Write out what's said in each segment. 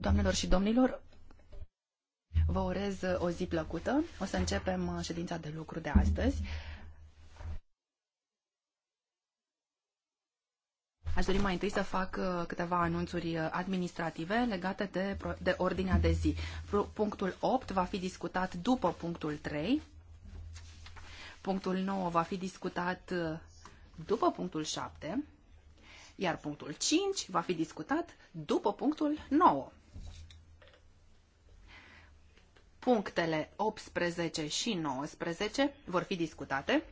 Doamnelor și domnilor, vă urez uh, o zi plăcută. O să începem uh, ședința de lucru de astăzi. Aș dori mai întâi să fac uh, câteva anunțuri administrative legate de, de ordinea de zi. Punctul 8 va fi discutat după punctul 3. Punctul 9 va fi discutat după punctul 7 iar punctul 5 va fi discutat după punctul 9. Punctele 18 și 19 vor fi discutate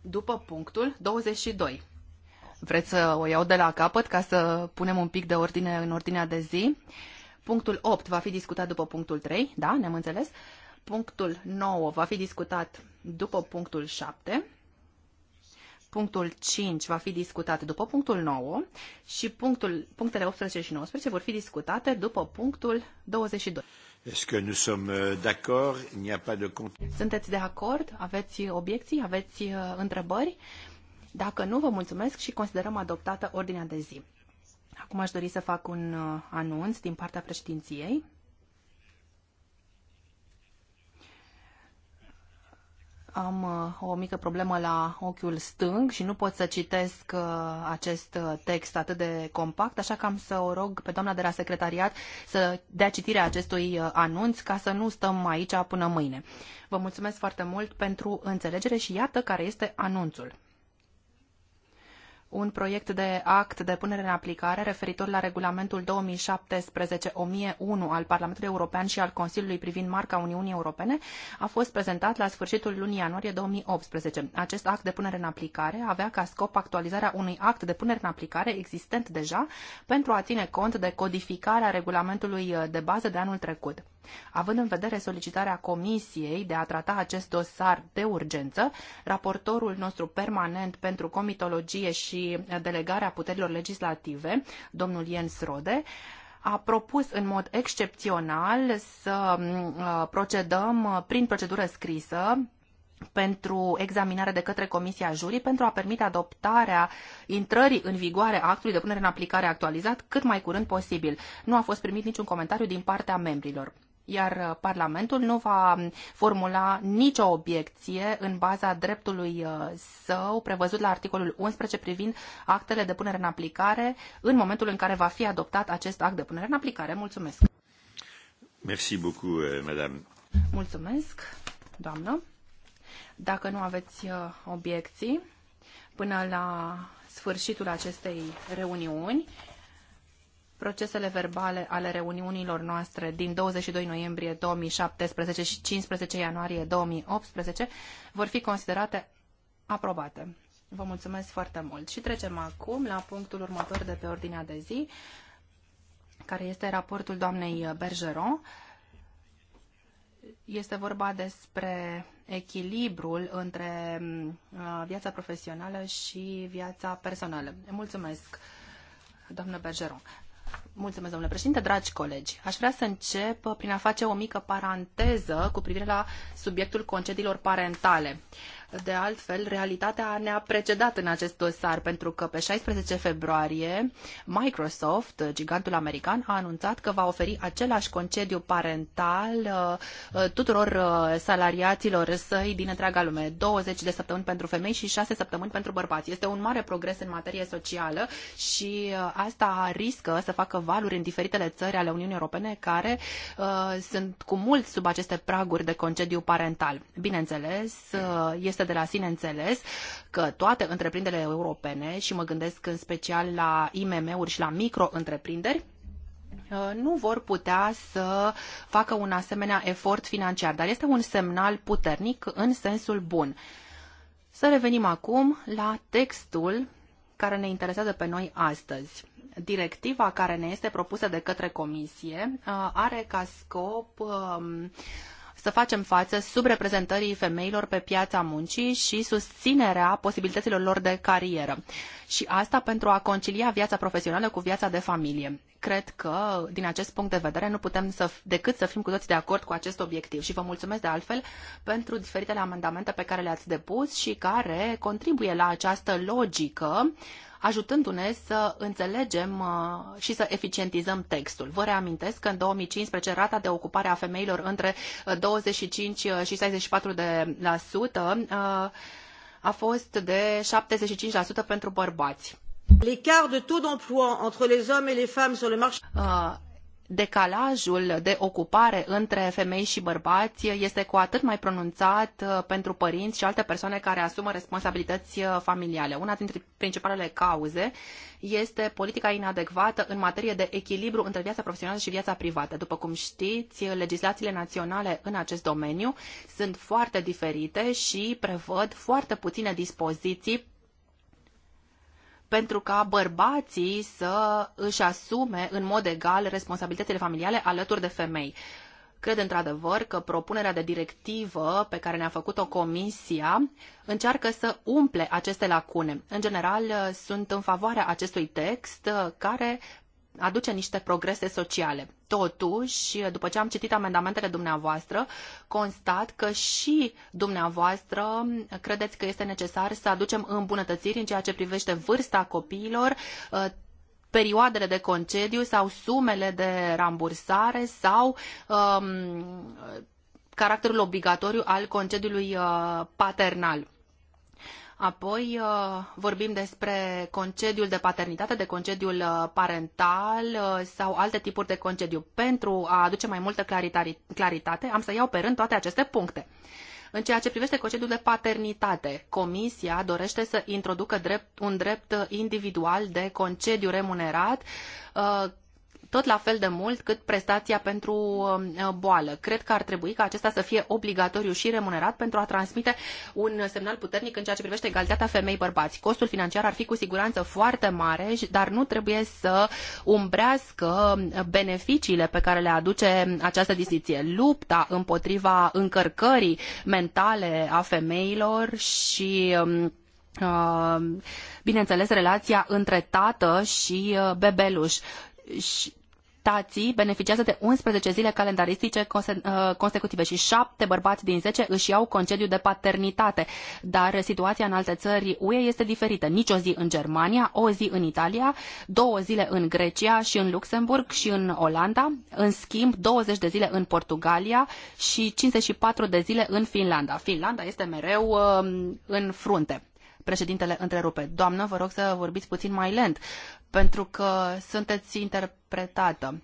după punctul 22. Vreți să o iau de la capăt ca să punem un pic de ordine în ordinea de zi? Punctul 8 va fi discutat după punctul 3, da, ne-am înțeles. Punctul 9 va fi discutat după punctul 7 Punctul 5 va fi discutat după punctul 9 și punctul, punctele 18 și 19 vor fi discutate după punctul 22. Est-ce que nous sommes euh, d'accord? Il n'y a pas de Sunteți de acord? Aveți uh, obiecții? Aveți uh, întrebări? Dacă nu, vă mulțumesc și considerăm adoptată ordinea de zi. Acum aș dori să fac un uh, anunț din partea președinției. Am uh, o mică problemă la ochiul stâng și nu pot să citesc uh, acest uh, text atât de compact, așa că am să o rog pe doamna de la secretariat să dea citirea acestui anunț ca să nu stăm aici până mâine. Vă mulțumesc foarte mult pentru înțelegere și iată care este anunțul un proiect de act de punere în aplicare referitor la regulamentul 2017-1001 al Parlamentului European și al Consiliului privind marca Uniunii Europene a fost prezentat la sfârșitul lunii ianuarie 2018. Acest act de punere în aplicare avea ca scop actualizarea unui act de punere în aplicare existent deja pentru a ține cont de codificarea regulamentului de bază de anul trecut. Având în vedere solicitarea Comisiei de a trata acest dosar de urgență, raportorul nostru permanent pentru comitologie și delegarea puterilor legislative, domnul Jens Rode, a propus în mod excepțional să uh, procedăm uh, prin procedură scrisă pentru examinare de către Comisia Jurii pentru a permite adoptarea intrării în vigoare a actului de punere în aplicare actualizat cât mai curând posibil. Nu a fost primit niciun comentariu din partea membrilor iar uh, Parlamentul nu va um, formula nicio obiecție în baza dreptului uh, său prevăzut la articolul 11 privind actele de punere în aplicare în momentul în care va fi adoptat acest act de punere în aplicare. Mulțumesc! Merci beaucoup, euh, madame. Mulțumesc, doamnă. Dacă nu aveți uh, obiecții, până la sfârșitul acestei reuniuni, procesele verbale ale reuniunilor noastre din 22 noiembrie 2017 și 15 ianuarie 2018 vor fi considerate aprobate. Vă mulțumesc foarte mult și trecem acum la punctul următor de pe ordinea de zi, care este raportul doamnei Bergeron. Este vorba despre echilibrul între uh, viața profesională și viața personală. Mulțumesc! doamnă Bergeron. Mulțumesc, domnule președinte, dragi colegi. Aș vrea să încep prin a face o mică paranteză cu privire la subiectul concediilor parentale. Uh, de altfel, realitatea ne-a precedat în acest dosar, pentru că pe 16 februarie Microsoft, gigantul american, a anunțat că va oferi același concediu parental uh, uh, tuturor uh, salariaților săi din întreaga lume, 20 de săptămâni pentru femei și 6 săptămâni pentru bărbați. Este un mare progres în materie socială și asta riscă să facă valuri în diferitele țări ale Uniunii Europene care sunt cu mult sub aceste praguri de concediu parental. Bineînțeles, este este de la sine înțeles că toate întreprinderile europene, și mă gândesc în special la IMM-uri și la micro-întreprinderi, uh, nu vor putea să facă un asemenea efort financiar, dar este un semnal puternic în sensul bun. Să revenim acum la textul care ne interesează pe noi astăzi. Directiva care ne este propusă de către Comisie uh, are ca scop um, să facem față subreprezentării femeilor pe piața muncii și susținerea posibilităților lor de carieră. Și asta pentru a concilia viața profesională cu viața de familie. Cred că, din acest punct de vedere, nu putem să, decât să fim cu toți de acord cu acest obiectiv. Și vă mulțumesc de altfel pentru diferitele amendamente pe care le-ați depus și care contribuie la această logică uh, ajutându-ne să înțelegem uh, și să eficientizăm textul. Vă reamintesc că în 2015 rata de ocupare a femeilor între 25 uh, și 64% uh, de la sută a fost de 75% pentru bărbați. L'écart de taux d'emploi entre les hommes et les femmes sur le marché. Uh, decalajul de ocupare între femei și bărbați este cu atât mai pronunțat uh, pentru părinți și alte persoane care asumă responsabilități uh, familiale. Una dintre principalele cauze este politica inadecvată în materie de echilibru între viața profesională și viața privată. După cum știți, legislațiile naționale în acest domeniu sunt foarte diferite și prevăd foarte puține dispoziții pentru ca bărbații să își asume în mod egal responsabilitățile familiale alături de femei. Cred într-adevăr că propunerea de directivă pe care ne-a făcut-o Comisia încearcă să umple aceste lacune. În general, sunt în favoarea acestui text care aduce niște progrese sociale. Totuși, după ce am citit amendamentele dumneavoastră, constat că și dumneavoastră credeți că este necesar să aducem îmbunătățiri în ceea ce privește vârsta copiilor, uh, perioadele de concediu sau sumele de rambursare sau um, caracterul obligatoriu al concediului uh, paternal Apoi uh, vorbim despre concediul de paternitate, de concediul uh, parental uh, sau alte tipuri de concediu. Pentru a aduce mai multă claritate, am să iau pe rând toate aceste puncte. În ceea ce privește concediul de paternitate, Comisia dorește să introducă drept, un drept individual de concediu remunerat tot la fel de mult cât prestația pentru um, uh, boală. Cred că ar trebui ca acesta să fie obligatoriu și remunerat pentru a transmite un semnal puternic în ceea ce privește egalitatea femei-bărbați. Costul financiar ar fi cu siguranță foarte mare, dar nu trebuie să umbrească um, beneficiile pe care le aduce această distinție. Lupta împotriva încărcării mentale a femeilor și um, uh, bineînțeles relația între tată și uh, bebeluș. Și tații beneficiază de 11 zile calendaristice uh, consecutive și 7 bărbați din 10 își iau concediu de paternitate. Dar situația în alte țări UE este diferită. Nici o zi în Germania, o zi în Italia, două zile în Grecia și în Luxemburg și în Olanda, în schimb 20 de zile în Portugalia și 54 de zile în Finlanda. Finlanda este mereu um, în frunte. Președintele întrerupe. Doamnă, vă rog să vorbiți puțin mai lent pentru că sunteți interpretată.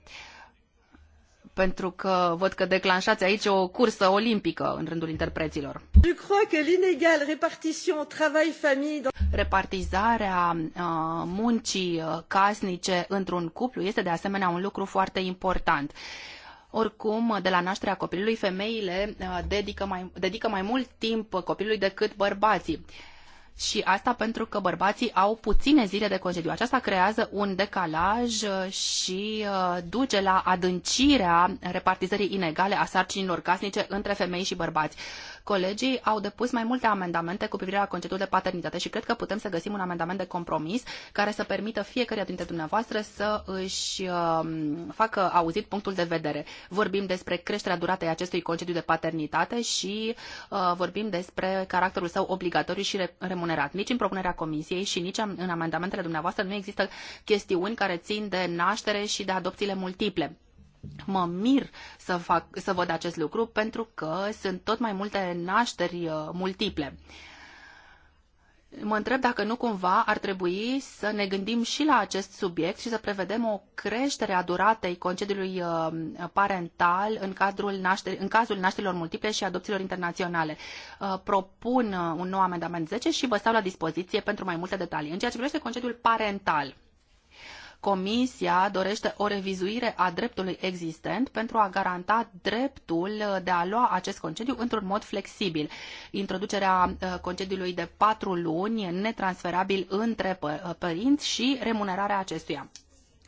Pentru că văd că declanșați aici o cursă olimpică în rândul interpreților. Je crois que l'inégale répartition travail-famille Repartizarea uh, muncii uh, casnice într-un cuplu este de asemenea un lucru foarte important. Oricum, de la nașterea copilului, femeile uh, dedică mai, dedică mai mult timp copilului decât bărbații și asta pentru că bărbații au puține zile de concediu. Aceasta creează un decalaj uh, și uh, duce la adâncirea repartizării inegale a sarcinilor casnice între femei și bărbați. Colegii au depus mai multe amendamente cu privire la concediul de paternitate și cred că putem să găsim un amendament de compromis care să permită fiecare dintre dumneavoastră să își um, facă auzit punctul de vedere. Vorbim despre creșterea duratei acestui concediu de paternitate și uh, vorbim despre caracterul său obligatoriu și remunerat. Nici în propunerea comisiei și nici în amendamentele dumneavoastră nu există chestiuni care țin de naștere și de adopțiile multiple mă mir să, fac, să văd acest lucru pentru că sunt tot mai multe nașteri uh, multiple. Mă întreb dacă nu cumva ar trebui să ne gândim și la acest subiect și să prevedem o creștere a duratei concediului uh, parental în, cadrul nașteri, în cazul nașterilor multiple și adopțiilor internaționale. Uh, propun un nou amendament 10 și vă stau la dispoziție pentru mai multe detalii. În ceea ce privește concediul parental, Comisia dorește o revizuire a dreptului existent pentru a garanta dreptul de a lua acest concediu într-un mod flexibil. Introducerea uh, concediului de patru luni netransferabil între uh, părinți și remunerarea acestuia.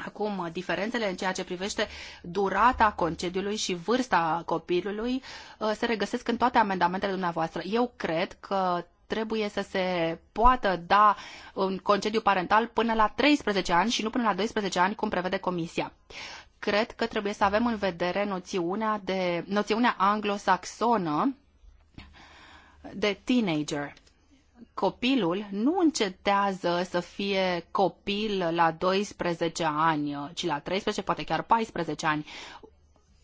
Acum, uh, diferențele în ceea ce privește durata concediului și vârsta copilului se regăsesc în toate amendamentele dumneavoastră. Eu cred că trebuie să se poată da un concediu parental până la 13 ani și nu până la 12 ani, cum prevede Comisia. Cred că trebuie să avem în vedere noțiunea, de, noțiunea anglosaxonă de teenager copilul nu încetează să fie copil la 12 ani, ci la 13, poate chiar 14 ani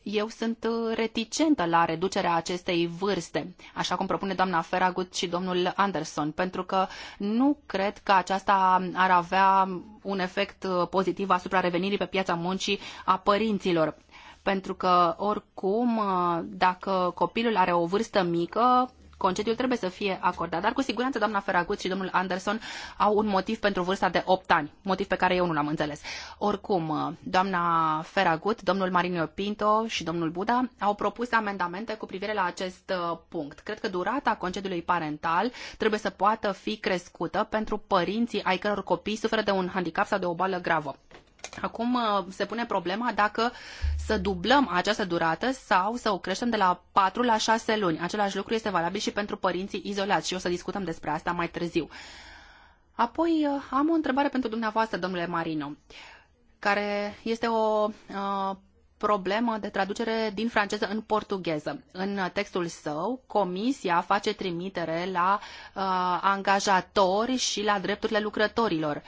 eu sunt uh, reticentă la reducerea acestei vârste, așa cum propune doamna Feragut și domnul Anderson, pentru că nu cred că aceasta ar avea un efect uh, pozitiv asupra revenirii pe piața muncii a părinților. Pentru că, oricum, uh, dacă copilul are o vârstă mică, concediul trebuie să fie acordat. Dar cu siguranță doamna Feragut și domnul Anderson au un motiv pentru vârsta de 8 ani, motiv pe care eu nu l-am înțeles. Oricum, uh, doamna Feragut, domnul Marinio Pinto și domnul Buda au propus amendamente cu privire la acest uh, punct. Cred că durata concediului parental trebuie să poată fi crescută pentru părinții ai căror copii suferă de un handicap sau de o boală gravă. Acum uh, se pune problema dacă să dublăm această durată sau să o creștem de la 4 la 6 luni. Același lucru este valabil și pentru părinții izolați și o să discutăm despre asta mai târziu. Apoi uh, am o întrebare pentru dumneavoastră, domnule Marino, care este o uh, problemă de traducere din franceză în portugheză. În textul său, comisia face trimitere la uh, angajatori și la drepturile lucrătorilor. Uh,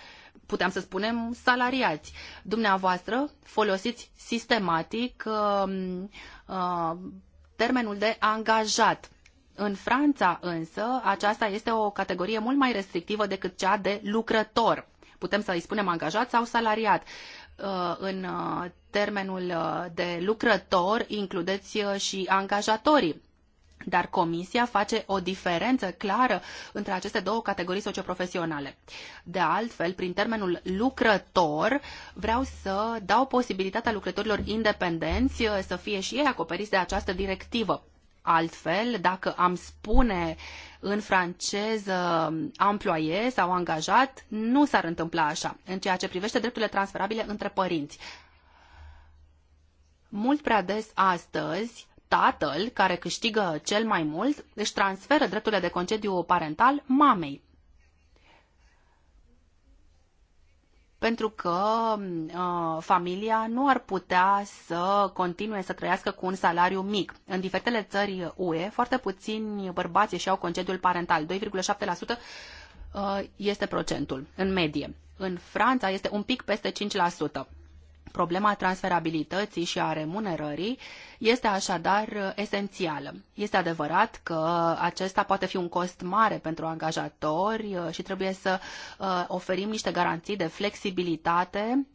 putem să spunem, salariați. Dumneavoastră folosiți sistematic uh, uh, termenul de angajat. În Franța însă, aceasta este o categorie mult mai restrictivă decât cea de lucrător. Putem să îi spunem angajat sau salariat. Uh, în uh, termenul uh, de lucrător includeți și angajatorii dar comisia face o diferență clară între aceste două categorii socioprofesionale. De altfel, prin termenul lucrător, vreau să dau posibilitatea lucrătorilor independenți uh, să fie și ei acoperiți de această directivă. Altfel, dacă am spune în franceză amploie um, sau angajat, nu s-ar întâmpla așa, în ceea ce privește drepturile transferabile între părinți. Mult prea des astăzi tatăl, care câștigă cel mai mult, își transferă drepturile de concediu parental mamei. Pentru că uh, familia nu ar putea să continue să trăiască cu un salariu mic. În diferitele țări UE, foarte puțini bărbați și au concediul parental, 2,7% uh, este procentul în medie. În Franța este un pic peste 5%. Problema transferabilității și a remunerării este așadar esențială. Este adevărat că acesta poate fi un cost mare pentru angajatori uh, și trebuie să uh, oferim niște garanții de flexibilitate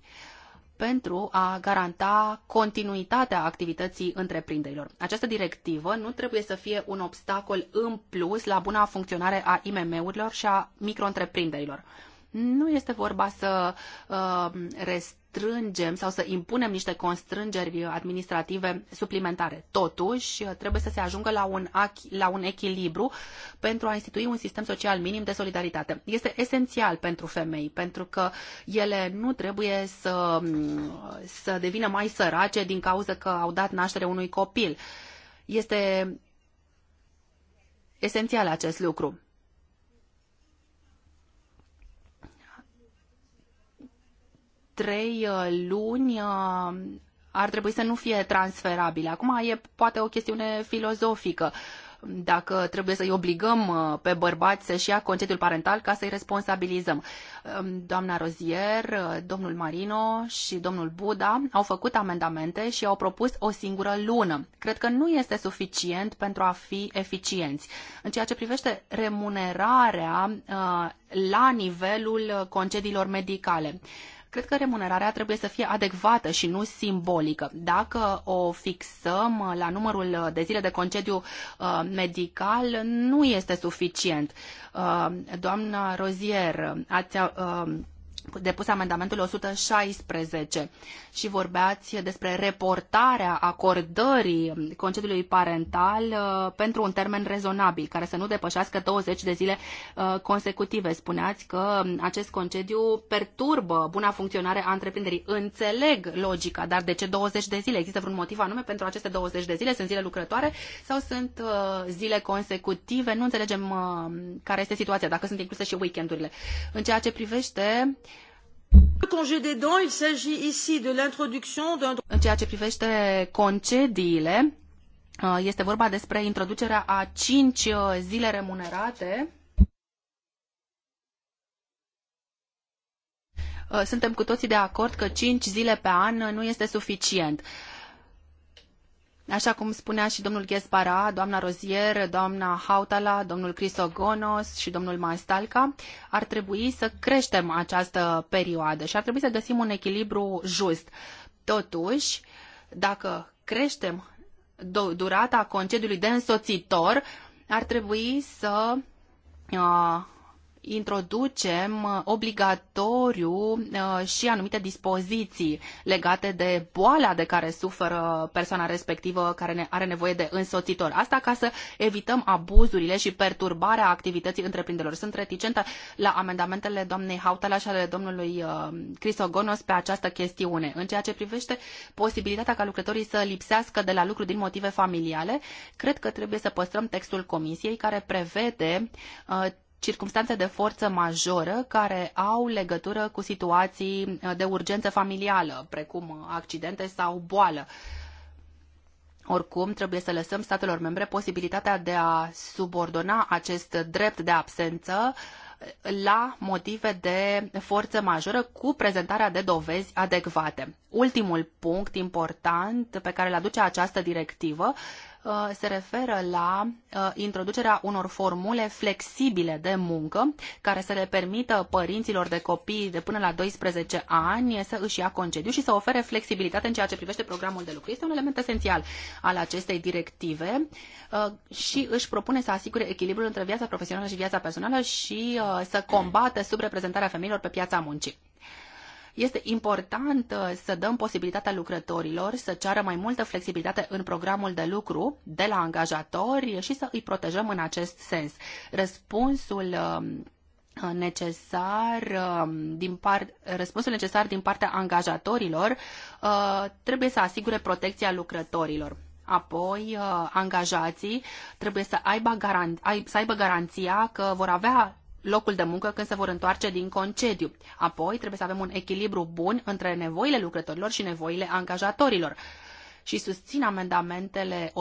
pentru a garanta continuitatea activității întreprinderilor. Această directivă nu trebuie să fie un obstacol în plus la buna funcționare a IMM-urilor și a micro-întreprinderilor nu este vorba să uh, restrângem sau să impunem niște constrângeri administrative suplimentare. Totuși, trebuie să se ajungă la un, la un echilibru pentru a institui un sistem social minim de solidaritate. Este esențial pentru femei, pentru că ele nu trebuie să, să devină mai sărace din cauza că au dat naștere unui copil. Este esențial acest lucru. trei uh, luni uh, ar trebui să nu fie transferabile. Acum e poate o chestiune filozofică dacă trebuie să-i obligăm uh, pe bărbați să-și ia concediul parental ca să-i responsabilizăm. Um, doamna Rozier, domnul Marino și domnul Buda au făcut amendamente și au propus o singură lună. Cred că nu este suficient pentru a fi eficienți. În ceea ce privește remunerarea la nivelul concediilor medicale Cred că remunerarea trebuie să fie adecvată și nu simbolică. Dacă o fixăm uh, la numărul uh, de zile de concediu uh, medical, nu este suficient. Doamna Rozier, ați depus amendamentul 116 și vorbeați despre reportarea acordării concediului parental uh, pentru un termen rezonabil, care să nu depășească 20 de zile uh, consecutive. Spuneați că acest concediu perturbă buna funcționare a întreprinderii. Înțeleg logica, dar de ce 20 de zile? Există vreun motiv anume pentru aceste 20 de zile? Sunt zile lucrătoare sau sunt uh, zile consecutive? Nu înțelegem care este situația, dacă sunt incluse și weekendurile. În ceea ce privește în ceea ce privește concediile, uh, este vorba despre introducerea a cinci uh, zile remunerate. Uh, suntem cu toții de acord că cinci zile pe an nu este suficient. Așa cum spunea și domnul Ghespara, doamna Rozier, doamna Hautala, domnul Crisogonos și domnul Mastalca, ar trebui să creștem această perioadă și ar trebui să găsim un echilibru just. Totuși, dacă creștem durata concediului de însoțitor, ar trebui să uh, introducem uh, obligatoriu uh, și anumite dispoziții legate de boala de care suferă persoana respectivă care are nevoie de însoțitor. Asta ca să evităm abuzurile și perturbarea activității întreprinderilor. Sunt reticentă la amendamentele doamnei Hautala și ale domnului uh, Crisogonos pe această chestiune. În ceea ce privește posibilitatea ca lucrătorii să lipsească de la lucru din motive familiale, cred că trebuie să păstrăm textul comisiei care prevede circumstanțe de forță majoră care au legătură cu situații uh, de urgență familială, precum uh, accidente sau boală. Oricum, trebuie să lăsăm statelor membre posibilitatea de a subordona acest drept de absență uh, la motive de forță majoră cu prezentarea de dovezi adecvate. Ultimul punct important pe care îl aduce această directivă Uh, se referă la uh, introducerea unor formule flexibile de muncă care să le permită părinților de copii de până la 12 ani să își ia concediu și să ofere flexibilitate în ceea ce privește programul de lucru. Este un element esențial al acestei directive uh, și își propune să asigure echilibrul între viața profesională și viața personală și să combată subreprezentarea femeilor pe piața muncii. Este important uh, să dăm posibilitatea lucrătorilor să ceară mai multă flexibilitate în programul de lucru de la angajatori și să îi protejăm în acest sens. Răspunsul um, necesar um, din part, răspunsul necesar din partea angajatorilor uh, trebuie să asigure protecția lucrătorilor. Apoi, uh, angajații trebuie să aibă, garan- să aibă garanția că vor avea locul de muncă când se vor întoarce din concediu. Apoi, trebuie să avem un echilibru bun între nevoile lucrătorilor și nevoile angajatorilor și susțin amendamentele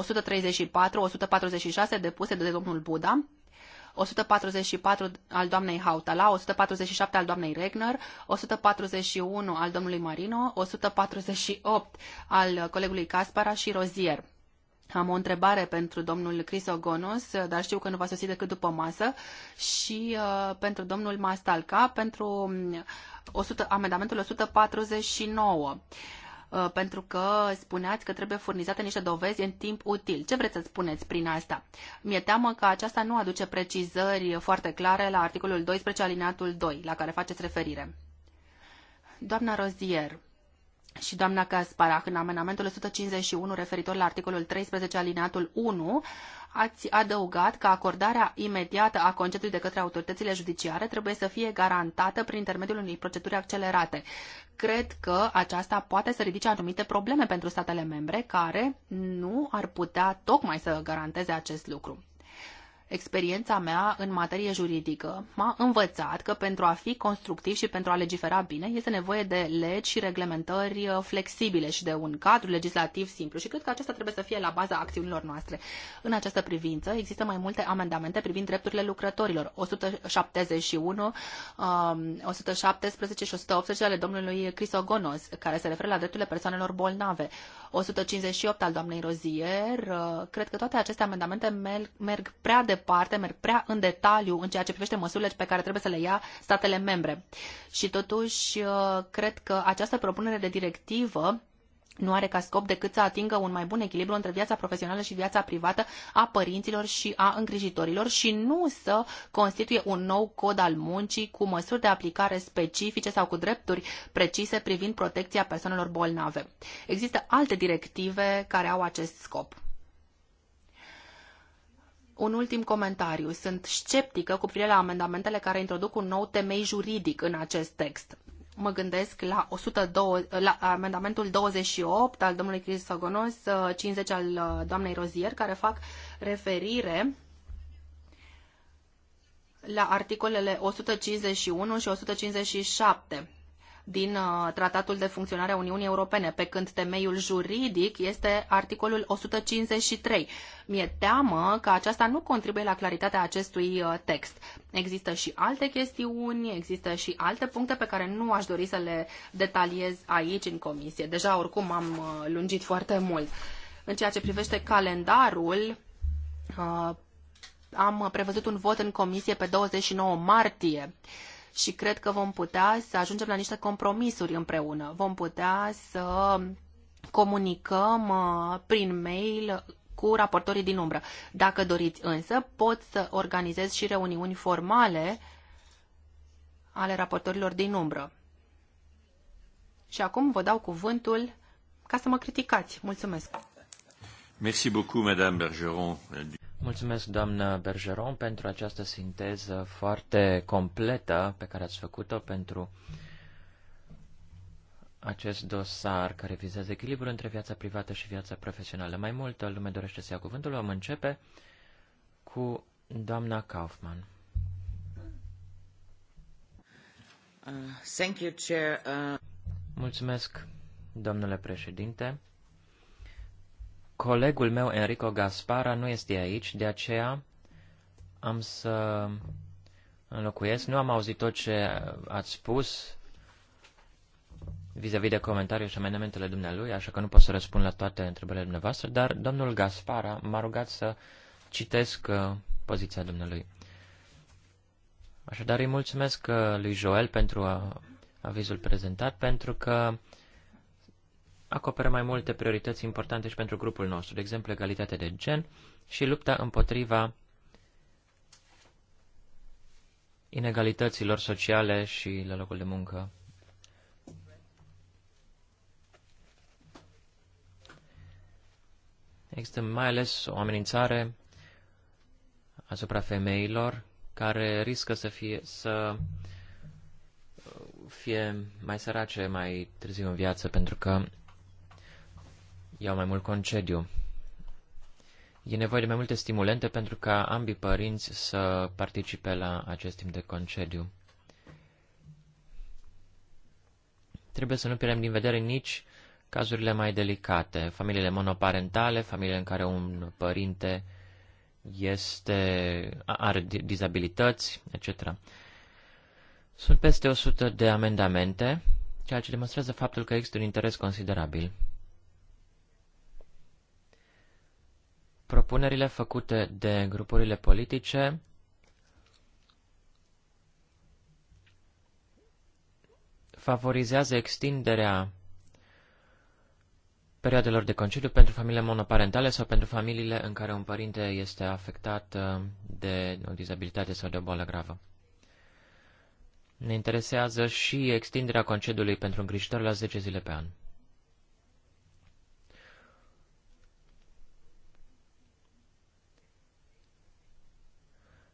134-146 depuse de domnul Buda, 144 al doamnei Hautala, 147 al doamnei Regner, 141 al domnului Marino, 148 al colegului Caspara și Rozier. Am o întrebare pentru domnul Crisogonos, uh, dar știu că nu va sosi decât după masă, și uh, pentru domnul Mastalca, pentru 100, um, amendamentul 149 uh, pentru că spuneați că trebuie furnizate niște dovezi în timp util. Ce vreți să spuneți prin asta? Mi-e teamă că aceasta nu aduce precizări foarte clare la articolul 12 alineatul 2, la care faceți referire. Doamna Rozier, și doamna Casparac, în amendamentul 151 referitor la articolul 13 alineatul 1, ați adăugat că acordarea imediată a concediului de către autoritățile judiciare trebuie să fie garantată prin intermediul unei proceduri accelerate. Cred că aceasta poate să ridice anumite probleme pentru statele membre care nu ar putea tocmai să garanteze acest lucru experiența mea în materie juridică m-a învățat că pentru a fi constructiv și pentru a legifera bine este nevoie de legi și reglementări uh, flexibile și de un cadru legislativ simplu și cred că acesta trebuie să fie la baza acțiunilor noastre. În această privință există mai multe amendamente privind drepturile lucrătorilor, 171, 117 și 180 um, ale domnului Crisogonos, care se referă la drepturile persoanelor bolnave, 158 al doamnei Rozier. Uh, cred că toate aceste amendamente merg prea departe departe, merg prea în detaliu în ceea ce privește măsurile pe care trebuie să le ia statele membre. Și totuși, uh, cred că această propunere de directivă nu are ca scop decât să atingă un mai bun echilibru între viața profesională și viața privată a părinților și a îngrijitorilor și nu să constituie un nou cod al muncii cu măsuri de aplicare specifice sau cu drepturi precise privind protecția persoanelor bolnave. Există alte directive care au acest scop un ultim comentariu. Sunt sceptică cu privire la amendamentele care introduc un nou temei juridic în acest text. Mă gândesc la, 102, la amendamentul 28 al domnului Cristogonos, 50 uh, al uh, doamnei Rozier, care fac referire la articolele 151 și 157 din uh, Tratatul de Funcționare a Uniunii Europene, pe când temeiul juridic este articolul 153. Mi-e teamă că aceasta nu contribuie la claritatea acestui uh, text. Există și alte chestiuni, există și alte puncte pe care nu aș dori să le detaliez aici în comisie. Deja oricum am uh, lungit foarte mult. În ceea ce privește calendarul, am prevăzut un vot în comisie pe 29 martie și cred că vom putea să ajungem la niște compromisuri împreună. Vom putea să comunicăm uh, prin mail cu raportorii din umbră. Dacă doriți însă, pot să organizez și reuniuni formale ale raportorilor din umbră. Și acum vă dau cuvântul ca să mă criticați. Mulțumesc! Merci beaucoup, Madame Bergeron. Mulțumesc, doamnă Bergeron, pentru această sinteză foarte completă pe care ați făcut-o pentru acest dosar care vizează echilibrul între viața privată și viața profesională. Mai multă lume dorește să ia cuvântul. Vom începe cu doamna Kaufman. Uh, thank you, Chair. Uh... Mulțumesc, domnule președinte. Colegul meu, Enrico Gaspara, nu este aici, de aceea am să înlocuiesc. Nu am auzit tot ce ați spus vis-a-vis -vis de comentarii și amendamentele dumnealui, așa că nu pot să răspund la toate întrebările dumneavoastră, dar domnul Gaspara m-a rugat să citesc uh, poziția dumnealui. Așadar, îi mulțumesc uh, lui Joel pentru uh, avizul prezentat, pentru că acoperă mai multe priorități importante și pentru grupul nostru, de exemplu egalitatea de gen și lupta împotriva inegalităților sociale și la locul de muncă. Există mai ales o amenințare asupra femeilor care riscă să fie, să fie mai sărace mai târziu în viață pentru că iau mai mult concediu. E nevoie de mai multe stimulente pentru ca ambii părinți să participe la acest timp de concediu. Trebuie să nu pierdem din vedere nici cazurile mai delicate, familiile monoparentale, familiile în care un părinte este, are dizabilități, etc. Sunt peste 100 de amendamente, ceea ce demonstrează faptul că există un interes considerabil. Propunerile făcute de grupurile politice favorizează extinderea perioadelor de concediu pentru familiile monoparentale sau pentru familiile în care un părinte este afectat uh, de o dizabilitate sau de o boală gravă. Ne interesează și extinderea concediului pentru îngrijitor la 10 zile pe an.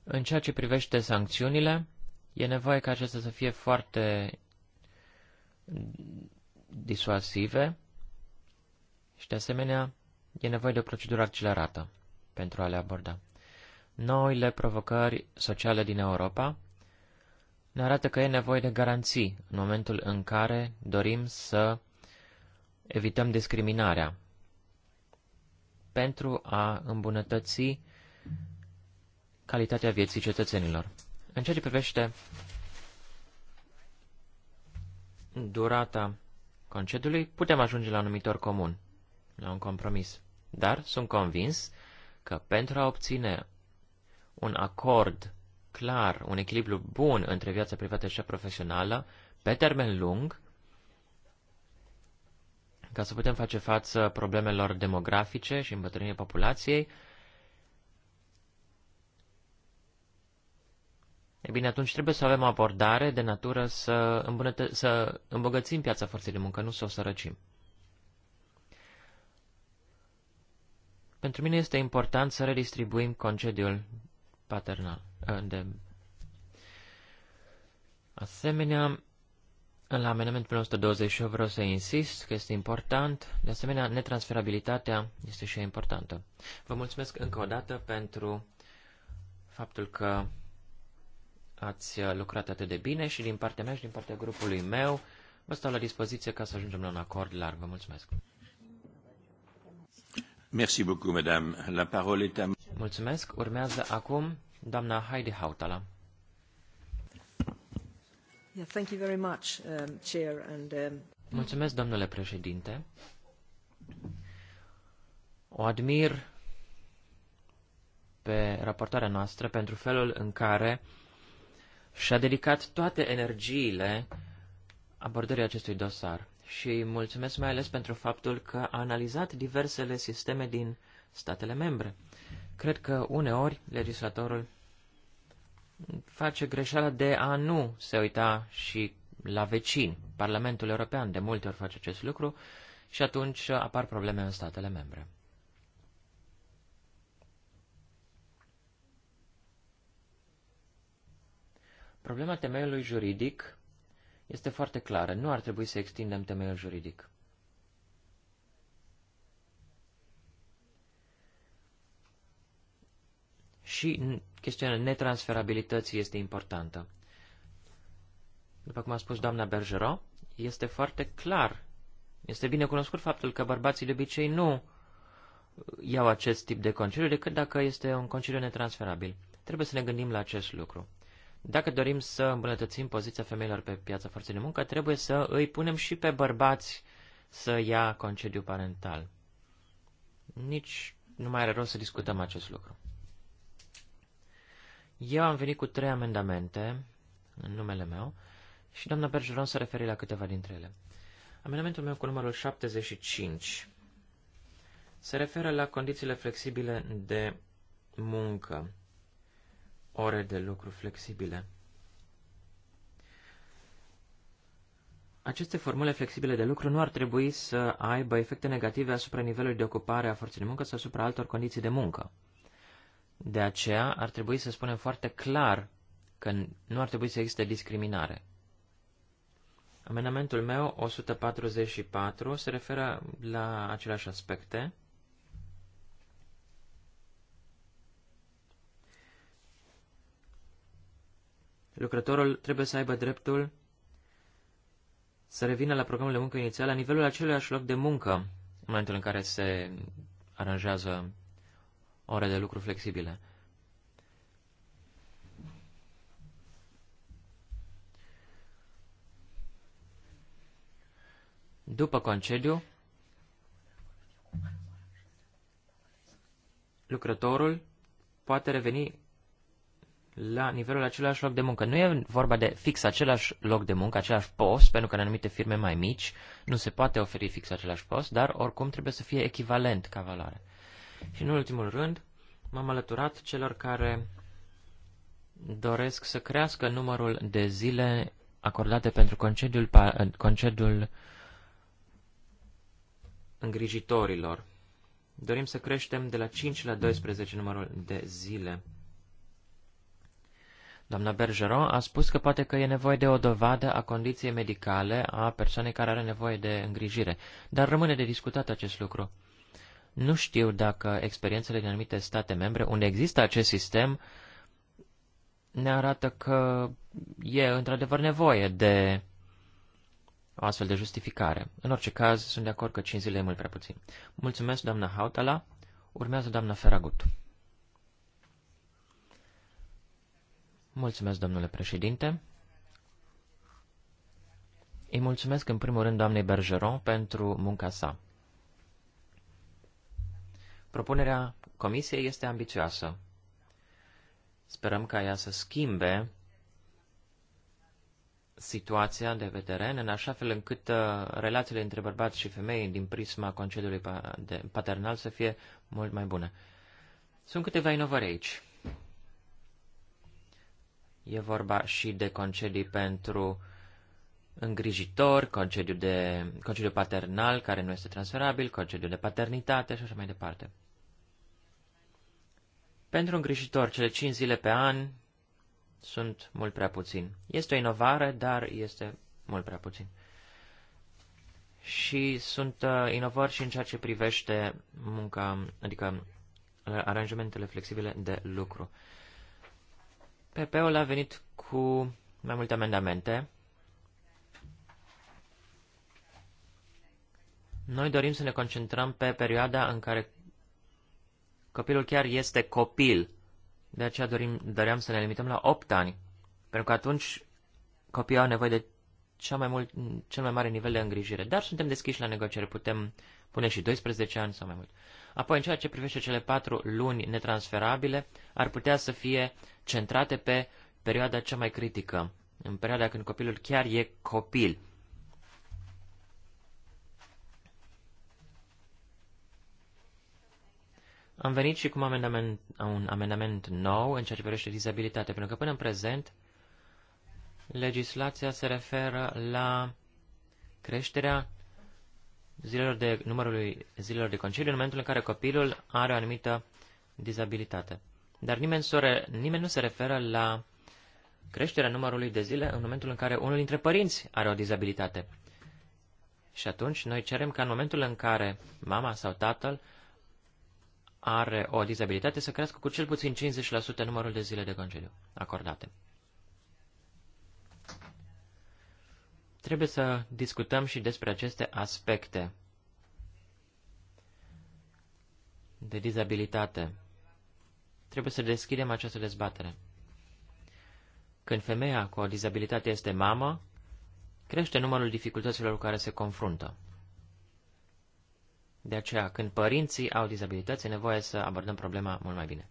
În ceea ce privește sancțiunile, e nevoie ca acestea să fie foarte disuasive și, de asemenea, e nevoie de o procedură accelerată pentru a le aborda. Noile provocări sociale din Europa ne arată că e nevoie de garanții în momentul în care dorim să evităm discriminarea pentru a îmbunătăți calitatea vieții cetățenilor. În ceea ce privește durata concediului, putem ajunge la un numitor comun, la un compromis. Dar sunt convins că pentru a obține un acord clar, un echilibru bun între viața privată și profesională, pe termen lung, ca să putem face față problemelor demografice și îmbătrânirii populației, E bine, atunci trebuie să avem o abordare de natură să, îmbunătă- să îmbogățim piața forței de muncă, nu să o sărăcim. Pentru mine este important să redistribuim concediul paternal. Ă, de... Asemenea, la amendamentul 128 vreau să insist că este important. De asemenea, netransferabilitatea este și ea importantă. Vă mulțumesc încă o dată pentru faptul că ați uh, lucrat atât de bine și din partea mea și din partea grupului meu vă stau la dispoziție ca să ajungem la un acord larg. Vă mulțumesc. Merci beaucoup, madame. La parole est à... Mulțumesc. Urmează acum doamna Heidi Hautala. Yeah, thank you very much, um, chair, and, um... Mulțumesc, domnule președinte. O admir pe raportarea noastră pentru felul în care și-a dedicat toate energiile abordării acestui dosar și mulțumesc mai ales pentru faptul că a analizat diversele sisteme din statele membre. Cred că uneori legislatorul face greșeala de a nu se uita și la vecini. Parlamentul European de multe ori face acest lucru și atunci apar probleme în statele membre. Problema temeiului juridic este foarte clară. Nu ar trebui să extindem temeiul juridic. Și chestiunea netransferabilității este importantă. După cum a spus doamna Bergeron, este foarte clar, este bine cunoscut faptul că bărbații de obicei nu iau acest tip de concediu decât dacă este un concediu netransferabil. Trebuie să ne gândim la acest lucru. Dacă dorim să îmbunătățim poziția femeilor pe piața forței de muncă, trebuie să îi punem și pe bărbați să ia concediu parental. Nici nu mai are rost să discutăm acest lucru. Eu am venit cu trei amendamente în numele meu și doamna Bergeron s-a referit la câteva dintre ele. Amendamentul meu cu numărul 75 se referă la condițiile flexibile de muncă ore de lucru flexibile. Aceste formule flexibile de lucru nu ar trebui să aibă efecte negative asupra nivelului de ocupare a forței de muncă sau asupra altor condiții de muncă. De aceea, ar trebui să spunem foarte clar că nu ar trebui să existe discriminare. Amendamentul meu 144 se referă la aceleași aspecte. lucrătorul trebuie să aibă dreptul să revină la programul de muncă inițial la nivelul aceluiași loc de muncă, în momentul în care se aranjează ore de lucru flexibile. După concediu, lucrătorul poate reveni la nivelul același loc de muncă. Nu e vorba de fix același loc de muncă, același post, pentru că în anumite firme mai mici nu se poate oferi fix același post, dar oricum trebuie să fie echivalent ca valoare. Și în ultimul rând, m-am alăturat celor care doresc să crească numărul de zile acordate pentru concediul, concediul îngrijitorilor. Dorim să creștem de la 5 la 12 numărul de zile Doamna Bergeron a spus că poate că e nevoie de o dovadă a condiției medicale a persoanei care are nevoie de îngrijire, dar rămâne de discutat acest lucru. Nu știu dacă experiențele din anumite state membre, unde există acest sistem, ne arată că e într-adevăr nevoie de o astfel de justificare. În orice caz, sunt de acord că 5 zile e mult prea puțin. Mulțumesc, doamna Hautala. Urmează doamna Feragut. Mulțumesc, domnule președinte. Îi mulțumesc în primul rând doamnei Bergeron pentru munca sa. Propunerea comisiei este ambițioasă. Sperăm ca ea să schimbe situația de veteren în așa fel încât uh, relațiile între bărbați și femei din prisma concediului paternal să fie mult mai bune. Sunt câteva inovări aici. E vorba și de concedii pentru îngrijitori, concediu, de, concediu paternal care nu este transferabil, concediu de paternitate și așa mai departe. Pentru îngrijitor, cele 5 zile pe an sunt mult prea puțin. Este o inovare, dar este mult prea puțin. Și sunt uh, inovări și în ceea ce privește munca, adică uh, aranjamentele flexibile de lucru. PP-ul a venit cu mai multe amendamente. Noi dorim să ne concentrăm pe perioada în care copilul chiar este copil. De aceea dorim, doream să ne limităm la 8 ani, pentru că atunci copiii au nevoie de cea mai mult, cel mai mare nivel de îngrijire. Dar suntem deschiși la negociere, putem pune și 12 ani sau mai mult. Apoi, în ceea ce privește cele patru luni netransferabile, ar putea să fie centrate pe perioada cea mai critică, în perioada când copilul chiar e copil. Am venit și cu un amendament, un amendament nou în ceea ce privește dizabilitate, pentru că până în prezent legislația se referă la creșterea zilelor de, numărului zilelor de concediu în momentul în care copilul are o anumită dizabilitate. Dar nimeni, sore, nimeni nu se referă la creșterea numărului de zile în momentul în care unul dintre părinți are o dizabilitate. Și atunci noi cerem ca în momentul în care mama sau tatăl are o dizabilitate să crească cu cel puțin 50% numărul de zile de concediu acordate. trebuie să discutăm și despre aceste aspecte de dizabilitate. Trebuie să deschidem această dezbatere. Când femeia cu o dizabilitate este mamă, crește numărul dificultăților cu care se confruntă. De aceea, când părinții au dizabilități, e nevoie să abordăm problema mult mai bine.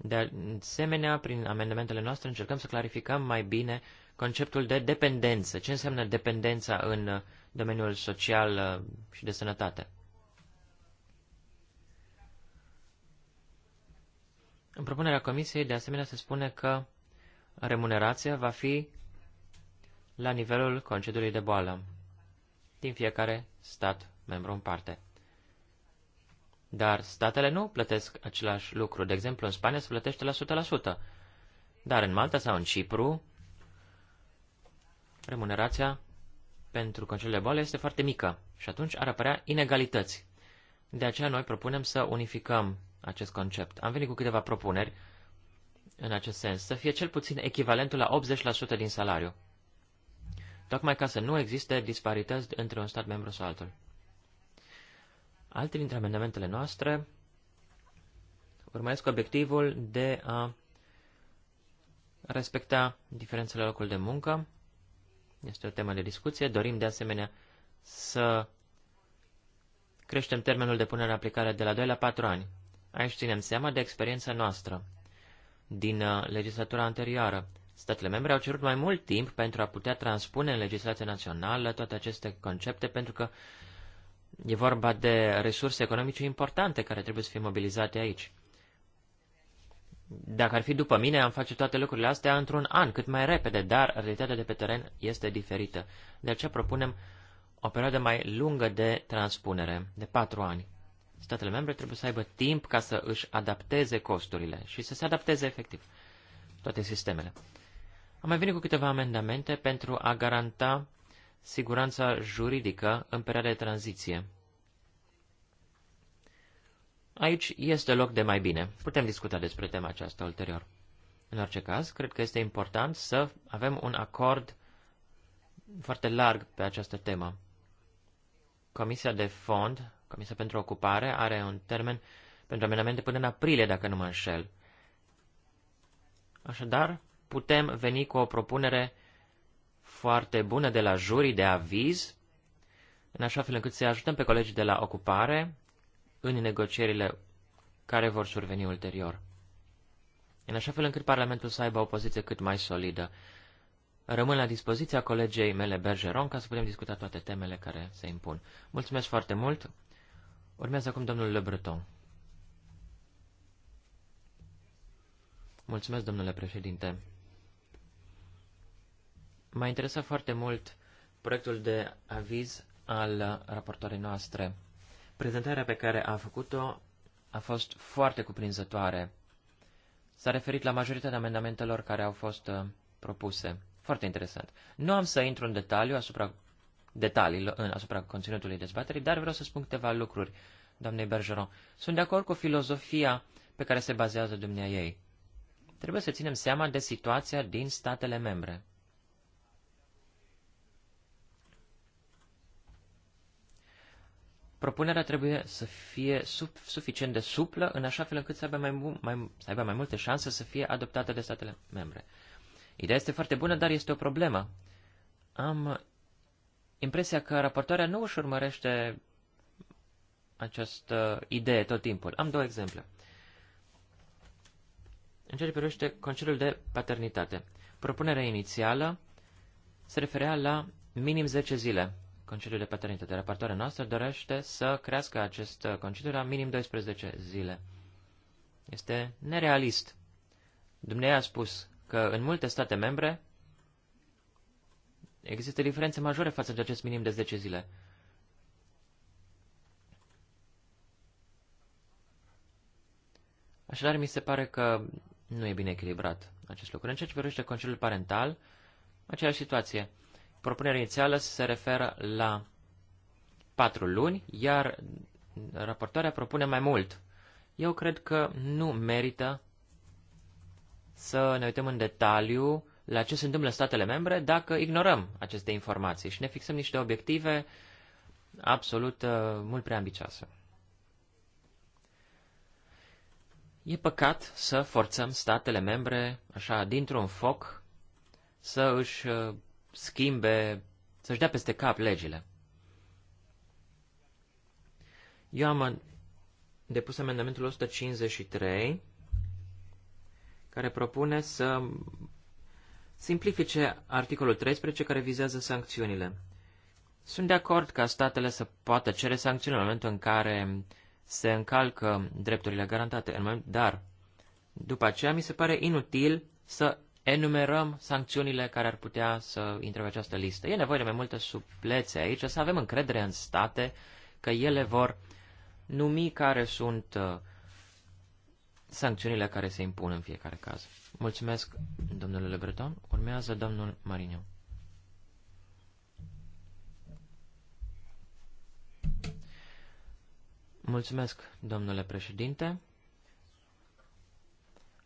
De asemenea, prin amendamentele noastre încercăm să clarificăm mai bine conceptul de dependență. Ce înseamnă dependența în uh, domeniul social uh, și de sănătate? În propunerea comisiei, de asemenea, se spune că remunerația va fi la nivelul concediului de boală din fiecare stat membru în parte. Dar statele nu plătesc același lucru. De exemplu, în Spania se plătește la 100%. Dar în Malta sau în Cipru, remunerația pentru concediile de boală este foarte mică și atunci ar apărea inegalități. De aceea noi propunem să unificăm acest concept. Am venit cu câteva propuneri în acest sens, să fie cel puțin echivalentul la 80% din salariu. Tocmai ca să nu existe disparități între un stat membru sau altul. Alte dintre amendamentele noastre urmăresc obiectivul de a respecta diferențele locul de muncă. Este o temă de discuție. Dorim de asemenea să creștem termenul de punere în aplicare de la 2 la 4 ani. Aici ținem seama de experiența noastră. Din uh, legislatura anterioară, statele membre au cerut mai mult timp pentru a putea transpune în legislația națională toate aceste concepte, pentru că E vorba de resurse economice importante care trebuie să fie mobilizate aici. Dacă ar fi după mine, am face toate lucrurile astea într-un an, cât mai repede, dar realitatea de pe teren este diferită. De aceea propunem o perioadă mai lungă de transpunere, de patru ani. Statele membre trebuie să aibă timp ca să își adapteze costurile și să se adapteze efectiv toate sistemele. Am mai venit cu câteva amendamente pentru a garanta siguranța juridică în perioada de tranziție. Aici este loc de mai bine. Putem discuta despre tema aceasta ulterior. În orice caz, cred că este important să avem un acord foarte larg pe această temă. Comisia de fond, Comisia pentru ocupare, are un termen pentru amendamente până în aprilie, dacă nu mă înșel. Așadar, putem veni cu o propunere foarte bună de la jurii de aviz, în așa fel încât să ajutăm pe colegii de la ocupare în negocierile care vor surveni ulterior. În așa fel încât Parlamentul să aibă o poziție cât mai solidă. Rămân la dispoziția colegei mele Bergeron ca să putem discuta toate temele care se impun. Mulțumesc foarte mult! Urmează acum domnul Le Breton. Mulțumesc, domnule președinte. M-a interesat foarte mult proiectul de aviz al raportoarei noastre. Prezentarea pe care a făcut-o a fost foarte cuprinzătoare. S-a referit la majoritatea amendamentelor care au fost uh, propuse. Foarte interesant. Nu am să intru în detaliu asupra detaliilor, în, asupra conținutului dezbaterii, dar vreau să spun câteva lucruri, doamnei Bergeron. Sunt de acord cu filozofia pe care se bazează dumnea ei. Trebuie să ținem seama de situația din statele membre. propunerea trebuie să fie sub, suficient de suplă, în așa fel încât să aibă mai, mai, să aibă mai multe șanse să fie adoptată de statele membre. Ideea este foarte bună, dar este o problemă. Am impresia că raportoarea nu își urmărește această idee tot timpul. Am două exemple. În ceea ce privește concediul de paternitate, propunerea inițială se referea la minim 10 zile concediul de paternitate. Repartoarea noastră dorește să crească acest concediu la minim 12 zile. Este nerealist. Dumnezeu a spus că în multe state membre există diferențe majore față de acest minim de 10 zile. Așadar, mi se pare că nu e bine echilibrat acest lucru. În ceea ce privește concediul parental, aceeași situație. Propunerea inițială se referă la patru luni, iar raportarea propune mai mult. Eu cred că nu merită să ne uităm în detaliu la ce se întâmplă în statele membre dacă ignorăm aceste informații și ne fixăm niște obiective absolut uh, mult prea ambicioase. E păcat să forțăm statele membre, așa, dintr-un foc, să își uh, schimbe, să-și dea peste cap legile. Eu am depus amendamentul 153, care propune să simplifice articolul 13, care vizează sancțiunile. Sunt de acord ca statele să poată cere sancțiuni în momentul în care se încalcă drepturile garantate, dar după aceea mi se pare inutil să enumerăm sancțiunile care ar putea să intre pe această listă. E nevoie de mai multe suplețe aici, să avem încredere în state că ele vor numi care sunt uh, sancțiunile care se impun în fiecare caz. Mulțumesc, domnule Le Breton. Urmează domnul Mariniu. Mulțumesc, domnule președinte.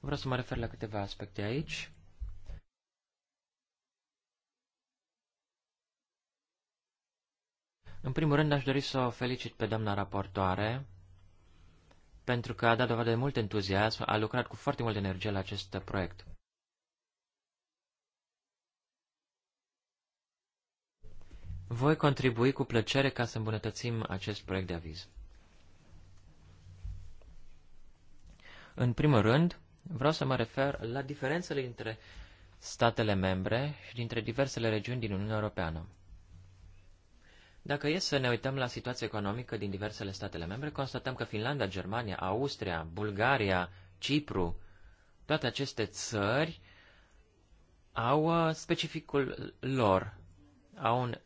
Vreau să mă refer la câteva aspecte aici. În primul rând, aș dori să o felicit pe doamna raportoare, pentru că a dat dovadă de mult entuziasm, a lucrat cu foarte multă energie la acest proiect. Voi contribui cu plăcere ca să îmbunătățim acest proiect de aviz. În primul rând, vreau să mă refer la diferențele dintre statele membre și dintre diversele regiuni din Uniunea Europeană. Dacă e să ne uităm la situația economică din diversele statele membre, constatăm că Finlanda, Germania, Austria, Bulgaria, Cipru, toate aceste țări au uh, specificul lor, au un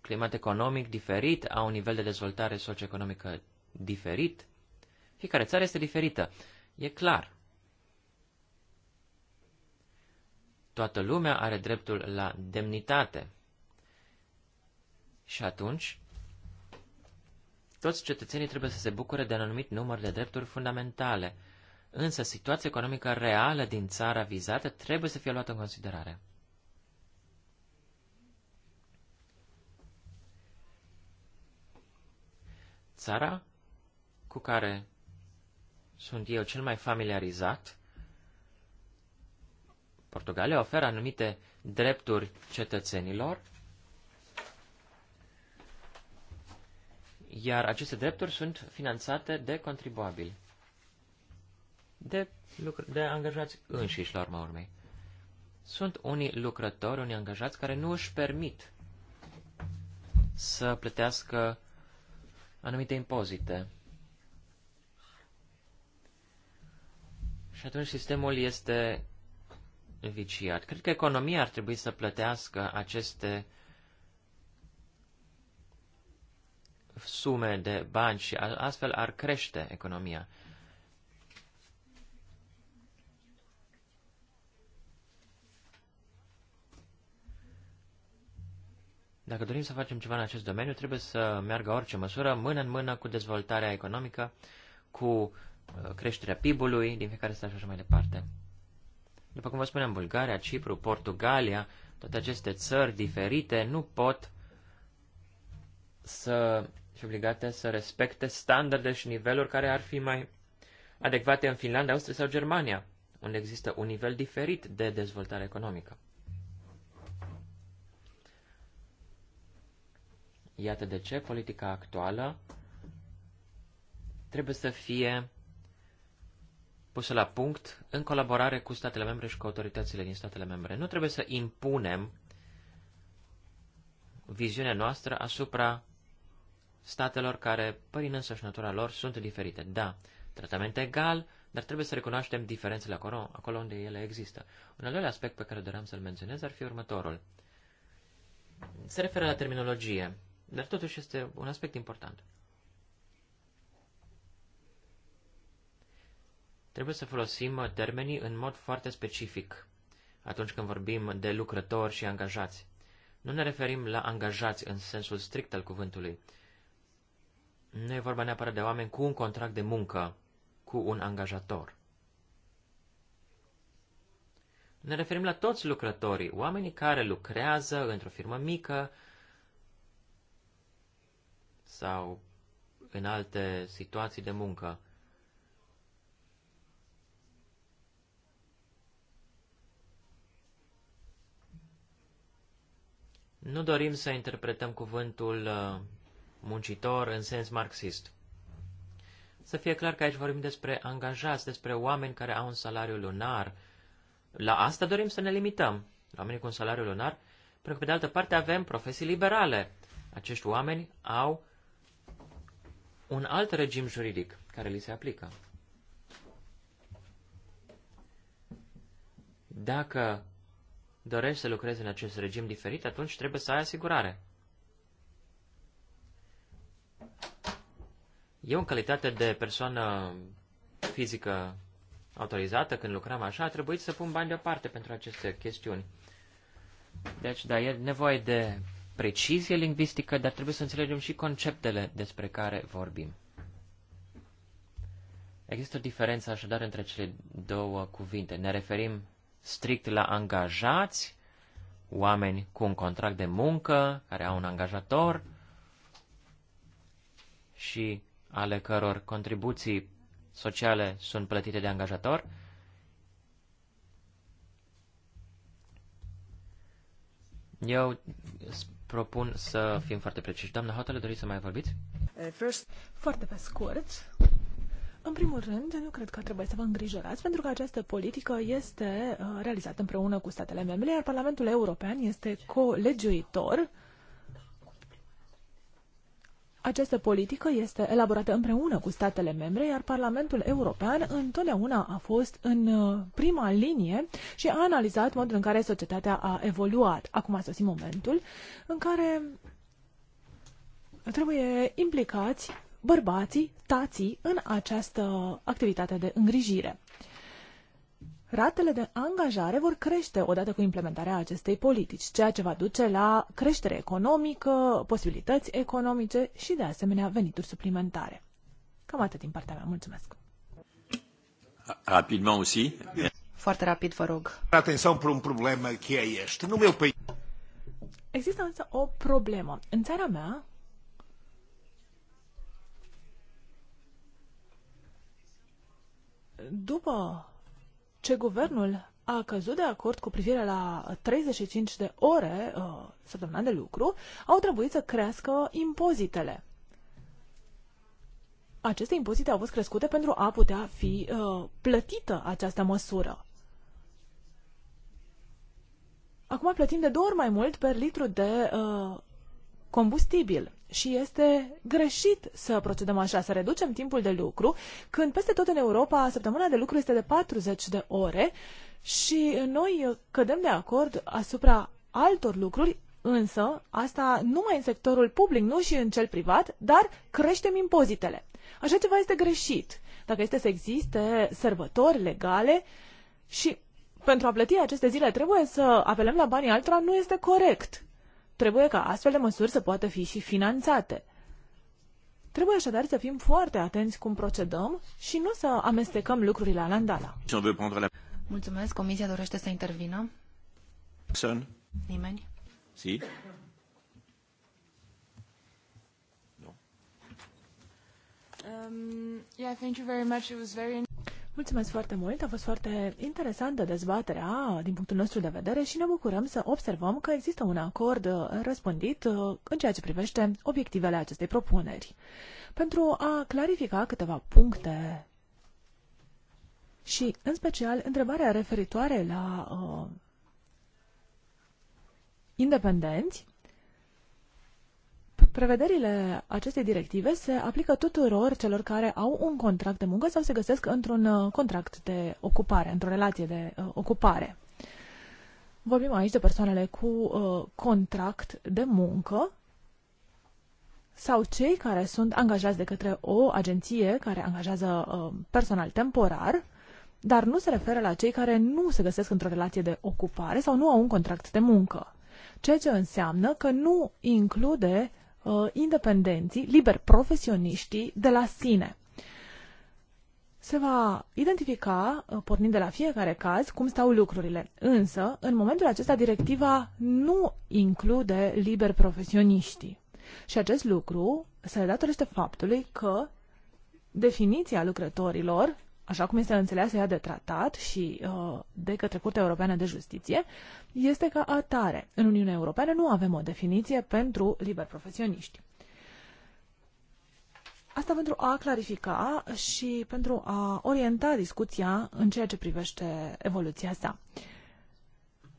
climat economic diferit, au un nivel de dezvoltare socioeconomică diferit. Fiecare țară este diferită, e clar. Toată lumea are dreptul la demnitate. Și atunci, toți cetățenii trebuie să se bucure de un anumit număr de drepturi fundamentale, însă situația economică reală din țara vizată trebuie să fie luată în considerare. Țara cu care sunt eu cel mai familiarizat, Portugalia oferă anumite drepturi cetățenilor, iar aceste drepturi sunt finanțate de contribuabili, de, de angajați înșiși, la urma urmei. Sunt unii lucrători, unii angajați care nu își permit să plătească anumite impozite. Și atunci sistemul este viciat. Cred că economia ar trebui să plătească aceste sume de bani și astfel ar crește economia. Dacă dorim să facem ceva în acest domeniu, trebuie să meargă orice măsură mână în mână cu dezvoltarea economică, cu uh, creșterea PIB-ului din fiecare stat și așa mai departe. După cum vă spuneam, Bulgaria, Cipru, Portugalia, toate aceste țări diferite nu pot să și obligate să respecte standarde și niveluri care ar fi mai adecvate în Finlanda, Austria sau Germania, unde există un nivel diferit de dezvoltare economică. Iată de ce politica actuală trebuie să fie pusă la punct în colaborare cu statele membre și cu autoritățile din statele membre. Nu trebuie să impunem viziunea noastră asupra statelor care, prin însăși natura lor, sunt diferite. Da, tratament egal, dar trebuie să recunoaștem diferențele acolo, acolo unde ele există. Un al doilea aspect pe care doream să-l menționez ar fi următorul. Se referă la terminologie, dar totuși este un aspect important. Trebuie să folosim termenii în mod foarte specific atunci când vorbim de lucrători și angajați. Nu ne referim la angajați în sensul strict al cuvântului, nu e vorba neapărat de oameni cu un contract de muncă, cu un angajator. Ne referim la toți lucrătorii, oamenii care lucrează într-o firmă mică sau în alte situații de muncă. Nu dorim să interpretăm cuvântul uh, muncitor în sens marxist. Să fie clar că aici vorbim despre angajați, despre oameni care au un salariu lunar. La asta dorim să ne limităm, oamenii cu un salariu lunar, pentru că, pe de altă parte, avem profesii liberale. Acești oameni au un alt regim juridic care li se aplică. Dacă dorești să lucrezi în acest regim diferit, atunci trebuie să ai asigurare. Eu, în calitate de persoană fizică autorizată, când lucram așa, a trebuit să pun bani deoparte pentru aceste chestiuni. Deci, da, e nevoie de precizie lingvistică, dar trebuie să înțelegem și conceptele despre care vorbim. Există o diferență așadar între cele două cuvinte. Ne referim strict la angajați, oameni cu un contract de muncă, care au un angajator, și ale căror contribuții sociale sunt plătite de angajator, eu propun să fim foarte preciși. Doamna Hotele, doriți să mai vorbiți? Eh, first... Foarte pe scurt. În primul rând, nu cred că trebuie să vă îngrijorați, pentru că această politică este eh, realizată împreună cu statele membre, iar Parlamentul European este colegiuitor această politică este elaborată împreună cu statele membre, iar Parlamentul European întotdeauna a fost în uh, prima linie și a analizat modul în care societatea a evoluat. Acum a sosit momentul în care trebuie implicați bărbații, tații în această activitate de îngrijire ratele de angajare vor crește odată cu implementarea acestei politici, ceea ce va duce la creștere economică, posibilități economice și, de asemenea, venituri suplimentare. Cam atât din partea mea. Mulțumesc! Rapidement aussi. Foarte rapid, vă rog. Atenție, pentru un um problemă care é este. No meu Există însă o problemă. În țara mea, după ce guvernul a căzut de acord cu privire la 35 de ore uh, săptămânal de lucru, au trebuit să crească impozitele. Aceste impozite au fost crescute pentru a putea fi uh, plătită această măsură. Acum plătim de două ori mai mult per litru de uh, combustibil și este greșit să procedăm așa, să reducem timpul de lucru, când peste tot în Europa săptămâna de lucru este de 40 de ore și noi cădem de acord asupra altor lucruri, însă asta numai în sectorul public, nu și în cel privat, dar creștem impozitele. Așa ceva este greșit. Dacă este să existe sărbători legale și pentru a plăti aceste zile trebuie să apelăm la banii altora, nu este corect trebuie ca astfel de măsuri să poată fi și finanțate. Trebuie așadar să fim foarte atenți cum procedăm și nu să amestecăm lucrurile la landala. Mulțumesc. Comisia dorește să intervină? Sun. Nimeni? Si. Um, yeah, thank you very much. It was very Mulțumesc foarte mult, a fost foarte interesantă dezbaterea din punctul nostru de vedere și ne bucurăm să observăm că există un acord uh, răspândit uh, în ceea ce privește obiectivele acestei propuneri. Pentru a clarifica câteva puncte și, în special, întrebarea referitoare la uh, independenți, Prevederile acestei directive se aplică tuturor celor care au un contract de muncă sau se găsesc într-un uh, contract de ocupare, într-o relație de uh, ocupare. Vorbim aici de persoanele cu uh, contract de muncă sau cei care sunt angajați de către o agenție care angajează uh, personal temporar, dar nu se referă la cei care nu se găsesc într-o relație de ocupare sau nu au un contract de muncă. Ceea ce înseamnă că nu include uh, independenții, liberi profesioniștii de la sine. Se va identifica, uh, pornind de la fiecare caz, cum stau lucrurile. Însă, în momentul acesta, directiva nu include liberi profesioniștii. Și acest lucru se datorește faptului că definiția lucrătorilor așa cum este înțeleasă ea de tratat și uh, de către Curtea Europeană de Justiție, este ca atare. În Uniunea Europeană nu avem o definiție pentru liber profesioniști. Asta pentru a clarifica și pentru a orienta discuția în ceea ce privește evoluția sa.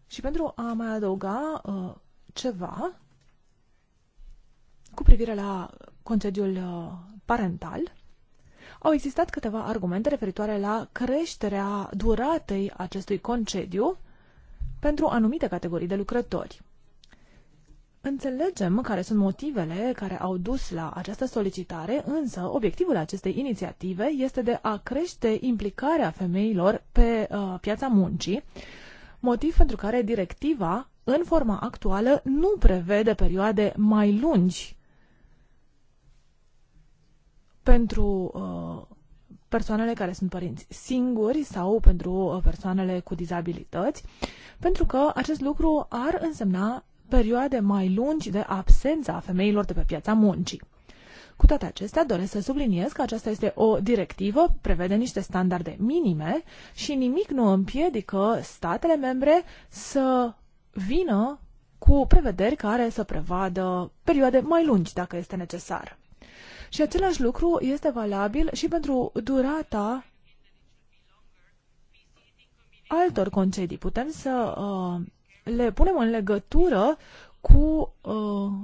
Și pentru a mai adăuga uh, ceva cu privire la concediul uh, parental, au existat câteva argumente referitoare la creșterea duratei acestui concediu pentru anumite categorii de lucrători. Înțelegem care sunt motivele care au dus la această solicitare, însă obiectivul acestei inițiative este de a crește implicarea femeilor pe uh, piața muncii, motiv pentru care directiva, în forma actuală, nu prevede perioade mai lungi pentru uh, persoanele care sunt părinți singuri sau pentru uh, persoanele cu dizabilități, pentru că acest lucru ar însemna perioade mai lungi de absență a femeilor de pe piața muncii. Cu toate acestea, doresc să subliniez că aceasta este o directivă, prevede niște standarde minime și nimic nu împiedică statele membre să vină cu prevederi care să prevadă perioade mai lungi dacă este necesar. Și același lucru este valabil și pentru durata altor concedii. Putem să uh, le punem în legătură cu uh,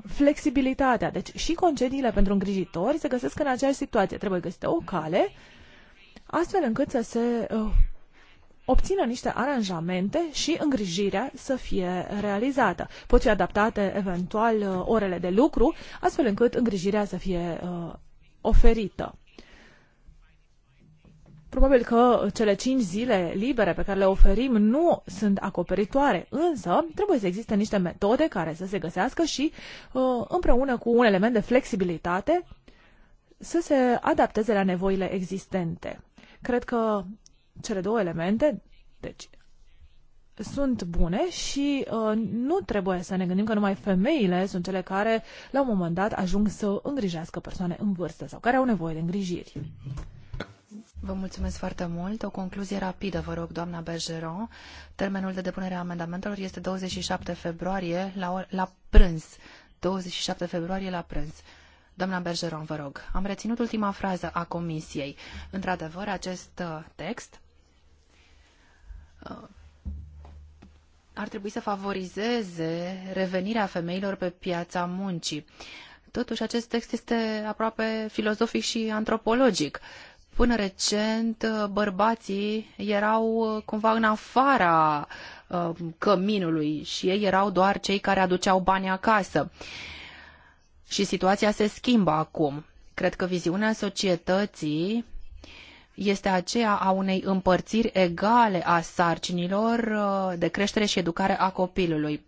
flexibilitatea. Deci și concediile pentru îngrijitori se găsesc în aceeași situație. Trebuie găsită o cale astfel încât să se uh, obțină niște aranjamente și îngrijirea să fie realizată. Pot fi adaptate eventual uh, orele de lucru, astfel încât îngrijirea să fie uh, oferită. Probabil că cele 5 zile libere pe care le oferim nu sunt acoperitoare, însă trebuie să existe niște metode care să se găsească și uh, împreună cu un element de flexibilitate să se adapteze la nevoile existente. Cred că cele două elemente, deci sunt bune și uh, nu trebuie să ne gândim că numai femeile sunt cele care, la un moment dat, ajung să îngrijească persoane în vârstă sau care au nevoie de îngrijiri. Vă mulțumesc foarte mult. O concluzie rapidă, vă rog, doamna Bergeron. Termenul de depunere a amendamentelor este 27 februarie la, la prânz. 27 februarie la prânz. Doamna Bergeron, vă rog, am reținut ultima frază a comisiei. Într-adevăr, acest uh, text uh, ar trebui să favorizeze revenirea femeilor pe piața muncii. Totuși, acest text este aproape filozofic și antropologic. Până recent, uh, bărbații erau cumva în afara căminului și ei erau doar cei care aduceau bani acasă. Uh, și situația se schimbă acum. Cred că viziunea societății este aceea a unei împărțiri egale a sarcinilor uh, de creștere și educare a copilului.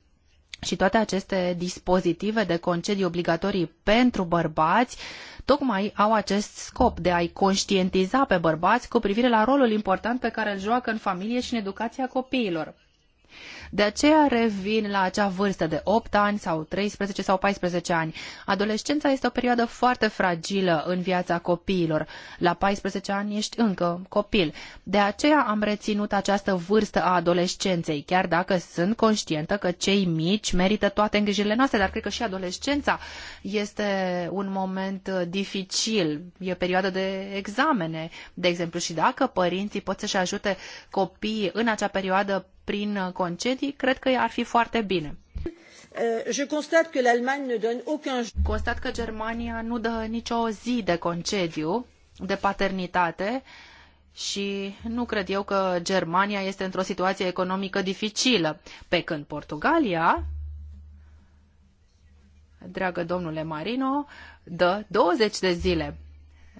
Și toate aceste dispozitive de concedii obligatorii pentru bărbați tocmai au acest scop de a-i conștientiza pe bărbați cu privire la rolul important pe care îl joacă în familie și în educația copiilor. De aceea revin la acea vârstă de 8 ani sau 13 sau 14 ani. Adolescența este o perioadă foarte fragilă în viața copiilor. La 14 ani ești încă copil. De aceea am reținut această vârstă a adolescenței, chiar dacă sunt conștientă că cei mici merită toate îngrijirile noastre, dar cred că și adolescența este un moment uh, dificil. E perioadă de examene, de exemplu, și dacă părinții pot să-și ajute copiii în acea perioadă prin uh, concedii, cred că ar fi foarte bine. Uh, je că l'Allemagne ne donne aucun... Constat că Germania nu dă nicio zi de concediu de paternitate și nu cred eu că Germania este într-o situație economică dificilă, pe când Portugalia, dragă domnule Marino, dă 20 de zile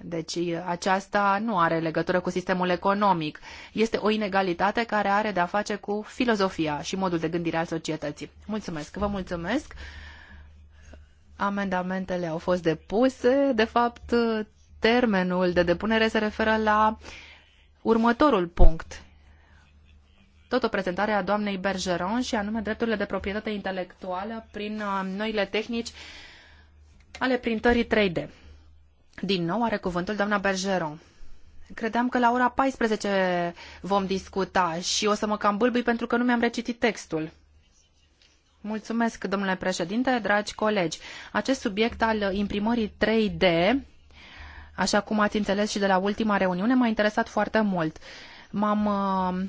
deci uh, aceasta nu are legătură cu sistemul economic. Este o inegalitate care are de-a face cu filozofia și modul de gândire al societății. Mulțumesc, vă mulțumesc. Amendamentele au fost depuse. De fapt, uh, termenul de depunere se referă la următorul punct. Tot o prezentare a doamnei Bergeron și anume drepturile de proprietate intelectuală prin uh, noile tehnici ale printării 3D. Din nou are cuvântul doamna Bergeron. Credeam că la ora 14 vom discuta și o să mă cam bâlbui pentru că nu mi-am recitit textul. Mulțumesc, domnule președinte, dragi colegi. Acest subiect al imprimării 3D, așa cum ați înțeles și de la ultima reuniune, m-a interesat foarte mult. M-am uh,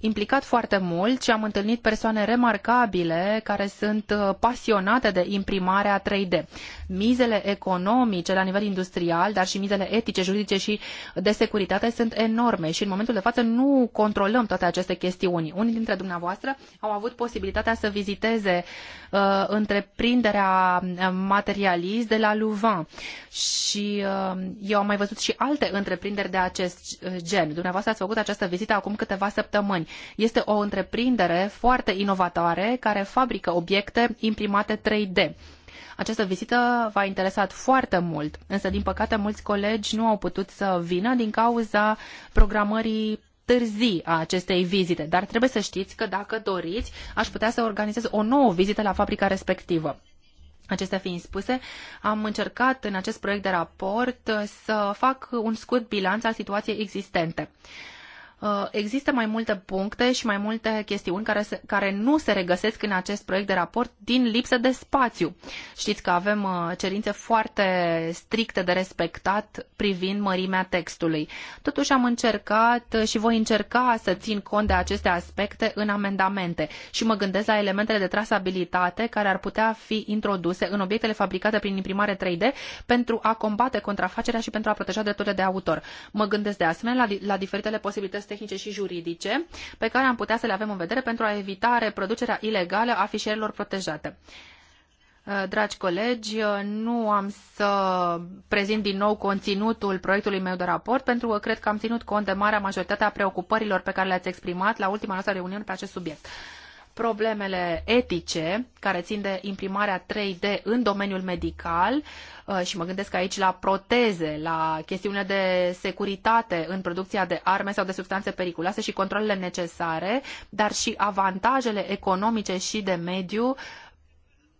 implicat foarte mult și am întâlnit persoane remarcabile care sunt uh, pasionate de imprimarea 3D. Mizele economice la nivel industrial, dar și mizele etice, juridice și de securitate sunt enorme și în momentul de față nu controlăm toate aceste chestiuni. Unii dintre dumneavoastră au avut posibilitatea să viziteze uh, întreprinderea uh, materialist de la Louvain și uh, eu am mai văzut și alte întreprinderi de acest uh, gen. Dumneavoastră ați făcut această vizită acum câteva săptămâni este o întreprindere foarte inovatoare care fabrică obiecte imprimate 3D. Această vizită v-a interesat foarte mult, însă din păcate mulți colegi nu au putut să vină din cauza programării târzii a acestei vizite, dar trebuie să știți că dacă doriți, aș putea să organizez o nouă vizită la fabrica respectivă. Acestea fiind spuse, am încercat în acest proiect de raport să fac un scurt bilanț al situației existente. Uh, există mai multe puncte și mai multe chestiuni care, se, care nu se regăsesc în acest proiect de raport din lipsă de spațiu. Știți că avem uh, cerințe foarte stricte de respectat privind mărimea textului. Totuși am încercat și voi încerca să țin cont de aceste aspecte în amendamente și mă gândesc la elementele de trasabilitate care ar putea fi introduse în obiectele fabricate prin imprimare 3D pentru a combate contrafacerea și pentru a proteja drepturile de autor. Mă gândesc de asemenea la, la diferitele posibilități tehnice și juridice pe care am putea să le avem în vedere pentru a evita reproducerea ilegală a fișierelor protejate. Uh, dragi colegi, uh, nu am să prezint din nou conținutul proiectului meu de raport, pentru că cred că am ținut cont de marea majoritatea preocupărilor pe care le-ați exprimat la ultima noastră reuniune pe acest subiect problemele etice care țin de imprimarea 3D în domeniul medical uh, și mă gândesc aici la proteze, la chestiunile de securitate în producția de arme sau de substanțe periculoase și controlele necesare, dar și avantajele economice și de mediu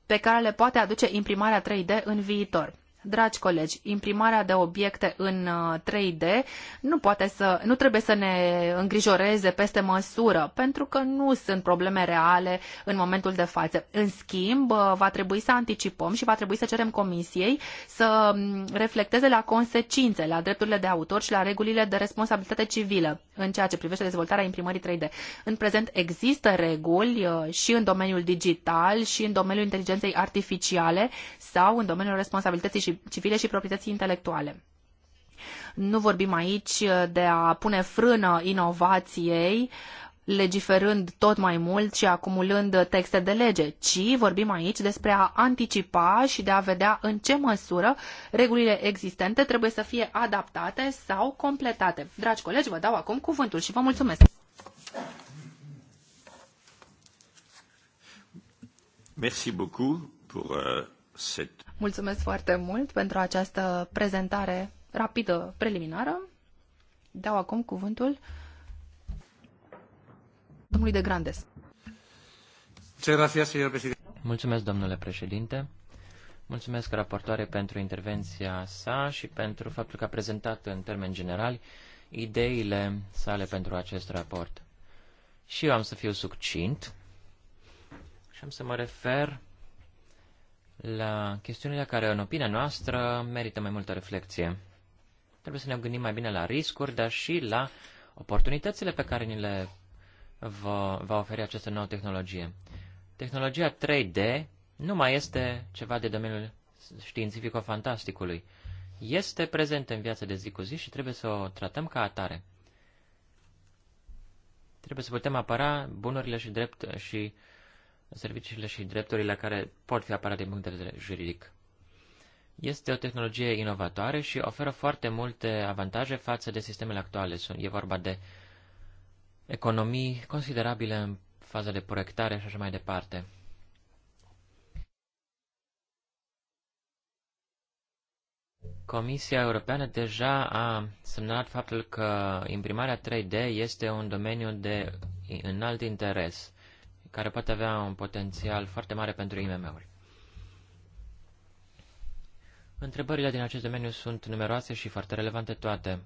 pe care le poate aduce imprimarea 3D în viitor. Dragi colegi, imprimarea de obiecte în 3D uh, nu, poate să, nu trebuie să ne îngrijoreze peste măsură, pentru că nu sunt probleme reale în momentul de față. În schimb, uh, va trebui să anticipăm și va trebui să cerem comisiei să um, reflecteze la consecințe, la drepturile de autor și la regulile de responsabilitate civilă în ceea ce privește dezvoltarea imprimării 3D. În prezent există reguli uh, și în domeniul digital, și în domeniul inteligenței artificiale sau în domeniul responsabilității și civile și proprietății intelectuale. Nu vorbim aici de a pune frână inovației legiferând tot mai mult și acumulând texte de lege, ci vorbim aici despre a anticipa și de a vedea în ce măsură regulile existente trebuie să fie adaptate sau completate. Dragi colegi, vă dau acum cuvântul și vă mulțumesc. Merci beaucoup pour uh, cette Mulțumesc foarte mult pentru această prezentare rapidă preliminară. Dau acum cuvântul domnului de Grandes. Mulțumesc, domnule președinte. Mulțumesc, raportoare, pentru intervenția sa și pentru faptul că a prezentat în termeni generali ideile sale pentru acest raport. Și eu am să fiu succint și am să mă refer la chestiunile care, în opinia noastră, merită mai multă reflexie. Trebuie să ne gândim mai bine la riscuri, dar și la oportunitățile pe care ni le va, va oferi această nouă tehnologie. Tehnologia 3D nu mai este ceva de domeniul științifico-fantasticului. Este prezent în viața de zi cu zi și trebuie să o tratăm ca atare. Trebuie să putem apăra bunurile și drept și uh, serviciile și drepturile care pot fi apărate din punct de vedere juridic. Este o tehnologie inovatoare și oferă foarte multe avantaje față de sistemele actuale. E vorba de economii considerabile în faza de proiectare și așa mai departe. Comisia Europeană deja a semnalat faptul că imprimarea 3D este un domeniu de înalt interes care poate avea un potențial foarte mare pentru IMM-uri. Întrebările din acest domeniu sunt numeroase și foarte relevante toate.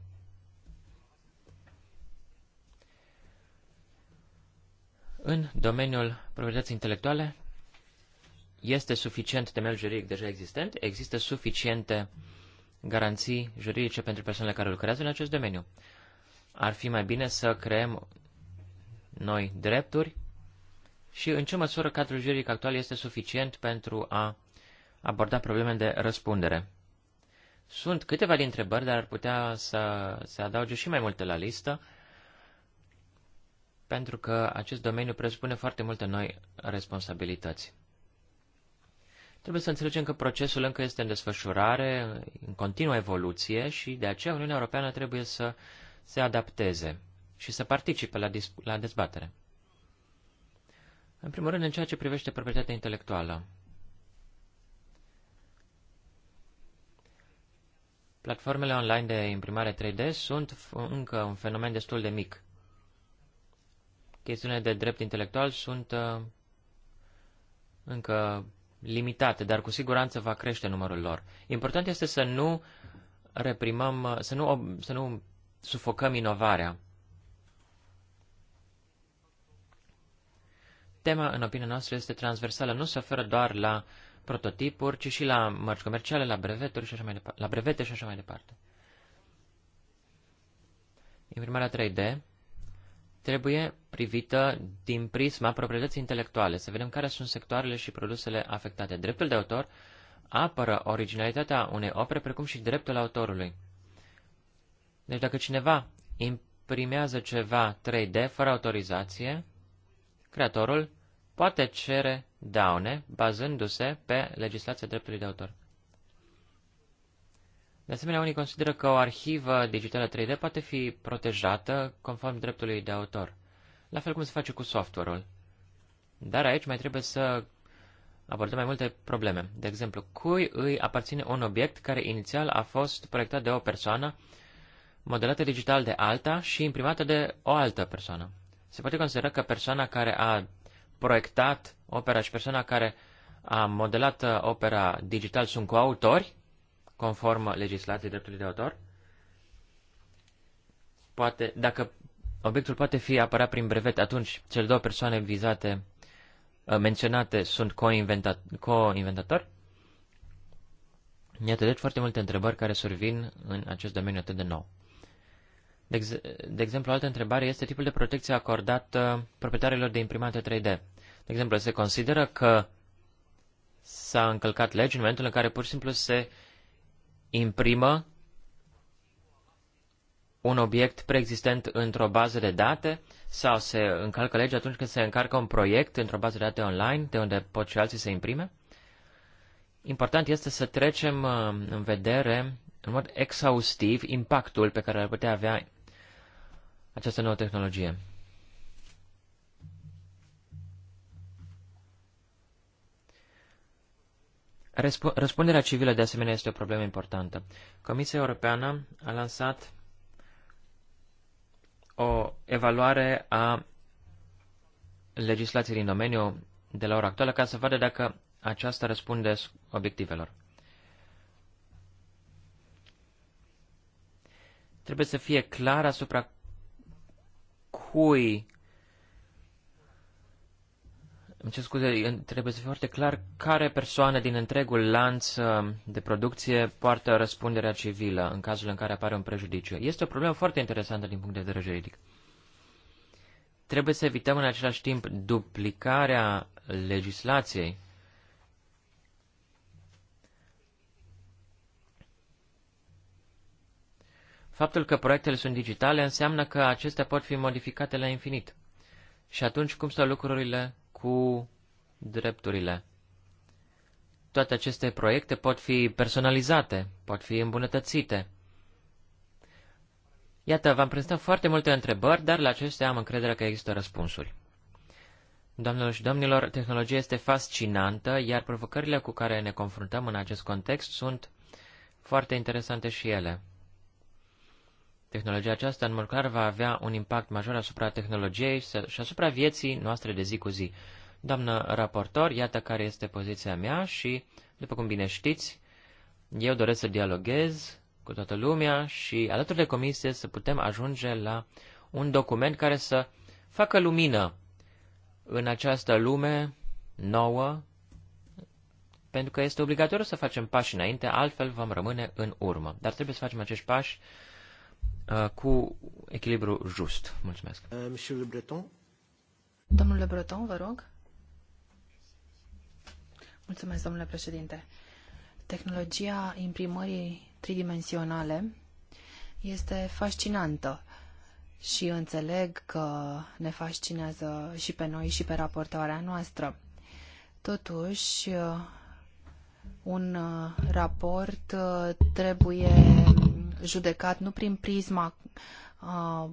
În domeniul proprietății intelectuale este suficient temel juridic deja existent, există suficiente garanții juridice pentru persoanele care lucrează în acest domeniu. Ar fi mai bine să creăm noi drepturi și în ce măsură cadrul juridic actual este suficient pentru a aborda probleme de răspundere. Sunt câteva întrebări, dar ar putea să se adauge și mai multe la listă, pentru că acest domeniu presupune foarte multe noi responsabilități. Trebuie să înțelegem că procesul încă este în desfășurare, în continuă evoluție și de aceea Uniunea Europeană trebuie să se adapteze și să participe la, la dezbatere. În primul rând, în ceea ce privește proprietatea intelectuală. Platformele online de imprimare 3D sunt încă un fenomen destul de mic. Chestiunile de drept intelectual sunt uh, încă limitate, dar cu siguranță va crește numărul lor. Important este să nu reprimăm, să nu, să nu sufocăm inovarea. Tema, în opinia noastră, este transversală. Nu se oferă doar la prototipuri, ci și la mărci comerciale, la, breveturi și așa mai departe, la brevete și așa mai departe. Imprimarea 3D trebuie privită din prisma proprietății intelectuale, să vedem care sunt sectoarele și produsele afectate. Dreptul de autor apără originalitatea unei opere, precum și dreptul autorului. Deci dacă cineva imprimează ceva 3D fără autorizație, creatorul poate cere daune bazându-se pe legislația dreptului de autor. De asemenea, unii consideră că o arhivă digitală 3D poate fi protejată conform dreptului de autor, la fel cum se face cu software-ul. Dar aici mai trebuie să abordăm mai multe probleme. De exemplu, cui îi aparține un obiect care inițial a fost proiectat de o persoană, modelată digital de alta și imprimată de o altă persoană se poate considera că persoana care a proiectat opera și persoana care a modelat uh, opera digital sunt coautori, conform legislației dreptului de autor. Poate, dacă obiectul poate fi apărat prin brevet, atunci cele două persoane vizate, uh, menționate, sunt co-inventatori. Co Iată, deci foarte multe întrebări care survin în acest domeniu atât de nou. De, ex- de exemplu, altă întrebare este tipul de protecție acordat uh, proprietarilor de imprimante 3D. De exemplu, se consideră că s-a încălcat legi în momentul în care pur și simplu se imprimă un obiect preexistent într-o bază de date sau se încalcă legea atunci când se încarcă un proiect într-o bază de date online, de unde pot și alții să imprime? Important este să trecem uh, în vedere, în mod exhaustiv, impactul pe care ar putea avea această nouă tehnologie. Răspunderea civilă, de asemenea, este o problemă importantă. Comisia Europeană a lansat o evaluare a legislației din domeniu de la ora actuală ca să vadă dacă aceasta răspunde obiectivelor. Trebuie să fie clar asupra cui. Îmi cer scuze, trebuie să fie foarte clar care persoană din întregul lanț um, de producție poartă răspunderea civilă în cazul în care apare un prejudiciu. Este o problemă foarte interesantă din punct de vedere juridic. Trebuie să evităm în același timp duplicarea legislației Faptul că proiectele sunt digitale înseamnă că acestea pot fi modificate la infinit. Și atunci cum stau lucrurile cu drepturile? Toate aceste proiecte pot fi personalizate, pot fi îmbunătățite. Iată, v-am prezentat foarte multe întrebări, dar la acestea am încredere că există răspunsuri. Doamnelor și domnilor, tehnologia este fascinantă, iar provocările cu care ne confruntăm în acest context sunt foarte interesante și ele. Tehnologia aceasta, în măcar, va avea un impact major asupra tehnologiei și asupra vieții noastre de zi cu zi. Doamnă raportor, iată care este poziția mea și, după cum bine știți, eu doresc să dialoghez cu toată lumea și, alături de comisie, să putem ajunge la un document care să facă lumină în această lume nouă, pentru că este obligatoriu să facem pași înainte, altfel vom rămâne în urmă. Dar trebuie să facem acești pași Uh, cu echilibru just. Mulțumesc. Uh, Monsieur Le Breton. Domnule Breton, vă rog. Mulțumesc, domnule președinte. Tehnologia imprimării tridimensionale este fascinantă și înțeleg că ne fascinează și pe noi și pe raportarea noastră. Totuși, un uh, raport trebuie judecat nu prin prisma uh,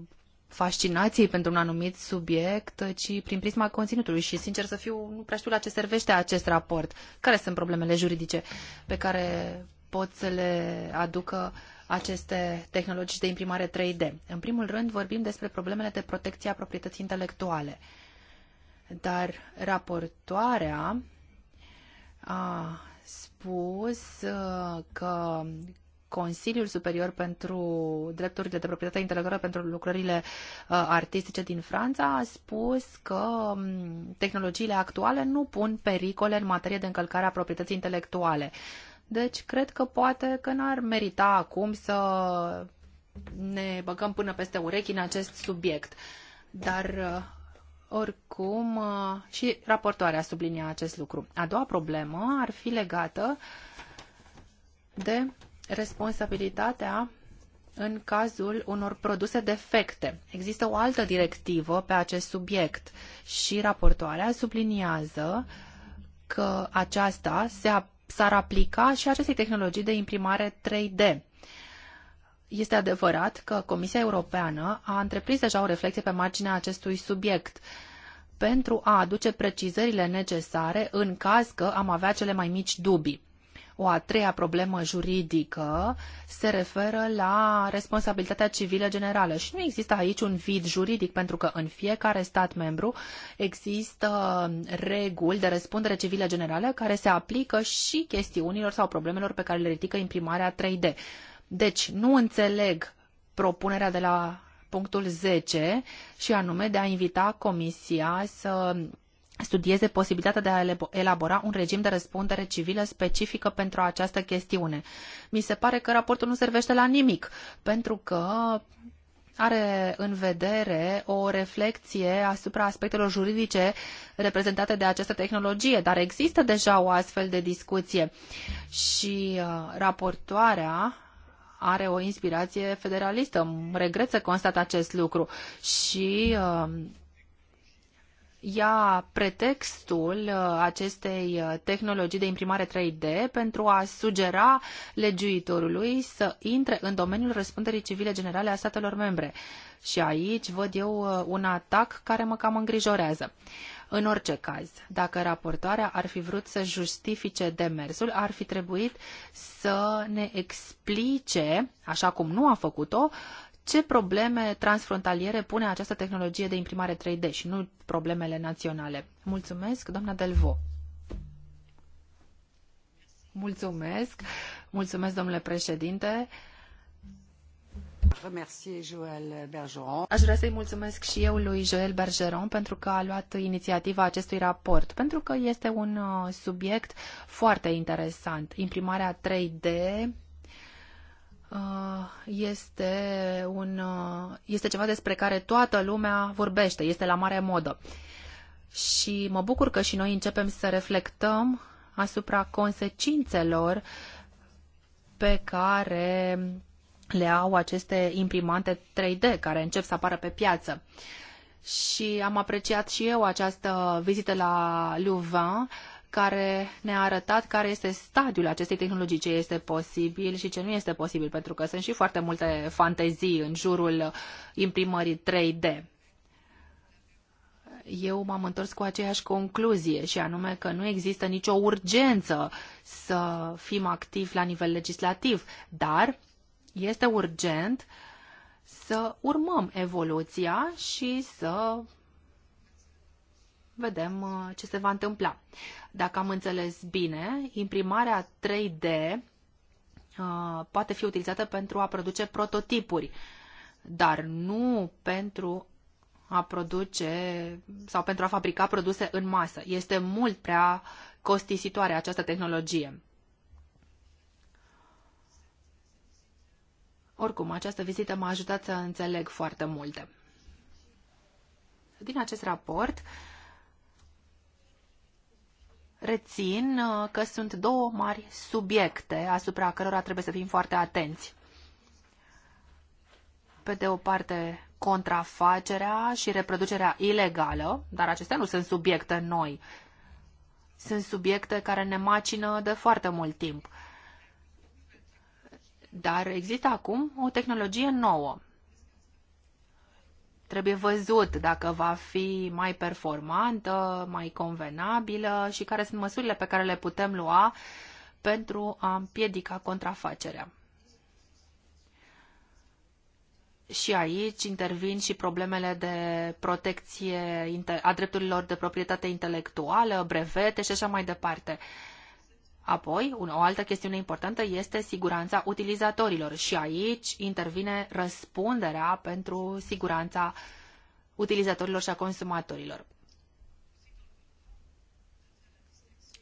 fascinației pentru un anumit subiect, ci prin prisma conținutului. Și, sincer să fiu, nu prea știu la ce servește acest raport. Care sunt problemele juridice pe care pot să le aducă aceste tehnologii de imprimare 3D? În primul rând, vorbim despre problemele de protecție a proprietății intelectuale. Dar raportoarea a spus uh, că Consiliul Superior pentru Drepturile de Proprietate Intelectuală pentru lucrările uh, artistice din Franța a spus că um, tehnologiile actuale nu pun pericole în materie de încălcare a proprietății intelectuale. Deci, cred că poate că n-ar merita acum să ne băgăm până peste urechi în acest subiect. Dar, uh, oricum, uh, și raportoarea sublinia acest lucru. A doua problemă ar fi legată de responsabilitatea în cazul unor produse defecte. Există o altă directivă pe acest subiect și raportoarea subliniază că aceasta s-ar aplica și acestei tehnologii de imprimare 3D. Este adevărat că Comisia Europeană a întreprins deja o reflexie pe marginea acestui subiect pentru a aduce precizările necesare în caz că am avea cele mai mici dubii. O a treia problemă juridică se referă la responsabilitatea civilă generală și nu există aici un vid juridic pentru că în fiecare stat membru există reguli de răspundere civilă generală care se aplică și chestiunilor sau problemelor pe care le ridică imprimarea 3D. Deci nu înțeleg propunerea de la punctul 10 și anume de a invita Comisia să studieze posibilitatea de a elabora un regim de răspundere civilă specifică pentru această chestiune. Mi se pare că raportul nu servește la nimic, pentru că are în vedere o reflexie asupra aspectelor juridice reprezentate de această tehnologie, dar există deja o astfel de discuție și uh, raportoarea are o inspirație federalistă. Regret să constat acest lucru și uh, ia pretextul uh, acestei uh, tehnologii de imprimare 3D pentru a sugera legiuitorului să intre în domeniul răspunderii civile generale a statelor membre. Și aici văd eu uh, un atac care mă cam îngrijorează. În orice caz, dacă raportoarea ar fi vrut să justifice demersul, ar fi trebuit să ne explice, așa cum nu a făcut-o, ce probleme transfrontaliere pune această tehnologie de imprimare 3D și nu problemele naționale. Mulțumesc, doamna Delvo. Mulțumesc. Mulțumesc, domnule președinte. Aș vrea să-i mulțumesc și eu lui Joël Bergeron pentru că a luat inițiativa acestui raport, pentru că este un uh, subiect foarte interesant. Imprimarea 3D Uh, este, un, uh, este ceva despre care toată lumea vorbește, este la mare modă. Și mă bucur că și noi începem să reflectăm asupra consecințelor pe care le au aceste imprimante 3D care încep să apară pe piață. Și am apreciat și eu această vizită la Louvain, care ne-a arătat care este stadiul acestei tehnologii, ce este posibil și ce nu este posibil, pentru că sunt și foarte multe fantezii în jurul imprimării 3D. Eu m-am întors cu aceeași concluzie și anume că nu există nicio urgență să fim activi la nivel legislativ, dar este urgent să urmăm evoluția și să vedem uh, ce se va întâmpla. Dacă am înțeles bine, imprimarea 3D uh, poate fi utilizată pentru a produce prototipuri, dar nu pentru a produce sau pentru a fabrica produse în masă. Este mult prea costisitoare această tehnologie. Oricum, această vizită m-a ajutat să înțeleg foarte multe. Din acest raport, uh, rețin uh, că sunt două mari subiecte asupra cărora trebuie să fim foarte atenți. Pe de o parte, contrafacerea și reproducerea ilegală, dar acestea nu sunt subiecte noi. Sunt subiecte care ne macină de foarte mult timp. Dar există acum o tehnologie nouă Trebuie văzut dacă va fi mai performantă, mai convenabilă și care sunt măsurile pe care le putem lua pentru a împiedica contrafacerea. Și aici intervin și problemele de protecție a drepturilor de proprietate intelectuală, brevete și așa mai departe. Uh, Apoi, o altă chestiune importantă este siguranța utilizatorilor și aici intervine răspunderea pentru siguranța utilizatorilor și a consumatorilor.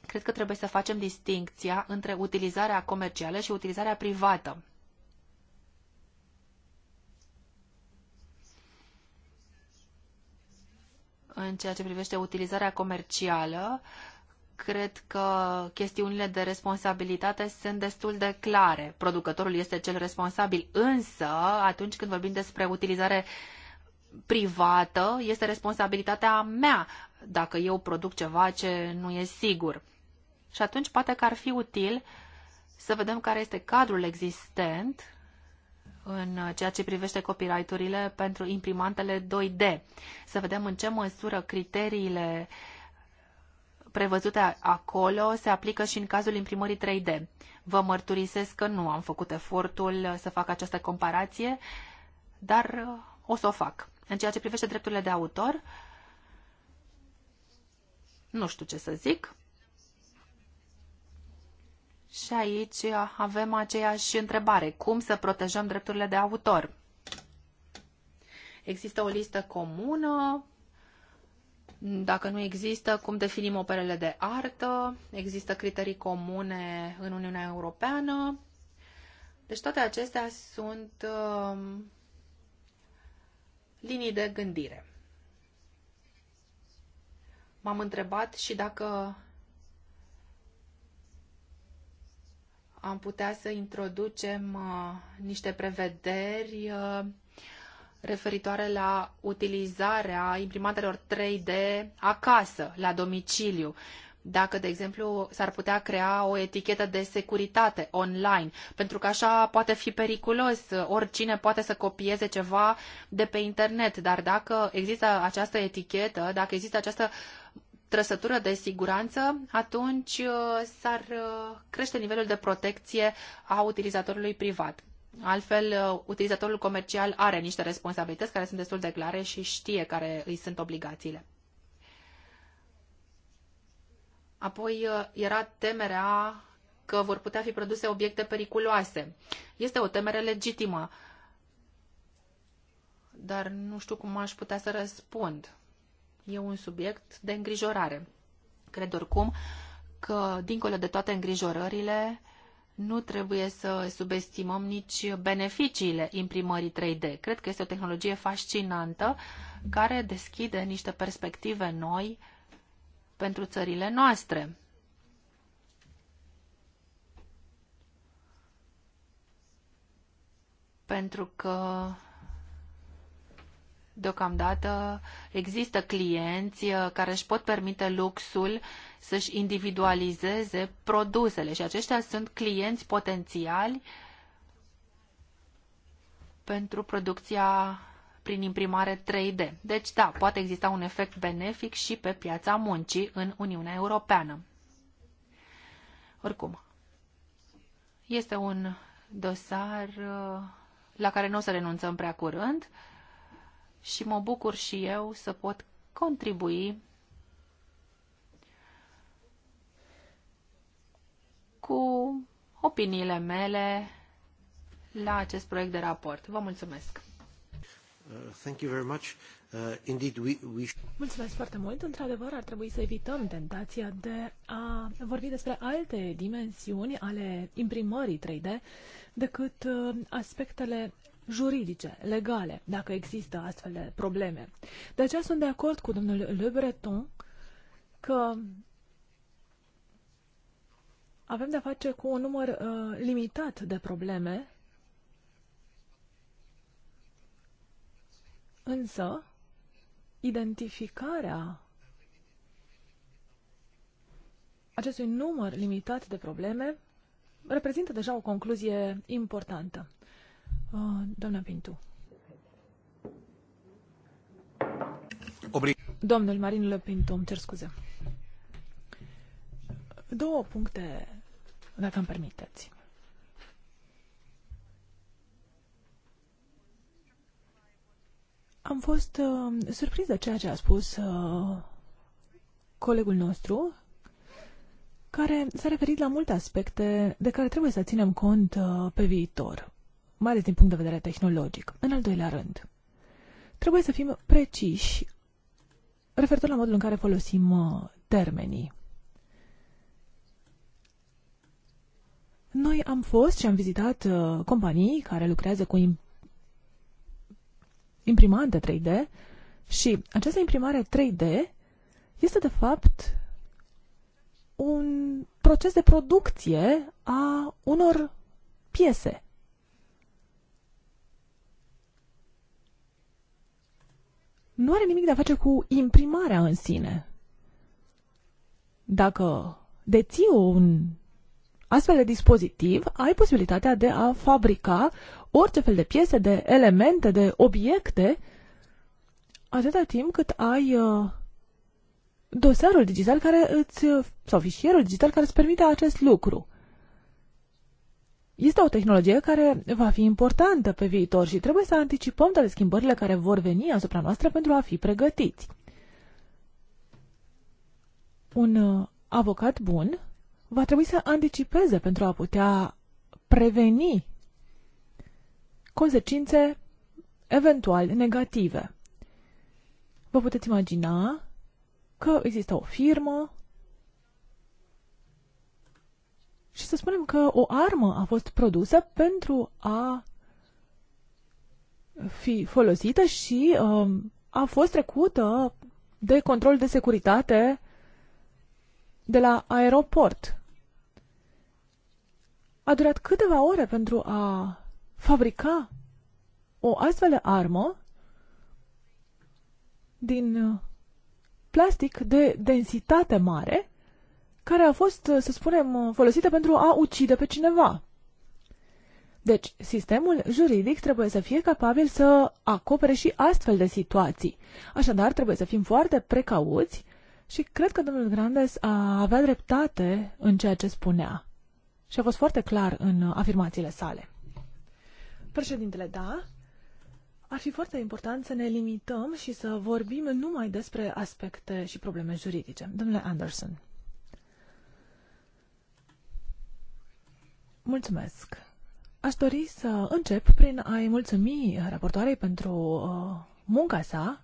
Cred că trebuie să facem distincția între utilizarea comercială și utilizarea privată. În ceea ce privește utilizarea comercială, uh, cred că chestiunile de responsabilitate sunt destul de clare. Producătorul este cel responsabil, însă atunci când vorbim despre utilizare privată, este responsabilitatea mea dacă eu produc ceva ce nu e sigur. Și atunci poate că ar fi util să vedem care este cadrul existent în ceea ce privește copyright-urile pentru imprimantele 2D. Să vedem în ce măsură criteriile uh, prevăzute acolo se aplică și în cazul imprimării 3D. Vă mărturisesc că nu am făcut efortul să fac această comparație, dar uh, o să o fac. În ceea ce privește drepturile de autor, nu știu ce să zic. Și aici uh, avem aceeași întrebare. Cum să protejăm drepturile de autor? Există o listă comună dacă nu există, cum definim operele de artă? Există criterii comune în Uniunea Europeană? Deci toate acestea sunt um, linii de gândire. M-am întrebat și dacă am putea să introducem uh, niște prevederi uh, referitoare la utilizarea imprimatelor 3D acasă, la domiciliu. Dacă, de exemplu, s-ar putea crea o etichetă de securitate online, pentru că așa poate fi periculos, oricine poate să copieze ceva de pe internet, dar dacă există această etichetă, dacă există această trăsătură de siguranță, atunci uh, s-ar uh, crește nivelul de protecție a utilizatorului privat. Altfel, uh, utilizatorul comercial are niște responsabilități care sunt destul de clare și știe care îi sunt obligațiile. Apoi uh, era temerea că vor putea fi produse obiecte periculoase. Este o temere legitimă, dar nu știu cum aș putea să răspund. E un subiect de îngrijorare. Cred oricum că, dincolo de toate îngrijorările, nu trebuie să subestimăm nici beneficiile imprimării 3D. Cred că este o tehnologie fascinantă care deschide niște perspective noi pentru țările noastre. Pentru că deocamdată există clienți uh, care își pot permite luxul să-și individualizeze produsele și aceștia sunt clienți potențiali pentru producția prin imprimare 3D. Deci, da, poate exista un efect benefic și pe piața muncii în Uniunea Europeană. Oricum, este un dosar uh, la care nu o să renunțăm prea curând și mă bucur și eu să pot contribui cu opiniile mele la acest proiect de raport. Vă mulțumesc! Uh, thank you very much. Uh, indeed, we, we... Mulțumesc foarte mult. Într-adevăr, ar trebui să evităm tentația de a vorbi despre alte dimensiuni ale imprimării 3D decât uh, aspectele juridice, legale, dacă există astfel de probleme. De aceea sunt de acord cu domnul Le Breton că avem de-a face cu un număr uh, limitat de probleme, însă identificarea acestui număr limitat de probleme reprezintă deja o concluzie importantă. Ah, doamna Pintu. Domnul Marin Pintu, îmi cer scuze. Două puncte, dacă îmi permiteți. Am fost uh, surprins de ceea ce a spus uh, colegul nostru, care s-a referit la multe aspecte de care trebuie să ținem cont uh, pe viitor mai ales din punct de vedere tehnologic. În al doilea rând, trebuie să fim preciși referitor la modul în care folosim uh, termenii. Noi am fost și am vizitat uh, companii care lucrează cu imprimante 3D și această imprimare 3D este de fapt un proces de producție a unor piese. nu are nimic de a face cu imprimarea în sine. Dacă deții un astfel de dispozitiv, ai posibilitatea de a fabrica orice fel de piese, de elemente, de obiecte, atâta timp cât ai uh, dosarul digital care îți, sau fișierul digital care îți permite acest lucru. Este o tehnologie care va fi importantă pe viitor și trebuie să anticipăm toate schimbările care vor veni asupra noastră pentru a fi pregătiți. Un uh, avocat bun va trebui să anticipeze pentru a putea preveni consecințe eventual negative. Vă puteți imagina că există o firmă și să spunem că o armă a fost produsă pentru a fi folosită și um, a fost trecută de control de securitate de la aeroport. A durat câteva ore pentru a fabrica o astfel de armă din plastic de densitate mare care a fost, să spunem, folosită pentru a ucide pe cineva. Deci, sistemul juridic trebuie să fie capabil să acopere și astfel de situații. Așadar, trebuie să fim foarte precauți și cred că domnul Grandes a avea dreptate în ceea ce spunea. Și a fost foarte clar în afirmațiile sale. Președintele, da, ar fi foarte important să ne limităm și să vorbim numai despre aspecte și probleme juridice. Domnule Anderson. Mulțumesc! Aș dori să încep prin a-i mulțumi raportoarei pentru uh, munca sa.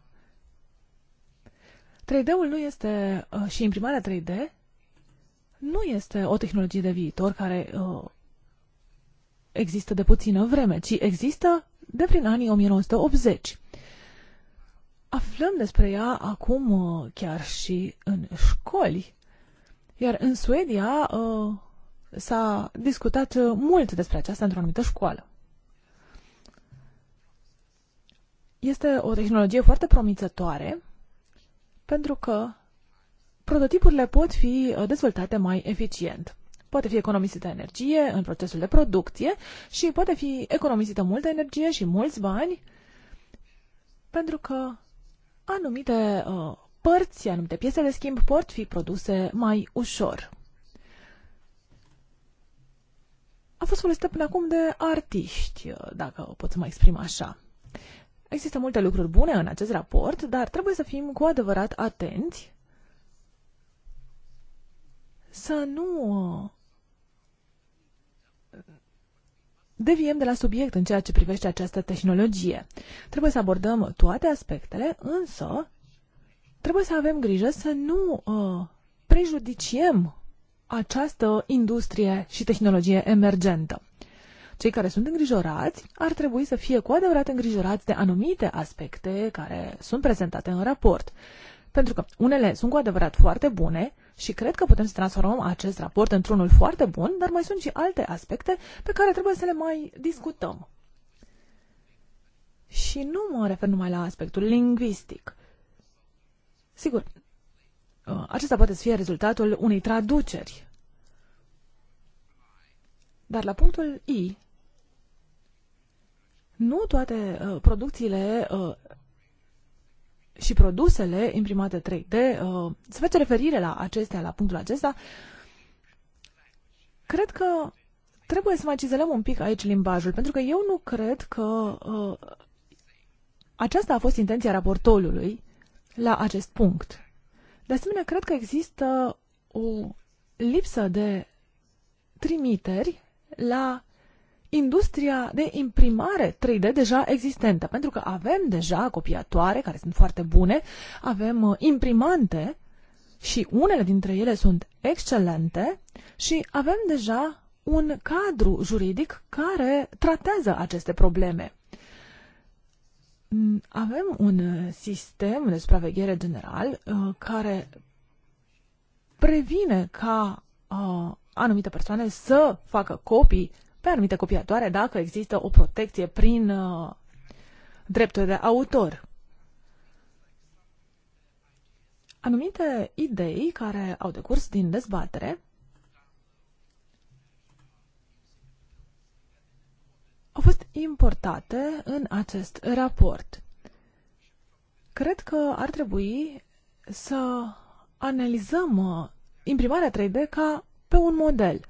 3D-ul nu este, uh, și imprimarea 3D nu este o tehnologie de viitor care uh, există de puțină vreme, ci există de prin anii 1980. Aflăm despre ea acum uh, chiar și în școli, iar în Suedia uh, s-a discutat uh, mult despre aceasta într-o anumită școală. Este o tehnologie foarte promițătoare pentru că prototipurile pot fi uh, dezvoltate mai eficient. Poate fi economisită energie în procesul de producție și poate fi economisită multă energie și mulți bani pentru că anumite uh, părți, anumite piese de schimb pot fi produse mai ușor. fost folosită până acum de artiști, uh, dacă o pot să mai exprim așa. Există multe lucruri bune în acest raport, dar trebuie să fim cu adevărat atenți să nu uh, deviem de la subiect în ceea ce privește această tehnologie. Trebuie să abordăm toate aspectele, însă trebuie să avem grijă să nu uh, prejudiciem această industrie și tehnologie emergentă. Cei care sunt îngrijorați ar trebui să fie cu adevărat îngrijorați de anumite aspecte care sunt prezentate în raport. Pentru că unele sunt cu adevărat foarte bune și cred că putem să transformăm acest raport într-unul foarte bun, dar mai sunt și alte aspecte pe care trebuie să le mai discutăm. Și nu mă refer numai la aspectul lingvistic. Sigur, Uh, acesta poate să fie rezultatul unei traduceri. Dar la punctul I, nu toate uh, producțiile uh, și produsele imprimate 3D, uh, se face referire la acestea, la punctul acesta, cred că trebuie să mai cizelăm un pic aici limbajul, pentru că eu nu cred că uh, aceasta a fost intenția raportorului la acest punct. De asemenea, cred că există o lipsă de trimiteri la industria de imprimare 3D deja existentă, pentru că avem deja copiatoare care sunt foarte bune, avem uh, imprimante și unele dintre ele sunt excelente și avem deja un cadru juridic care tratează aceste probleme. Mm, avem un uh, sistem de supraveghere general uh, care previne ca uh, anumite persoane să facă copii pe anumite copiatoare dacă există o protecție prin drepturi de autor. Anumite idei care au decurs din dezbatere au fost importate în acest raport. Cred că ar trebui să analizăm uh, imprimarea 3D ca pe un model.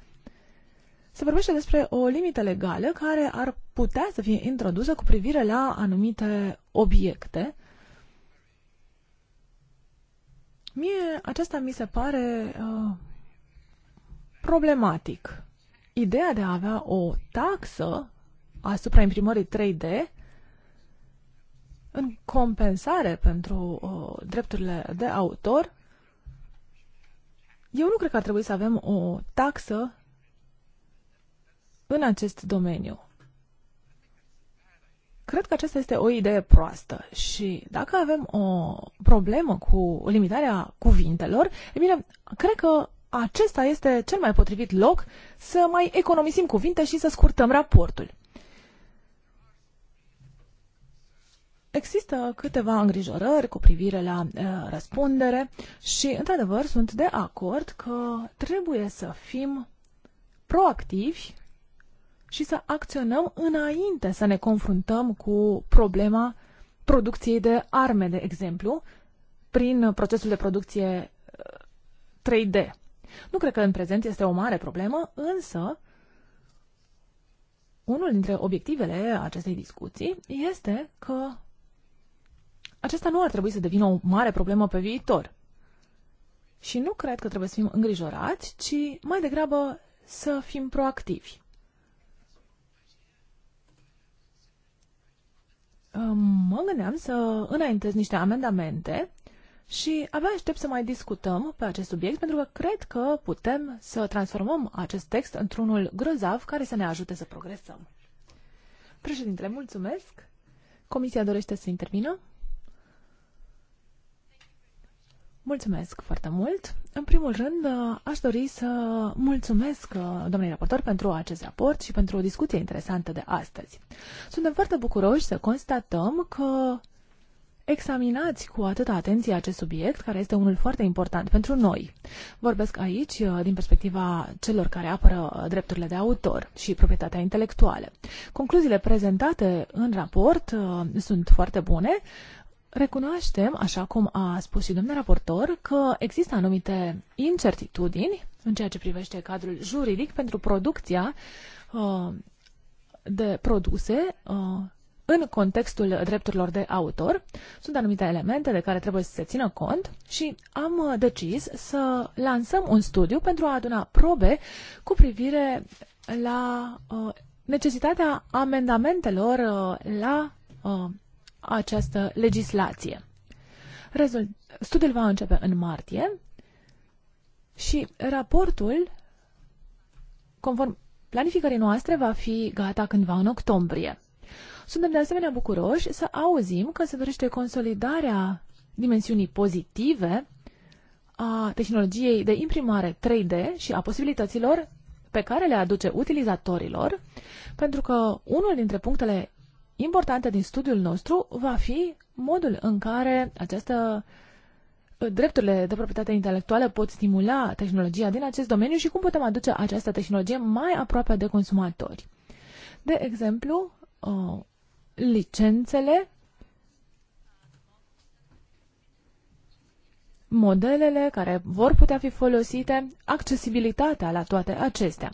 Se vorbește despre o limită legală care ar putea să fie introdusă cu privire la anumite obiecte. Mie aceasta mi se pare uh, problematic. Ideea de a avea o taxă asupra imprimării 3D în compensare pentru uh, drepturile de autor, eu nu cred că ar trebui să avem o taxă în acest domeniu. Cred că aceasta este o idee proastă și dacă avem o problemă cu limitarea cuvintelor, e bine, cred că acesta este cel mai potrivit loc să mai economisim cuvinte și să scurtăm raportul. Există câteva îngrijorări cu privire la uh, răspundere și, într-adevăr, sunt de acord că trebuie să fim proactivi și să acționăm înainte să ne confruntăm cu problema producției de arme, de exemplu, prin procesul de producție 3D. Uh, nu cred că în prezent este o mare problemă, însă unul dintre obiectivele acestei discuții este că acesta nu ar trebui să devină o mare problemă pe viitor. Și nu cred că trebuie să fim îngrijorați, ci mai degrabă să fim proactivi. Mă gândeam să înaintez niște amendamente și avea aștept să mai discutăm pe acest subiect, pentru că cred că putem să transformăm acest text într-unul grozav care să ne ajute să progresăm. Președintele, mulțumesc! Comisia dorește să intervină? Mulțumesc foarte mult. În primul rând, uh, aș dori să mulțumesc uh, domnului raportor pentru acest raport și pentru o discuție interesantă de astăzi. Suntem foarte bucuroși să constatăm că examinați cu atâta atenție acest subiect, care este unul foarte important pentru noi. Vorbesc aici uh, din perspectiva celor care apără drepturile de autor și proprietatea intelectuală. Concluziile prezentate în raport sunt foarte bune, Recunoaștem, așa cum a spus și domnul raportor, că există anumite incertitudini în ceea ce privește cadrul juridic pentru producția uh, de produse uh, în contextul drepturilor de autor. Sunt anumite elemente de care trebuie să se țină cont și am uh, decis să lansăm un studiu pentru a aduna probe cu privire la uh, necesitatea amendamentelor uh, la uh, această legislație. Rezult... Studiul va începe în martie și raportul, conform planificării noastre, va fi gata cândva în octombrie. Suntem de asemenea bucuroși să auzim că se dorește consolidarea dimensiunii pozitive a tehnologiei de imprimare 3D și a posibilităților pe care le aduce utilizatorilor, pentru că unul dintre punctele importantă din studiul nostru va fi modul în care această uh, drepturile de proprietate intelectuală pot stimula tehnologia din acest domeniu și cum putem aduce această tehnologie mai aproape de consumatori. De exemplu, uh, licențele, modelele care vor putea fi folosite, accesibilitatea la toate acestea.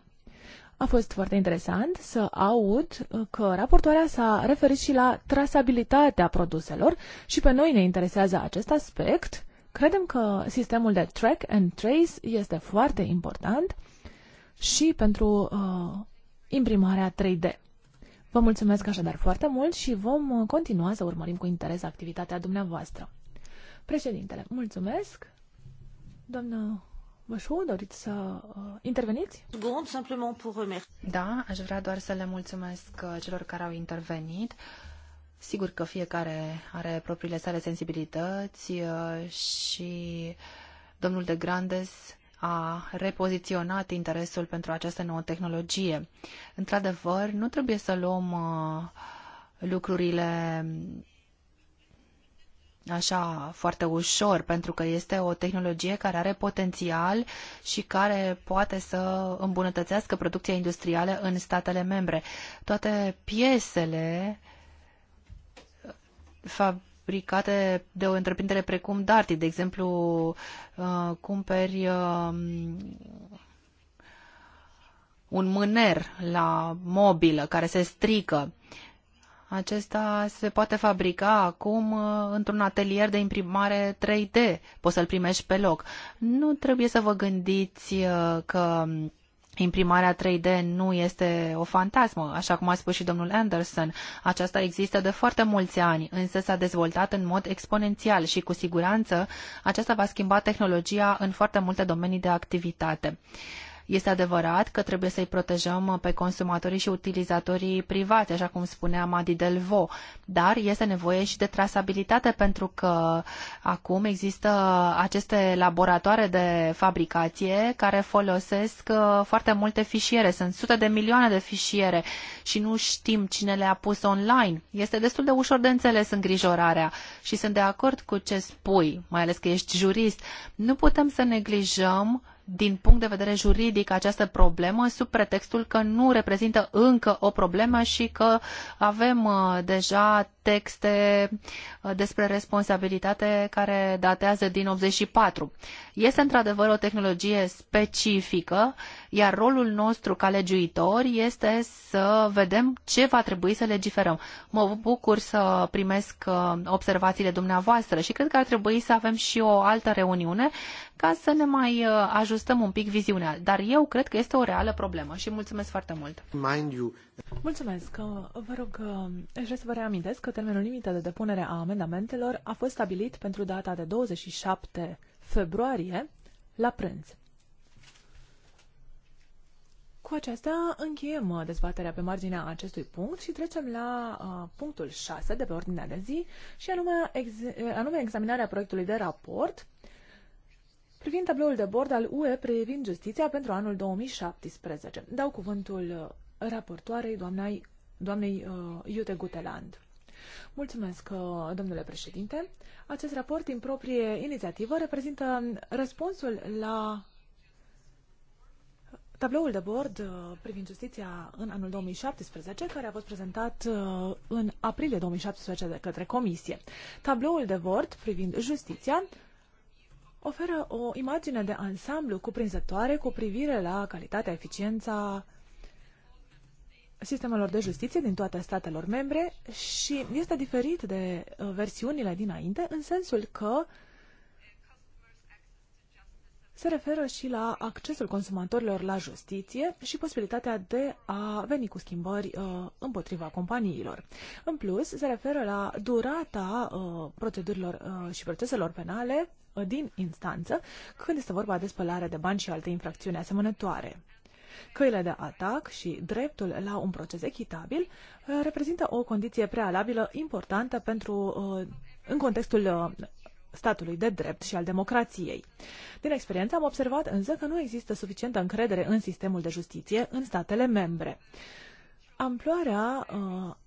A fost foarte interesant să aud uh, că raportoarea s-a referit și la trasabilitatea produselor și pe noi ne interesează acest aspect. Credem că sistemul de track and trace este foarte important și pentru uh, imprimarea 3D. Vă mulțumesc așadar foarte mult și vom uh, continua să urmărim cu interes activitatea dumneavoastră. Președintele, mulțumesc. Doamna Bășu, doriți să uh, interveniți? Da, aș vrea doar să le mulțumesc uh, celor care au intervenit. Sigur că fiecare are propriile sale sensibilități uh, și domnul de Grandes a repoziționat interesul pentru această nouă tehnologie. Într-adevăr, nu trebuie să luăm lucrurile așa foarte ușor, pentru că este o tehnologie care are potențial și care poate să îmbunătățească producția industrială în statele membre. Toate piesele fabricate de o întreprindere precum Darty, de exemplu, uh, cumperi um, un mâner la mobilă care se strică acesta se poate fabrica acum uh, într-un atelier de imprimare 3D. Poți să-l primești pe loc. Nu trebuie să vă gândiți uh, că imprimarea 3D nu este o fantasmă, așa cum a spus și domnul Anderson. Aceasta există de foarte mulți ani, însă s-a dezvoltat în mod exponențial și cu siguranță aceasta va schimba tehnologia în foarte multe domenii de activitate. Este adevărat că trebuie să-i protejăm pe consumatorii și utilizatorii privați, așa cum spunea Madi Delvo, dar este nevoie și de trasabilitate pentru că acum există aceste laboratoare de fabricație care folosesc uh, foarte multe fișiere. Sunt sute de milioane de fișiere și nu știm cine le-a pus online. Este destul de ușor de înțeles îngrijorarea și sunt de acord cu ce spui, mai ales că ești jurist. Nu putem să neglijăm din punct de vedere juridic această problemă sub pretextul că nu reprezintă încă o problemă și că avem uh, deja texte uh, despre responsabilitate care datează din 84. Este într-adevăr o tehnologie specifică, iar rolul nostru ca legiuitori este să vedem ce va trebui să legiferăm. Mă bucur să primesc uh, observațiile dumneavoastră și cred că ar trebui să avem și o altă reuniune ca să ne mai uh, ajustăm un pic viziunea. Dar eu cred că este o reală problemă și mulțumesc foarte mult. Mind you. Mulțumesc. Uh, vă rog, uh, aș vrea să vă reamintesc că termenul limită de depunere a amendamentelor a fost stabilit pentru data de 27 februarie la prânz. Cu aceasta încheiem dezbaterea pe marginea acestui punct și trecem la uh, punctul 6 de pe ordinea de zi și anume, ex- anume examinarea proiectului de raport uh, privind tabloul de bord al UE privind justiția pentru anul 2017. Dau cuvântul uh, raportoarei doamnei, doamnei uh, Iute Guteland. Mulțumesc, uh, domnule președinte. Acest raport din proprie inițiativă reprezintă răspunsul la tabloul de bord uh, privind justiția în anul 2017, care a fost prezentat în aprilie 2017 de către Comisie. Tabloul de bord privind justiția oferă o imagine de ansamblu cuprinzătoare cu privire la calitatea, eficiența sistemelor de justiție din toate statelor membre și este diferit de uh, versiunile dinainte în sensul că se referă și la accesul consumatorilor la justiție și posibilitatea de a veni cu schimbări uh, împotriva companiilor. În plus, se referă la durata uh, procedurilor uh, și proceselor penale Uh, din instanță când este vorba de spălare de bani și alte infracțiuni asemănătoare. Căile de atac și dreptul la un proces echitabil uh, reprezintă o condiție prealabilă importantă pentru, uh, în contextul statului de drept și al democrației. Din experiență am observat însă că nu există suficientă încredere în sistemul de justiție în statele membre. Amploarea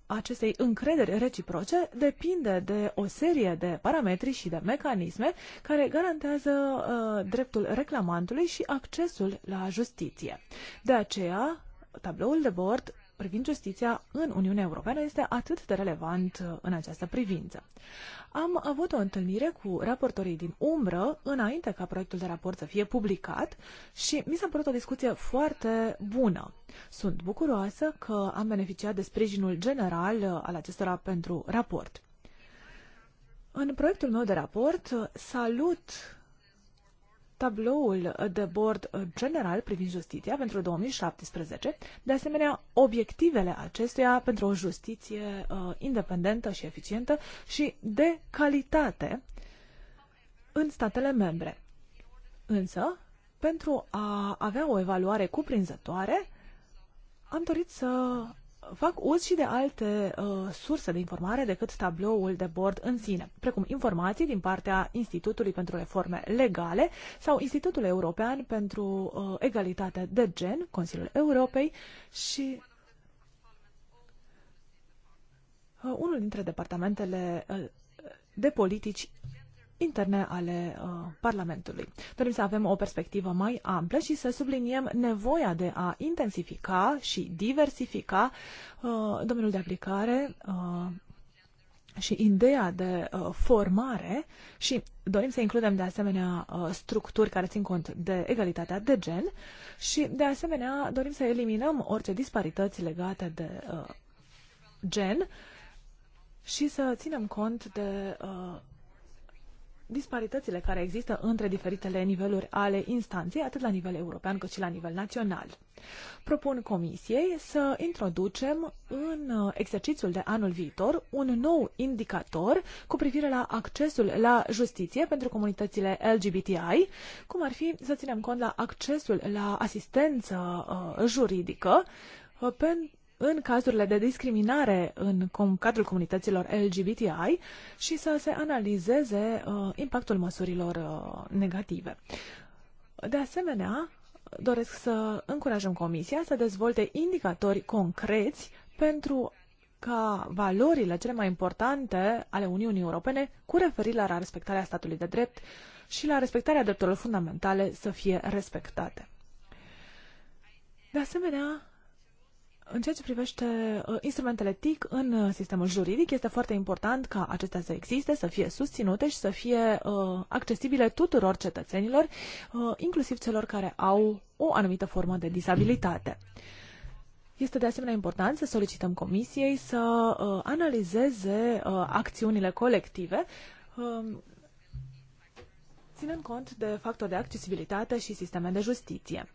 acestei încrederi reciproce depinde de o serie de parametri și de mecanisme care garantează uh, dreptul reclamantului și accesul la justiție. De aceea, tabloul de bord privind justiția în Uniunea Europeană este atât de relevant uh, în această privință. Am avut o întâlnire cu raportorii din umbră înainte ca proiectul de raport să fie publicat și mi s-a părut o discuție foarte bună. Sunt bucuroasă că am beneficiat de sprijinul general uh, al acestora pentru raport. În proiectul meu de raport uh, salut tabloul de bord general privind justiția pentru 2017, de asemenea obiectivele acestuia pentru o justiție uh, independentă și eficientă și de calitate în statele membre. Însă, pentru a avea o evaluare cuprinzătoare, am dorit să fac uz și de alte uh, surse de informare decât tabloul de bord în sine, precum informații din partea Institutului pentru Reforme Legale sau Institutul European pentru uh, Egalitate de Gen, Consiliul Europei și uh, unul dintre departamentele uh, de politici interne ale uh, Parlamentului. Dorim să avem o perspectivă mai amplă și să subliniem nevoia de a intensifica și diversifica uh, domeniul de aplicare uh, și ideea de uh, formare și dorim să includem de asemenea uh, structuri care țin cont de egalitatea de gen și de asemenea dorim să eliminăm orice disparități legate de uh, gen și să ținem cont de uh, disparitățile care există între diferitele niveluri ale instanței, atât la nivel european cât și la nivel național. Propun Comisiei să introducem în uh, exercițiul de anul viitor un nou indicator cu privire la accesul la justiție pentru comunitățile LGBTI, cum ar fi să ținem cont la accesul la asistență uh, juridică uh, pentru în cazurile de discriminare în cadrul comunităților LGBTI și să se analizeze uh, impactul măsurilor uh, negative. De asemenea, doresc să încurajăm Comisia să dezvolte indicatori concreți pentru ca valorile cele mai importante ale Uniunii Europene cu referire la respectarea statului de drept și la respectarea drepturilor fundamentale să fie respectate. De asemenea, în ceea ce privește uh, instrumentele TIC în uh, sistemul juridic, este foarte important ca acestea să existe, să fie susținute și să fie uh, accesibile tuturor cetățenilor, uh, inclusiv celor care au o anumită formă de disabilitate. Este de asemenea important să solicităm comisiei să uh, analizeze uh, acțiunile colective, uh, ținând cont de factori de accesibilitate și sisteme de justiție.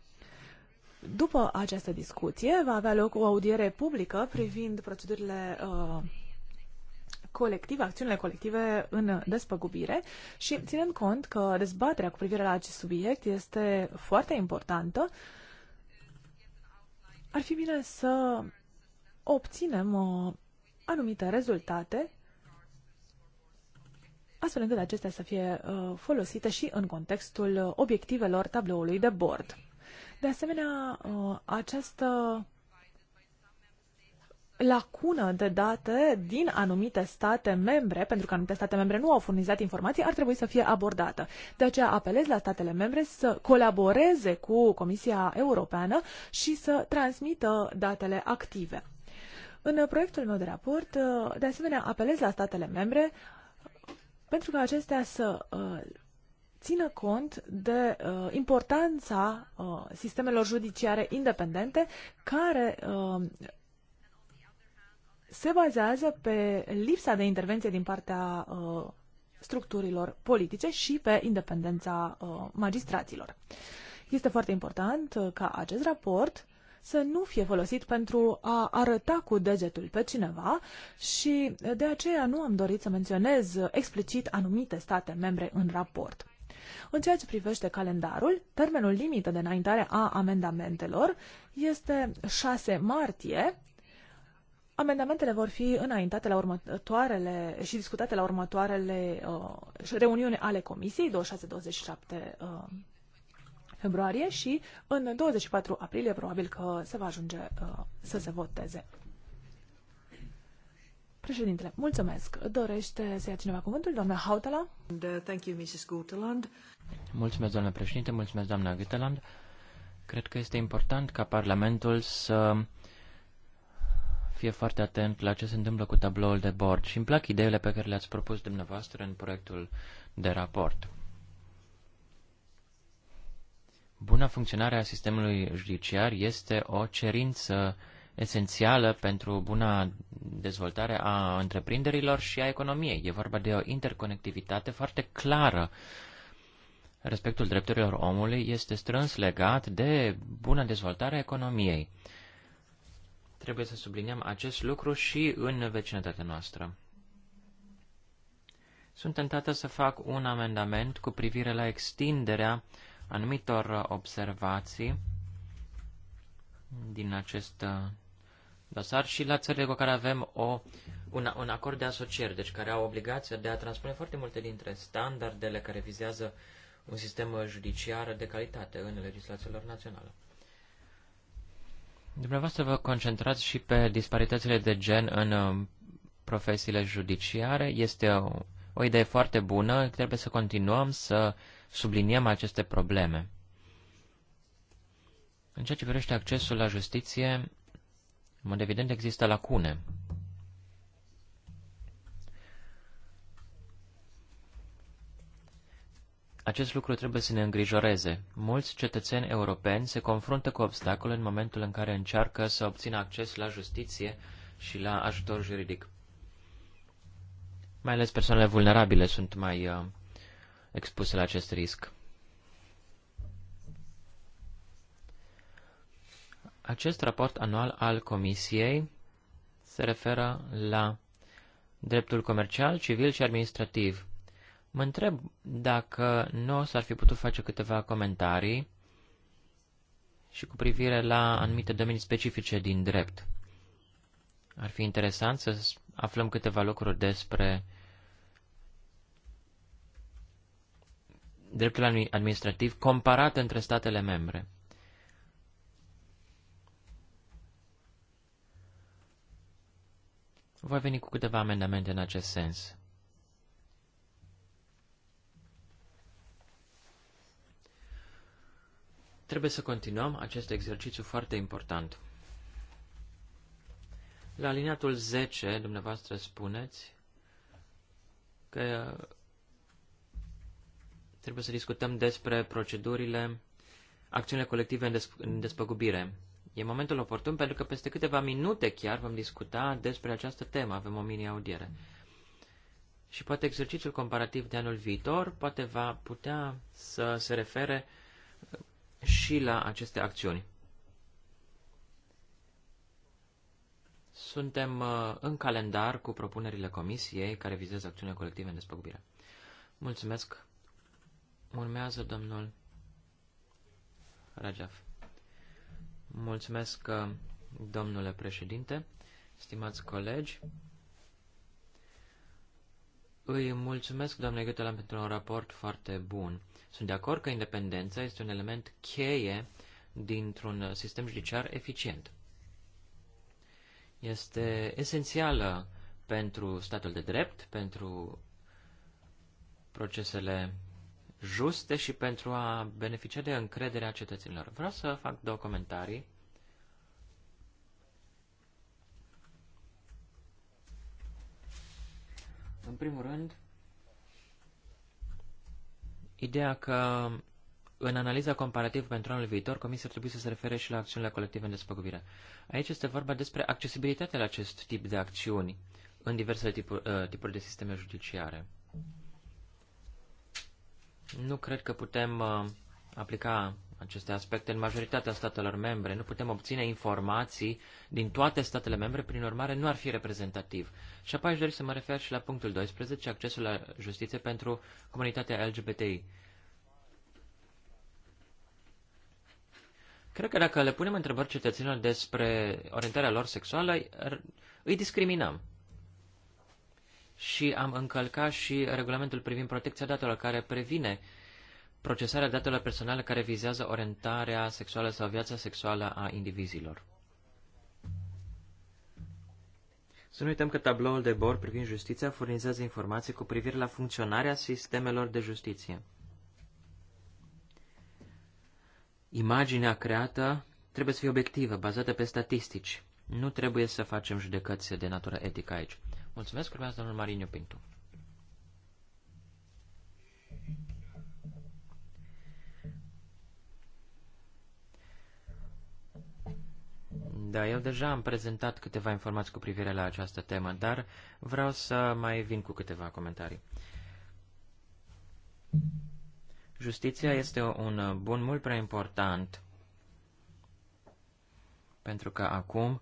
După această discuție va avea loc o audiere publică privind procedurile uh, colective, acțiunile colective în despăgubire și ținând cont că dezbaterea cu privire la acest subiect este foarte importantă, ar fi bine să obținem uh, anumite rezultate astfel încât acestea să fie uh, folosite și în contextul obiectivelor tabloului de bord. De asemenea, uh, această lacună de date din anumite state membre, pentru că anumite state membre nu au furnizat informații, ar trebui să fie abordată. De aceea apelez la statele membre să colaboreze cu Comisia Europeană și să transmită datele active. În proiectul meu de raport, uh, de asemenea, apelez la statele membre pentru că acestea să uh, țină cont de uh, importanța uh, sistemelor judiciare independente care uh, se bazează pe lipsa de intervenție din partea uh, structurilor politice și pe independența uh, magistraților. Este foarte important uh, ca acest raport să nu fie folosit pentru a arăta cu degetul pe cineva și uh, de aceea nu am dorit să menționez uh, explicit anumite state membre în raport. În ceea ce privește calendarul, termenul limită de înaintare a amendamentelor este 6 martie. Amendamentele vor fi înaintate la următoarele și discutate la următoarele uh, reuniuni ale comisiei, 26-27 uh, februarie și în 24 aprilie probabil că se va ajunge uh, să se voteze. Președintele, mulțumesc. Dorește să ia cineva cuvântul? Doamna Hautala? Uh, thank you, Mrs. Guteland. Mulțumesc, doamna președinte, mulțumesc, doamna Guteland. Cred că este important ca Parlamentul să fie foarte atent la ce se întâmplă cu tabloul de bord și îmi plac ideile pe care le-ați propus dumneavoastră în proiectul de raport. Buna funcționare a sistemului judiciar este o cerință esențială pentru buna dezvoltare a întreprinderilor și a economiei. E vorba de o interconectivitate foarte clară. Respectul drepturilor omului este strâns legat de buna dezvoltare a economiei. Trebuie să subliniem acest lucru și în vecinătatea noastră. Sunt tentată să fac un amendament cu privire la extinderea anumitor observații din acest dosar și la țările cu care avem o, un, un acord de asociere, deci care au obligația de a transpune foarte multe dintre standardele care vizează un sistem judiciar de calitate în legislația lor națională. Dumneavoastră vă concentrați și pe disparitățile de gen în um, profesiile judiciare. Este o, o idee foarte bună, trebuie să continuăm să subliniem aceste probleme. În ceea ce privește accesul la justiție, în mod evident există lacune. Acest lucru trebuie să ne îngrijoreze. Mulți cetățeni europeni se confruntă cu obstacole în momentul în care încearcă să obțină acces la justiție și la ajutor juridic. Mai ales persoanele vulnerabile sunt mai uh, expuse la acest risc. Acest raport anual al Comisiei se referă la dreptul comercial, civil și administrativ. Mă întreb dacă nu s-ar fi putut face câteva comentarii și cu privire la anumite domenii specifice din drept. Ar fi interesant să aflăm câteva lucruri despre dreptul administrativ comparat între statele membre. Voi veni cu câteva amendamente în acest sens. Trebuie să continuăm acest exercițiu foarte important. La alineatul 10, dumneavoastră spuneți că trebuie să discutăm despre procedurile, acțiunile colective în, în despăgubire. E momentul oportun pentru că peste câteva minute chiar vom discuta despre această temă, avem o mini-audiere. Și poate exercițiul comparativ de anul viitor poate va putea să se refere uh, și la aceste acțiuni. Suntem uh, în calendar cu propunerile comisiei care vizează acțiunea colective în despăgubire. Mulțumesc. Urmează domnul Rajaf. Mulțumesc, uh, domnule președinte, stimați colegi. Îi mulțumesc, doamne Gătelan, pentru un raport foarte bun. Sunt de acord că independența este un element cheie dintr-un sistem judiciar eficient. Este esențială pentru statul de drept, pentru procesele juste și pentru a beneficia de încrederea cetățenilor. Vreau să fac două comentarii. În primul rând, ideea că în analiza comparativă pentru anul viitor, Comisia ar trebui să se refere și la acțiunile colective în despăgubire. Aici este vorba despre accesibilitatea la acest tip de acțiuni în diverse tipuri, ă, tipuri de sisteme judiciare. Nu cred că putem uh, aplica aceste aspecte în majoritatea statelor membre. Nu putem obține informații din toate statele membre, prin urmare nu ar fi reprezentativ. Și apoi aș dori să mă refer și la punctul 12, accesul la justiție pentru comunitatea LGBTI. Cred că dacă le punem întrebări cetățenilor despre orientarea lor sexuală, îi discriminăm și am încălcat și regulamentul privind protecția datelor, care previne procesarea datelor personale care vizează orientarea sexuală sau viața sexuală a indivizilor. Să nu uităm că tabloul de bord privind justiția furnizează informații cu privire la funcționarea sistemelor de justiție. Imaginea creată trebuie să fie obiectivă, bazată pe statistici. Nu trebuie să facem judecăți de natură etică aici. Mulțumesc, urmează domnul Mariniu Pintu. Da, eu deja am prezentat câteva informații cu privire la această temă, dar vreau să mai vin cu câteva comentarii. Justiția este un bun mult prea important, pentru că acum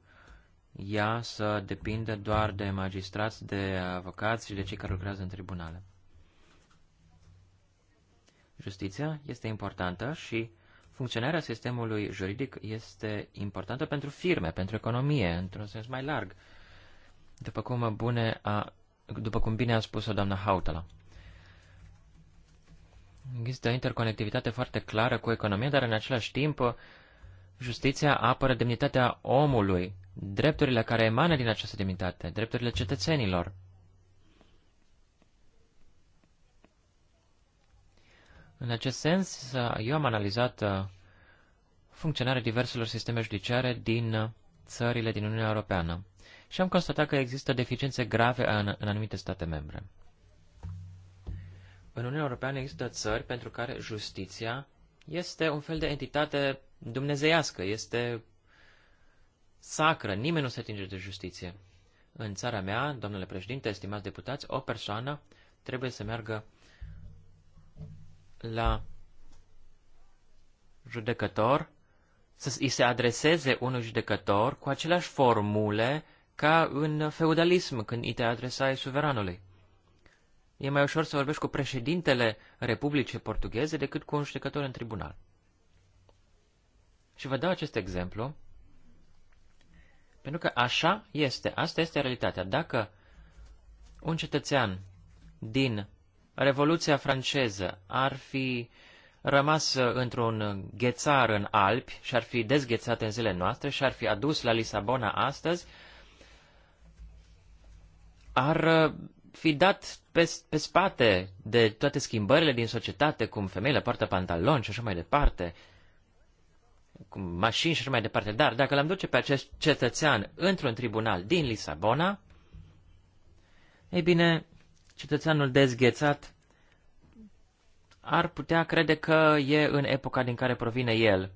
ea să depindă doar de magistrați, de avocați și de cei care lucrează în tribunale. Justiția este importantă și funcționarea sistemului juridic este importantă pentru firme, pentru economie, într-un sens mai larg. După cum, bune a, după cum bine a spus-o doamna Hautala. Există o interconectivitate foarte clară cu economia, dar în același timp justiția apără demnitatea omului drepturile care emană din această demnitate, drepturile cetățenilor. În acest sens, eu am analizat uh, funcționarea diverselor sisteme judiciare din uh, țările din Uniunea Europeană și am constatat că există deficiențe grave în, în anumite state membre. În Uniunea Europeană există țări pentru care justiția este un fel de entitate dumnezeiască, este sacră, nimeni nu se atinge de justiție. În țara mea, domnule președinte, estimați deputați, o persoană trebuie să meargă la judecător, să îi se adreseze unui judecător cu aceleași formule ca în feudalism, când îi te adresai suveranului. E mai ușor să vorbești cu președintele Republicii Portugheze decât cu un judecător în tribunal. Și vă dau acest exemplu pentru că așa este, asta este realitatea. Dacă un cetățean din Revoluția franceză ar fi rămas într-un ghețar în Alpi și ar fi dezghețat în zilele noastre și ar fi adus la Lisabona astăzi, ar fi dat pe, pe spate de toate schimbările din societate, cum femeile poartă pantaloni și așa mai departe, mașini și așa mai departe. Dar dacă l-am duce pe acest cetățean într-un tribunal din Lisabona, ei bine, cetățeanul dezghețat ar putea crede că e în epoca din care provine el.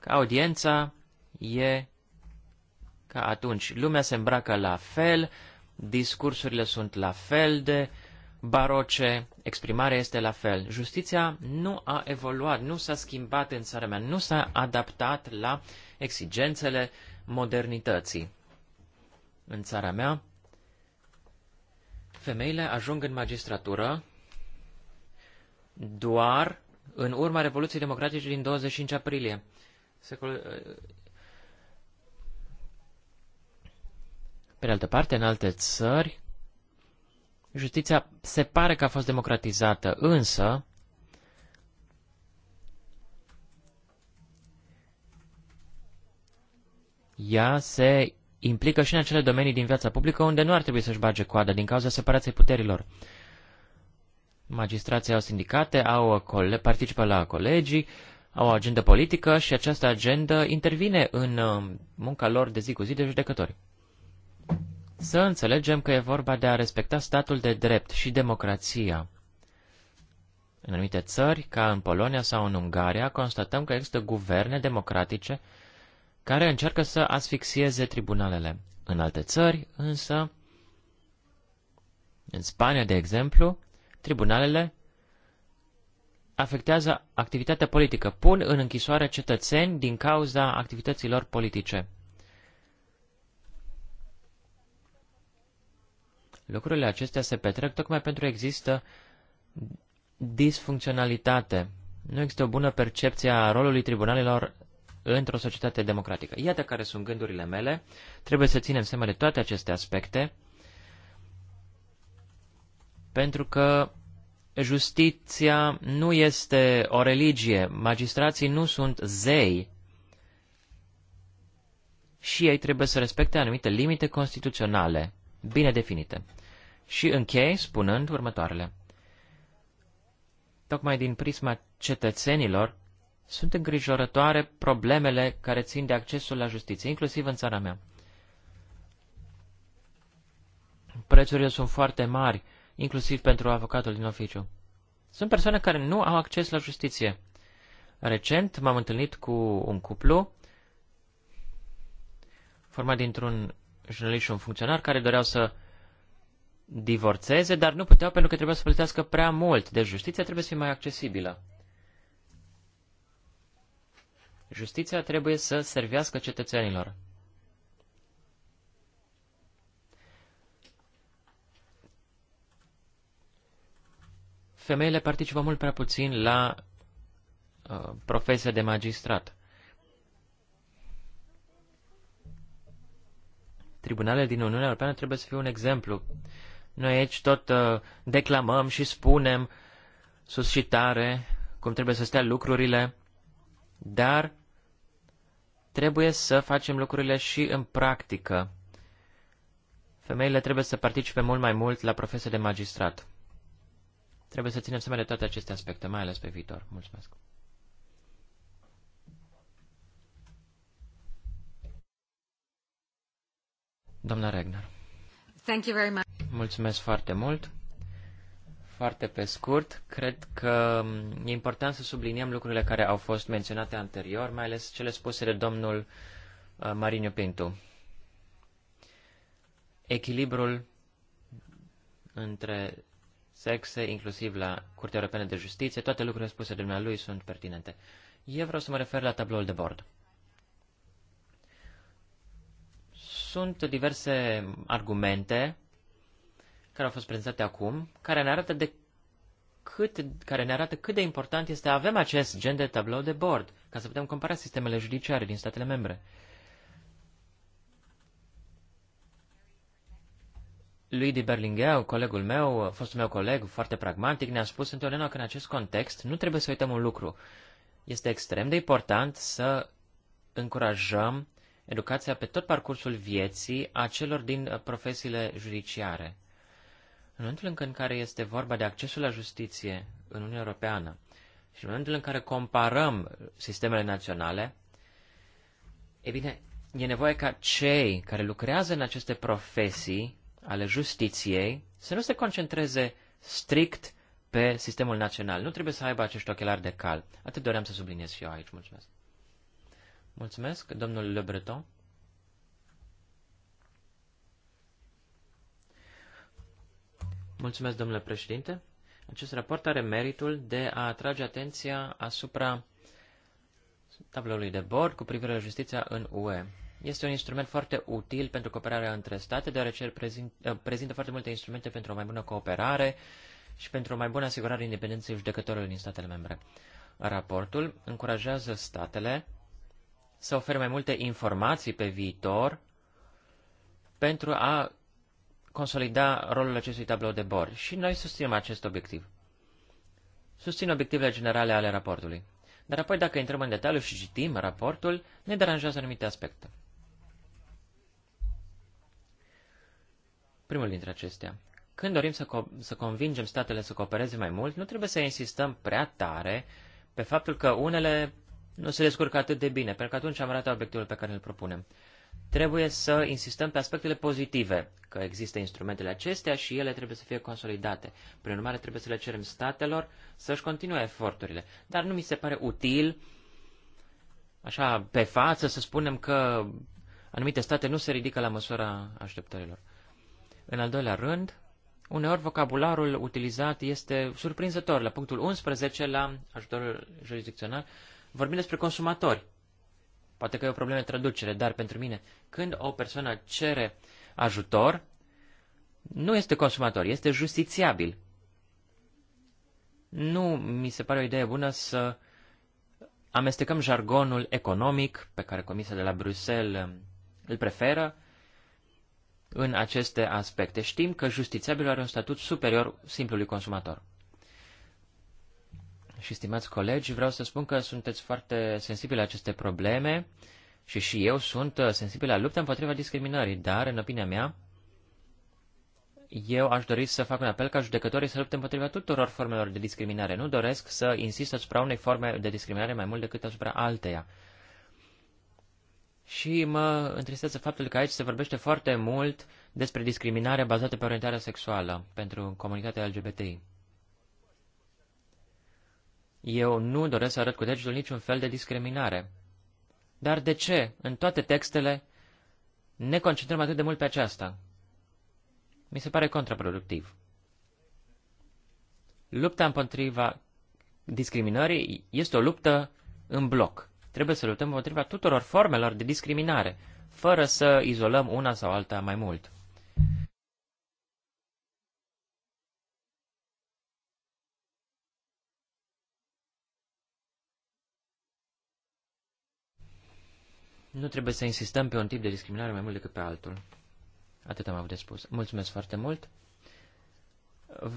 ca audiența e ca atunci. Lumea se îmbracă la fel, discursurile sunt la fel de baroce, exprimarea este la fel. Justiția nu a evoluat, nu s-a schimbat în țara mea, nu s-a adaptat la exigențele modernității. În țara mea, femeile ajung în magistratură doar în urma Revoluției Democratice din 25 aprilie. Secol... Uh, pe de altă parte, în alte țări, Justiția se pare că a fost democratizată, însă ea se implică și în acele domenii din viața publică unde nu ar trebui să-și bage coada din cauza separației puterilor. Magistrații au sindicate, au participă la colegii, au o agendă politică și această agendă intervine în um, munca lor de zi cu zi de judecători să înțelegem că e vorba de a respecta statul de drept și democrația. În anumite țări, ca în Polonia sau în Ungaria, constatăm că există guverne democratice care încearcă să asfixieze tribunalele. În alte țări, însă, în Spania, de exemplu, tribunalele afectează activitatea politică, pun în închisoare cetățeni din cauza activităților politice. Lucrurile acestea se petrec tocmai pentru că există disfuncționalitate. Nu există o bună percepție a rolului tribunalelor într-o societate democratică. Iată care sunt gândurile mele. Trebuie să ținem seama de toate aceste aspecte, pentru că justiția nu este o religie, magistrații nu sunt zei și ei trebuie să respecte anumite limite constituționale bine definite. Și încheie spunând următoarele. Tocmai din prisma cetățenilor, sunt îngrijorătoare problemele care țin de accesul la justiție, inclusiv în țara mea. Prețurile sunt foarte mari, inclusiv pentru avocatul din oficiu. Sunt persoane care nu au acces la justiție. Recent m-am întâlnit cu un cuplu format dintr-un jurnalist și un funcționar care doreau să divorțeze, dar nu puteau pentru că trebuia să plătească prea mult. Deci justiția trebuie să fie mai accesibilă. Justiția trebuie să servească cetățenilor. Femeile participă mult prea puțin la uh, profesia de magistrat. Tribunalele din Uniunea Europeană trebuie să fie un exemplu noi aici tot uh, declamăm și spunem sus și tare cum trebuie să stea lucrurile, dar trebuie să facem lucrurile și în practică. Femeile trebuie să participe mult mai mult la profesie de magistrat. Trebuie să ținem seama de toate aceste aspecte, mai ales pe viitor. Mulțumesc! Doamna Regner. Thank you very much. Mulțumesc foarte mult. Foarte pe scurt, cred că e important să subliniem lucrurile care au fost menționate anterior, mai ales cele spuse de domnul uh, Mariniu Pintu. Echilibrul între sexe, inclusiv la Curtea Europeană de Justiție, toate lucrurile spuse de lui sunt pertinente. Eu vreau să mă refer la tabloul de bord. Sunt diverse argumente care au fost prezentate acum, care ne arată de cât, care ne arată cât de important este să avem acest gen de tablou de bord, ca să putem compara sistemele judiciare din statele membre. Lui de Berlingheu, colegul meu, fostul meu coleg, foarte pragmatic, ne-a spus întotdeauna că în acest context nu trebuie să uităm un lucru. Este extrem de important să încurajăm educația pe tot parcursul vieții a celor din profesiile judiciare. În momentul în care este vorba de accesul la justiție în Uniunea Europeană și în momentul în care comparăm sistemele naționale, e bine, e nevoie ca cei care lucrează în aceste profesii ale justiției să nu se concentreze strict pe sistemul național. Nu trebuie să aibă acești ochelari de cal. Atât doream să subliniez și eu aici. Mulțumesc. Mulțumesc, domnul Le Breton. Mulțumesc, domnule președinte. Acest raport are meritul de a atrage atenția asupra tabloului de bord cu privire la justiția în UE. Este un instrument foarte util pentru cooperarea între state, deoarece eh, prezintă foarte multe instrumente pentru o mai bună cooperare și pentru o mai bună asigurare independenței judecătorilor din statele membre. Raportul încurajează statele să ofere mai multe informații pe viitor pentru a consolida rolul acestui tablou de bord și noi susținem acest obiectiv. Susțin obiectivele generale ale raportului. Dar apoi, dacă intrăm în detaliu și citim raportul, ne deranjează anumite aspecte. Primul dintre acestea. Când dorim să, co- să convingem statele să coopereze mai mult, nu trebuie să insistăm prea tare pe faptul că unele nu se descurcă atât de bine, pentru că atunci am ratat obiectivul pe care îl propunem. Trebuie să insistăm pe aspectele pozitive, că există instrumentele acestea și ele trebuie să fie consolidate. Prin urmare, trebuie să le cerem statelor să-și continue eforturile. Dar nu mi se pare util, așa, pe față, să spunem că anumite state nu se ridică la măsura așteptărilor. În al doilea rând, uneori vocabularul utilizat este surprinzător. La punctul 11, la ajutorul jurisdicțional, vorbim despre consumatori. Poate că e o problemă de traducere, dar pentru mine, când o persoană cere ajutor, nu este consumator, este justițiabil. Nu mi se pare o idee bună să amestecăm jargonul economic pe care Comisia de la Bruxelles um, îl preferă în aceste aspecte. Știm că justițiabilul are un statut superior simplului consumator și stimați colegi, vreau să spun că sunteți foarte sensibili la aceste probleme și și eu sunt uh, sensibil la lupta împotriva discriminării, dar, în opinia mea, eu aș dori să fac un apel ca judecătorii să lupte împotriva tuturor formelor de discriminare. Nu doresc să insist asupra unei forme de discriminare mai mult decât asupra alteia. Și mă întristează faptul că aici se vorbește foarte mult despre discriminare bazată pe orientarea sexuală pentru comunitatea LGBTI. Eu nu doresc să arăt cu degetul niciun fel de discriminare. Dar de ce, în toate textele, ne concentrăm atât de mult pe aceasta? Mi se pare contraproductiv. Lupta împotriva discriminării este o luptă în bloc. Trebuie să luptăm împotriva tuturor formelor de discriminare, fără să izolăm una sau alta mai mult. Nu trebuie să insistăm pe un tip de discriminare mai mult decât pe altul. Atât am avut de spus. Mulțumesc foarte mult.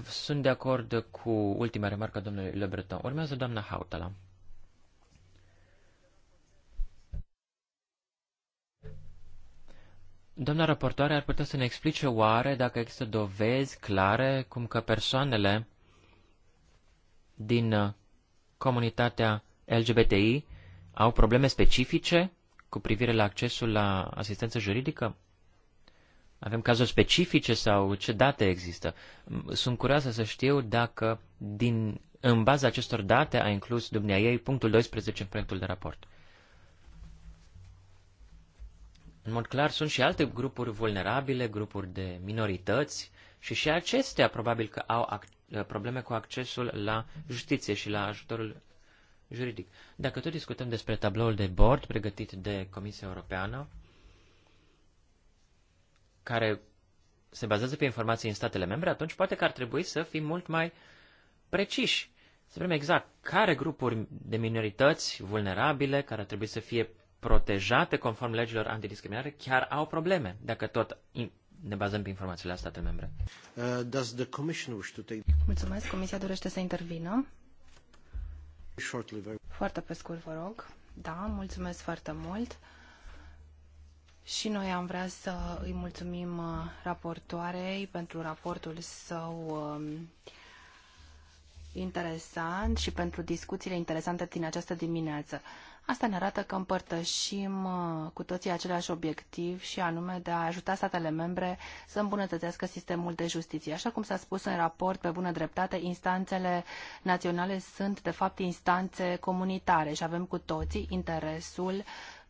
Sunt de acord cu ultima remarcă a domnului Le Breton. Urmează doamna Hautala. Doamna raportoare, ar putea să ne explice oare dacă există dovezi clare cum că persoanele din uh, comunitatea LGBTI au probleme specifice cu privire la accesul la asistență juridică? Avem cazuri specifice sau ce date există? Sunt curioasă să știu dacă din, în baza acestor date a inclus dumnea ei punctul 12 în proiectul de raport. În mod clar, sunt și alte grupuri vulnerabile, grupuri de minorități și și acestea probabil că au probleme cu accesul la justiție și la ajutorul juridic. Dacă tot discutăm despre tabloul de bord pregătit de Comisia Europeană, care se bazează pe informații în statele membre, atunci poate că ar trebui să fim mult mai preciși. Să vedem exact care grupuri de minorități vulnerabile care ar trebui să fie protejate conform legilor antidiscriminare chiar au probleme, dacă tot ne bazăm pe informațiile a statelor membre. Uh, does the commission wish to take... Mulțumesc. Comisia dorește să intervină. Foarte pe scurt, vă rog. Da, mulțumesc foarte mult. Și noi am vrea să îi mulțumim uh, raportoarei pentru raportul său um, interesant și pentru discuțiile interesante din această dimineață. Asta ne arată că împărtășim uh, cu toții același obiectiv și anume de a ajuta statele membre să îmbunătățească sistemul de justiție. Așa cum s-a spus în raport, pe bună dreptate, instanțele naționale sunt de fapt instanțe comunitare și avem cu toții interesul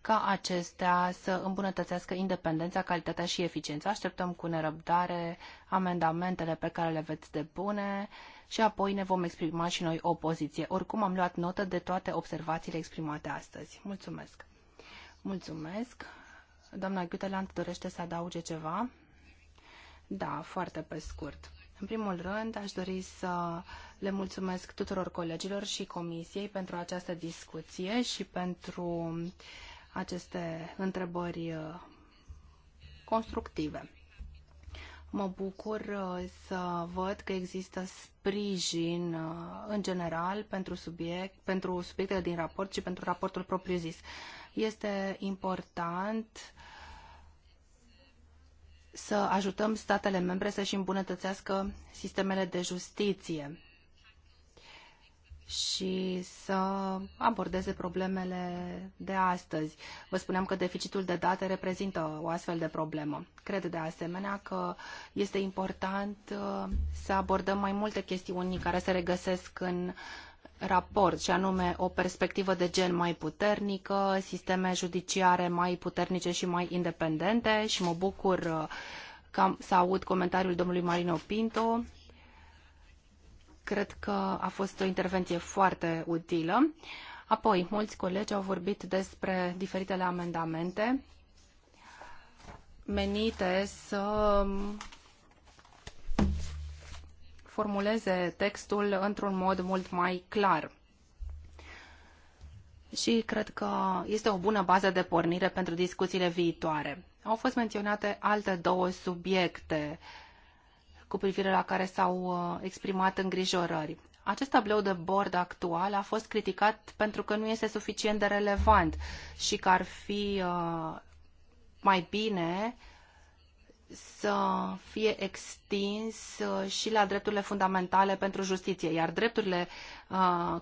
ca acestea să îmbunătățească independența, calitatea și eficiența. Așteptăm cu nerăbdare amendamentele pe care le veți depune și apoi ne vom exprima și noi o poziție. Oricum am luat notă de toate observațiile exprimate astăzi. Mulțumesc! Mulțumesc! Doamna Guteland dorește să adauge ceva? Da, foarte pe scurt. În primul rând, aș dori să le mulțumesc tuturor colegilor și comisiei pentru această discuție și pentru uh, aceste întrebări uh, constructive. Mă bucur uh, să văd că există sprijin uh, în general pentru, subiect, pentru subiectele din raport și pentru raportul propriu-zis. Este important să ajutăm statele membre să-și îmbunătățească sistemele de justiție și să abordeze problemele de astăzi. Vă spuneam că deficitul de date reprezintă o astfel de problemă. Cred de asemenea că este important uh, să abordăm mai multe chestiuni care se regăsesc în raport, și anume o perspectivă de gen mai puternică, sisteme judiciare mai puternice și mai independente și mă bucur uh, să aud comentariul domnului Marino Pinto Cred că a fost o intervenție foarte utilă. Apoi, mulți colegi au vorbit despre diferitele amendamente menite să formuleze textul într-un mod mult mai clar. Și cred că este o bună bază de pornire pentru discuțiile viitoare. Au fost menționate alte două subiecte cu privire la care s-au uh, exprimat îngrijorări. Acest tableu de bord actual a fost criticat pentru că nu este suficient de relevant și că ar fi uh, mai bine să fie extins uh, și la drepturile fundamentale pentru justiție, iar drepturile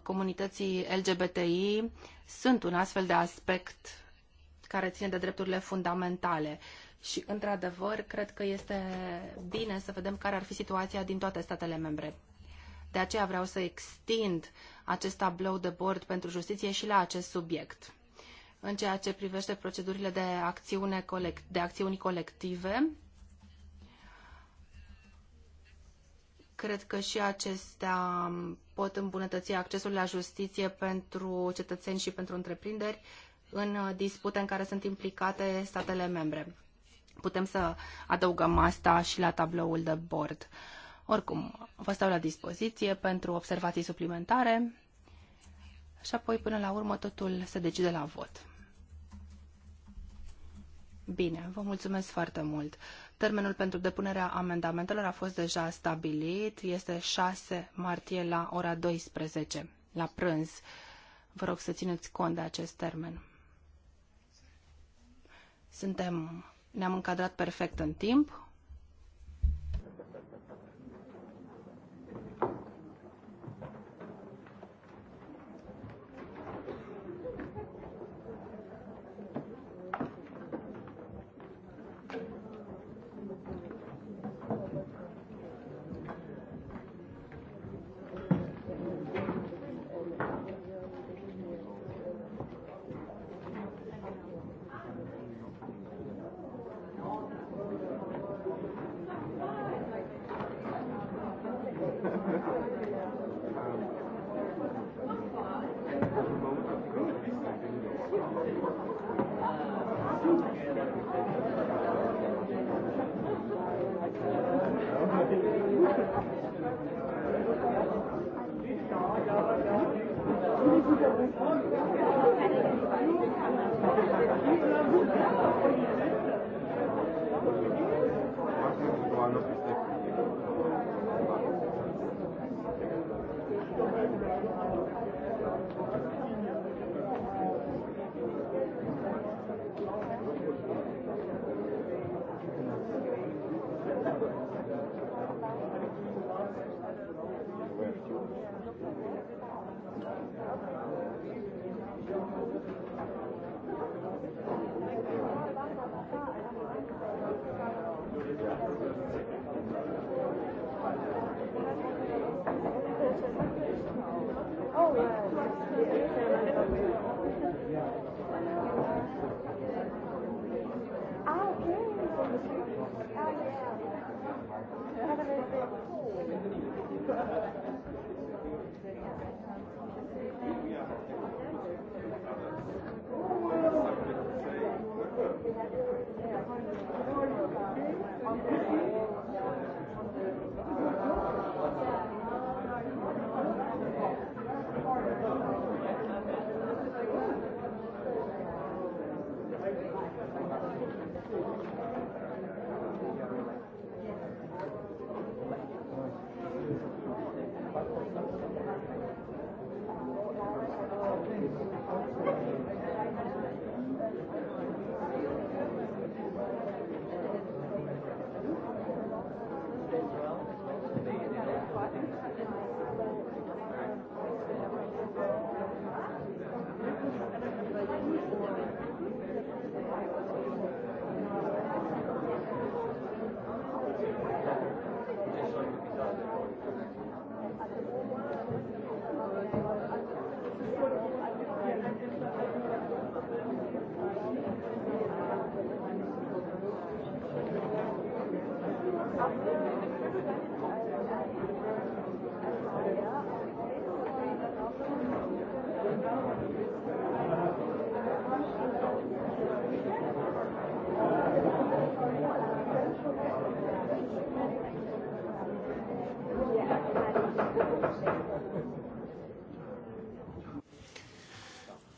comunității LGBTI sunt un astfel de aspect care ține de drepturile fundamentale. Uh, și, într-adevăr, cred că este bine să vedem care ar fi situația din toate statele membre. De aceea vreau să extind acest tablou de bord pentru justiție și la acest subiect. În ceea ce privește procedurile de, acțiune colect- de acțiuni colective, cred că și acestea pot îmbunătăți accesul la justiție pentru cetățeni și pentru întreprinderi în dispute în care sunt implicate statele membre putem să adăugăm asta și la tabloul de bord. Oricum, vă stau la dispoziție pentru observații suplimentare și apoi până la urmă totul se decide la vot. Bine, vă mulțumesc foarte mult. Termenul pentru depunerea amendamentelor a fost deja stabilit, este 6 martie la ora 12, la prânz. Vă rog să țineți cont de acest termen. Suntem ne-am încadrat perfect în timp.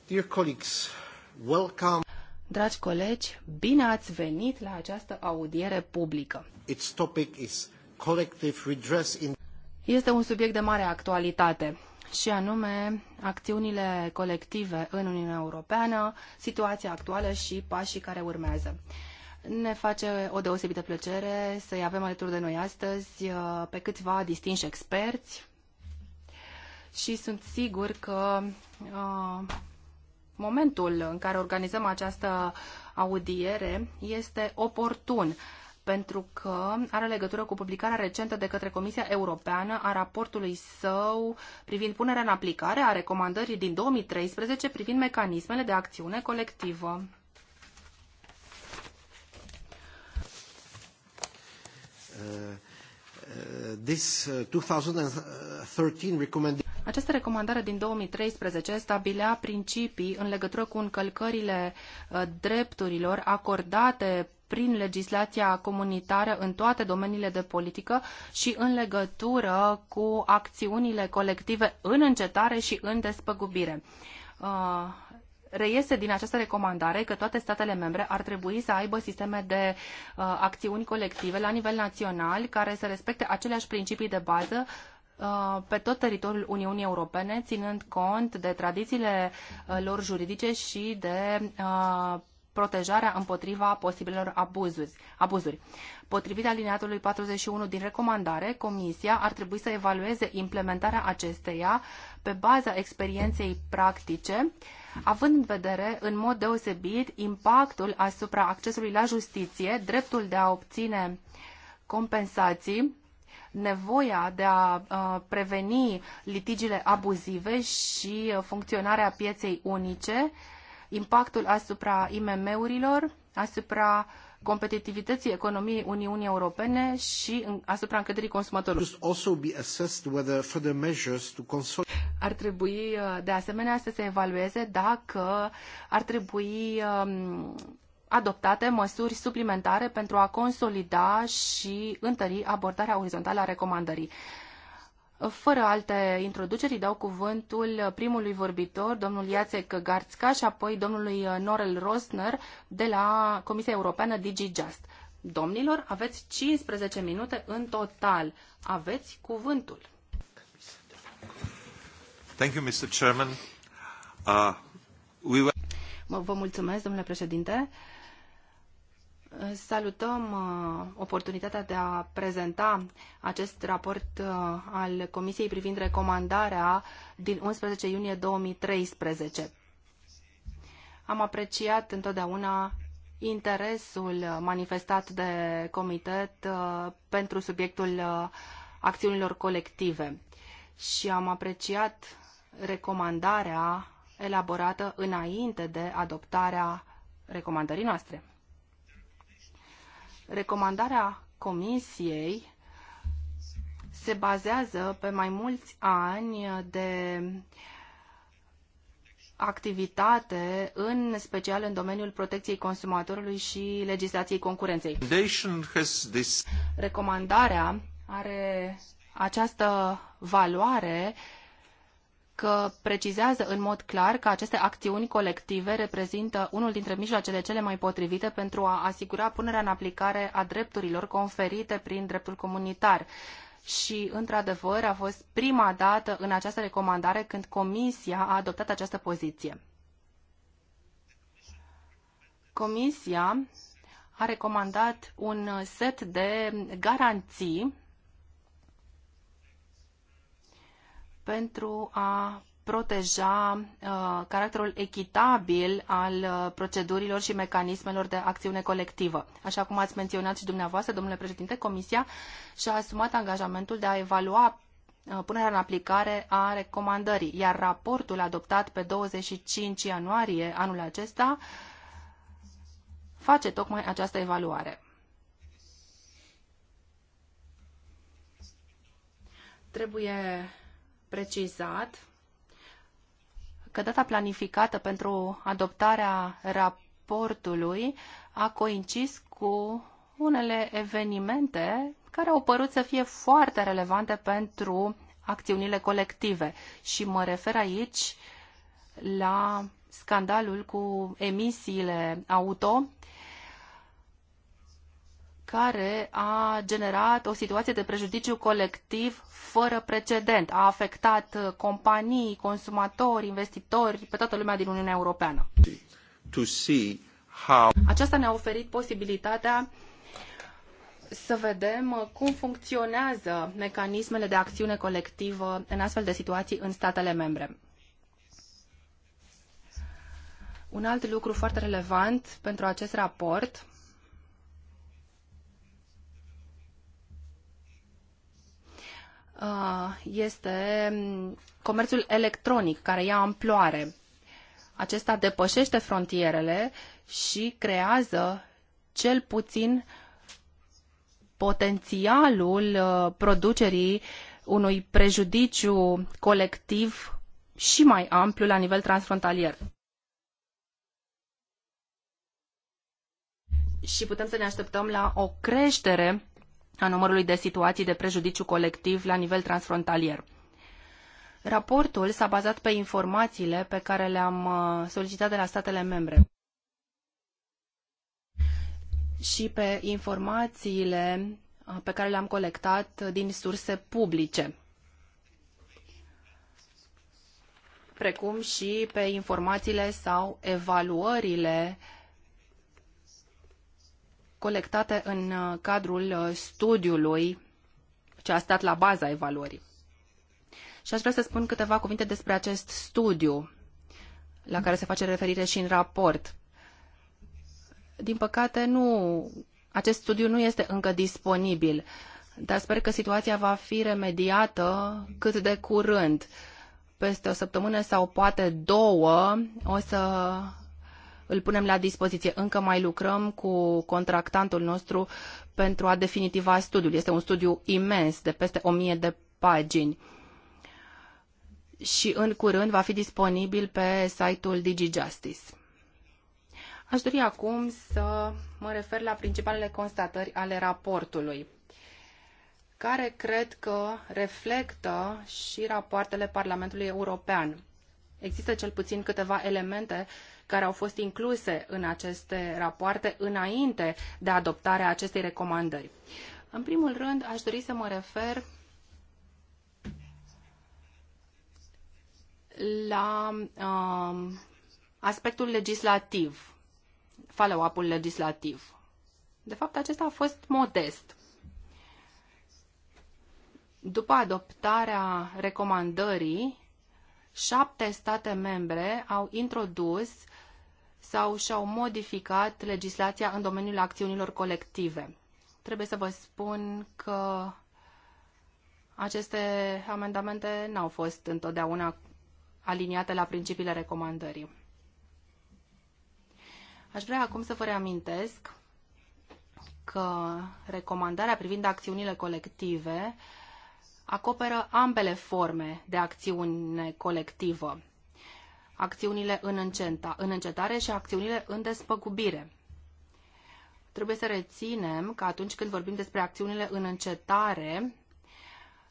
Dear colleagues, welcome. Dragi colegi, bine ați venit la această audiere publică. Its topic is collective redress in... Este un subiect de mare actualitate și anume acțiunile colective în Uniunea Europeană, situația actuală și pașii care urmează. Ne face o deosebită plăcere să-i avem alături de noi astăzi uh, pe câțiva distinși experți și sunt sigur că uh, momentul în care organizăm această audiere este oportun pentru că are legătură cu publicarea recentă de către Comisia Europeană a raportului său privind punerea în aplicare a recomandării din 2013 privind mecanismele de acțiune colectivă. Uh, uh, this uh, 2013 recommendation această recomandare din 2013 stabilea principii în legătură cu încălcările uh, drepturilor acordate prin legislația comunitară în toate domeniile de politică și în legătură cu acțiunile colective în încetare și în despăgubire. Uh, reiese din această recomandare că toate statele membre ar trebui să aibă sisteme de uh, acțiuni colective la nivel național care să respecte aceleași principii de bază Uh, pe tot teritoriul Uniunii Europene, ținând cont de tradițiile uh, lor juridice și de uh, protejarea împotriva posibilor abuzuri. abuzuri. Potrivit alineatului 41 din recomandare, Comisia ar trebui să evalueze implementarea acesteia pe baza experienței practice, având în vedere în mod deosebit impactul asupra accesului la justiție, dreptul de a obține compensații, nevoia de a uh, preveni litigiile abuzive și uh, funcționarea pieței unice, impactul asupra IMM-urilor, asupra competitivității economiei Uniunii Europene și asupra încrederii consumatorului. Ar trebui uh, de asemenea să se evalueze dacă ar trebui um, adoptate măsuri suplimentare pentru a consolida și întări abordarea orizontală a recomandării. Fără alte introduceri, dau cuvântul primului vorbitor, domnul Iacek Garțca și apoi domnului Norel Rosner de la Comisia Europeană DigiJust. Domnilor, aveți 15 minute în total. Aveți cuvântul. Thank you, Mr. Chairman. Uh, we... Vă mulțumesc, domnule președinte. Uh, Salutăm uh, oportunitatea de a prezenta acest raport uh, al Comisiei privind recomandarea din 11 iunie 2013. Am apreciat întotdeauna interesul manifestat de comitet uh, pentru subiectul acțiunilor colective și am apreciat recomandarea elaborată înainte de adoptarea recomandării noastre. Recomandarea Comisiei se bazează pe mai mulți ani de activitate, în special în domeniul protecției consumatorului și legislației concurenței. Recomandarea are această valoare că precizează în mod clar că aceste acțiuni colective reprezintă unul dintre mijloacele cele mai potrivite pentru a asigura punerea în aplicare a drepturilor conferite prin dreptul comunitar. Și, într-adevăr, a fost prima dată în această recomandare când Comisia a adoptat această poziție. Comisia a recomandat un set de garanții pentru a proteja uh, caracterul echitabil al uh, procedurilor și mecanismelor de acțiune colectivă. Așa cum ați menționat și dumneavoastră, domnule președinte, Comisia și-a asumat angajamentul de a evalua uh, punerea în aplicare a recomandării, iar raportul adoptat pe 25 ianuarie anul acesta face tocmai această evaluare. Trebuie precizat că data planificată pentru adoptarea raportului a coincis cu unele evenimente care au părut să fie foarte relevante pentru acțiunile colective. Și mă refer aici la scandalul cu emisiile auto care a generat o situație de prejudiciu colectiv fără precedent. A afectat uh, companii, consumatori, investitori, pe toată lumea din Uniunea Europeană. How... Aceasta ne-a oferit posibilitatea să vedem uh, cum funcționează mecanismele de acțiune colectivă în astfel de situații în statele membre. Un alt lucru foarte relevant pentru acest raport Uh, este mm, comerțul electronic, care ia amploare. Acesta depășește frontierele și creează cel puțin potențialul uh, producerii unui prejudiciu colectiv și mai amplu la nivel transfrontalier. Și putem să ne așteptăm la o creștere a numărului de situații de prejudiciu colectiv la nivel transfrontalier. Raportul s-a bazat pe informațiile pe care le-am uh, solicitat de la statele membre și pe informațiile uh, pe care le-am colectat din surse publice, precum și pe informațiile sau evaluările colectate în uh, cadrul uh, studiului ce a stat la baza evaluării. Și aș vrea să spun câteva cuvinte despre acest studiu la care se face referire și în raport. Din păcate, nu, acest studiu nu este încă disponibil, dar sper că situația va fi remediată cât de curând. Peste o săptămână sau poate două o să îl punem la dispoziție. Încă mai lucrăm cu contractantul nostru pentru a definitiva studiul. Este un studiu imens, de peste 1000 de pagini. Și în curând va fi disponibil pe site-ul DigiJustice. Aș dori acum să mă refer la principalele constatări ale raportului, care cred că reflectă și rapoartele Parlamentului European. Există cel puțin câteva elemente uh, care au fost incluse în aceste rapoarte înainte de adoptarea acestei recomandări. În primul rând, aș dori să mă refer la uh, aspectul legislativ, follow-up-ul legislativ. De fapt, acesta a fost modest. După adoptarea recomandării, șapte state membre au introdus sau și-au modificat legislația în domeniul acțiunilor colective. Trebuie să vă spun că aceste amendamente n-au fost întotdeauna aliniate la principiile recomandării. Aș vrea acum să vă reamintesc că recomandarea privind acțiunile colective acoperă ambele forme de acțiune colectivă, acțiunile în, încenta, în încetare și acțiunile în despăgubire. Trebuie să reținem că atunci când vorbim despre acțiunile în încetare,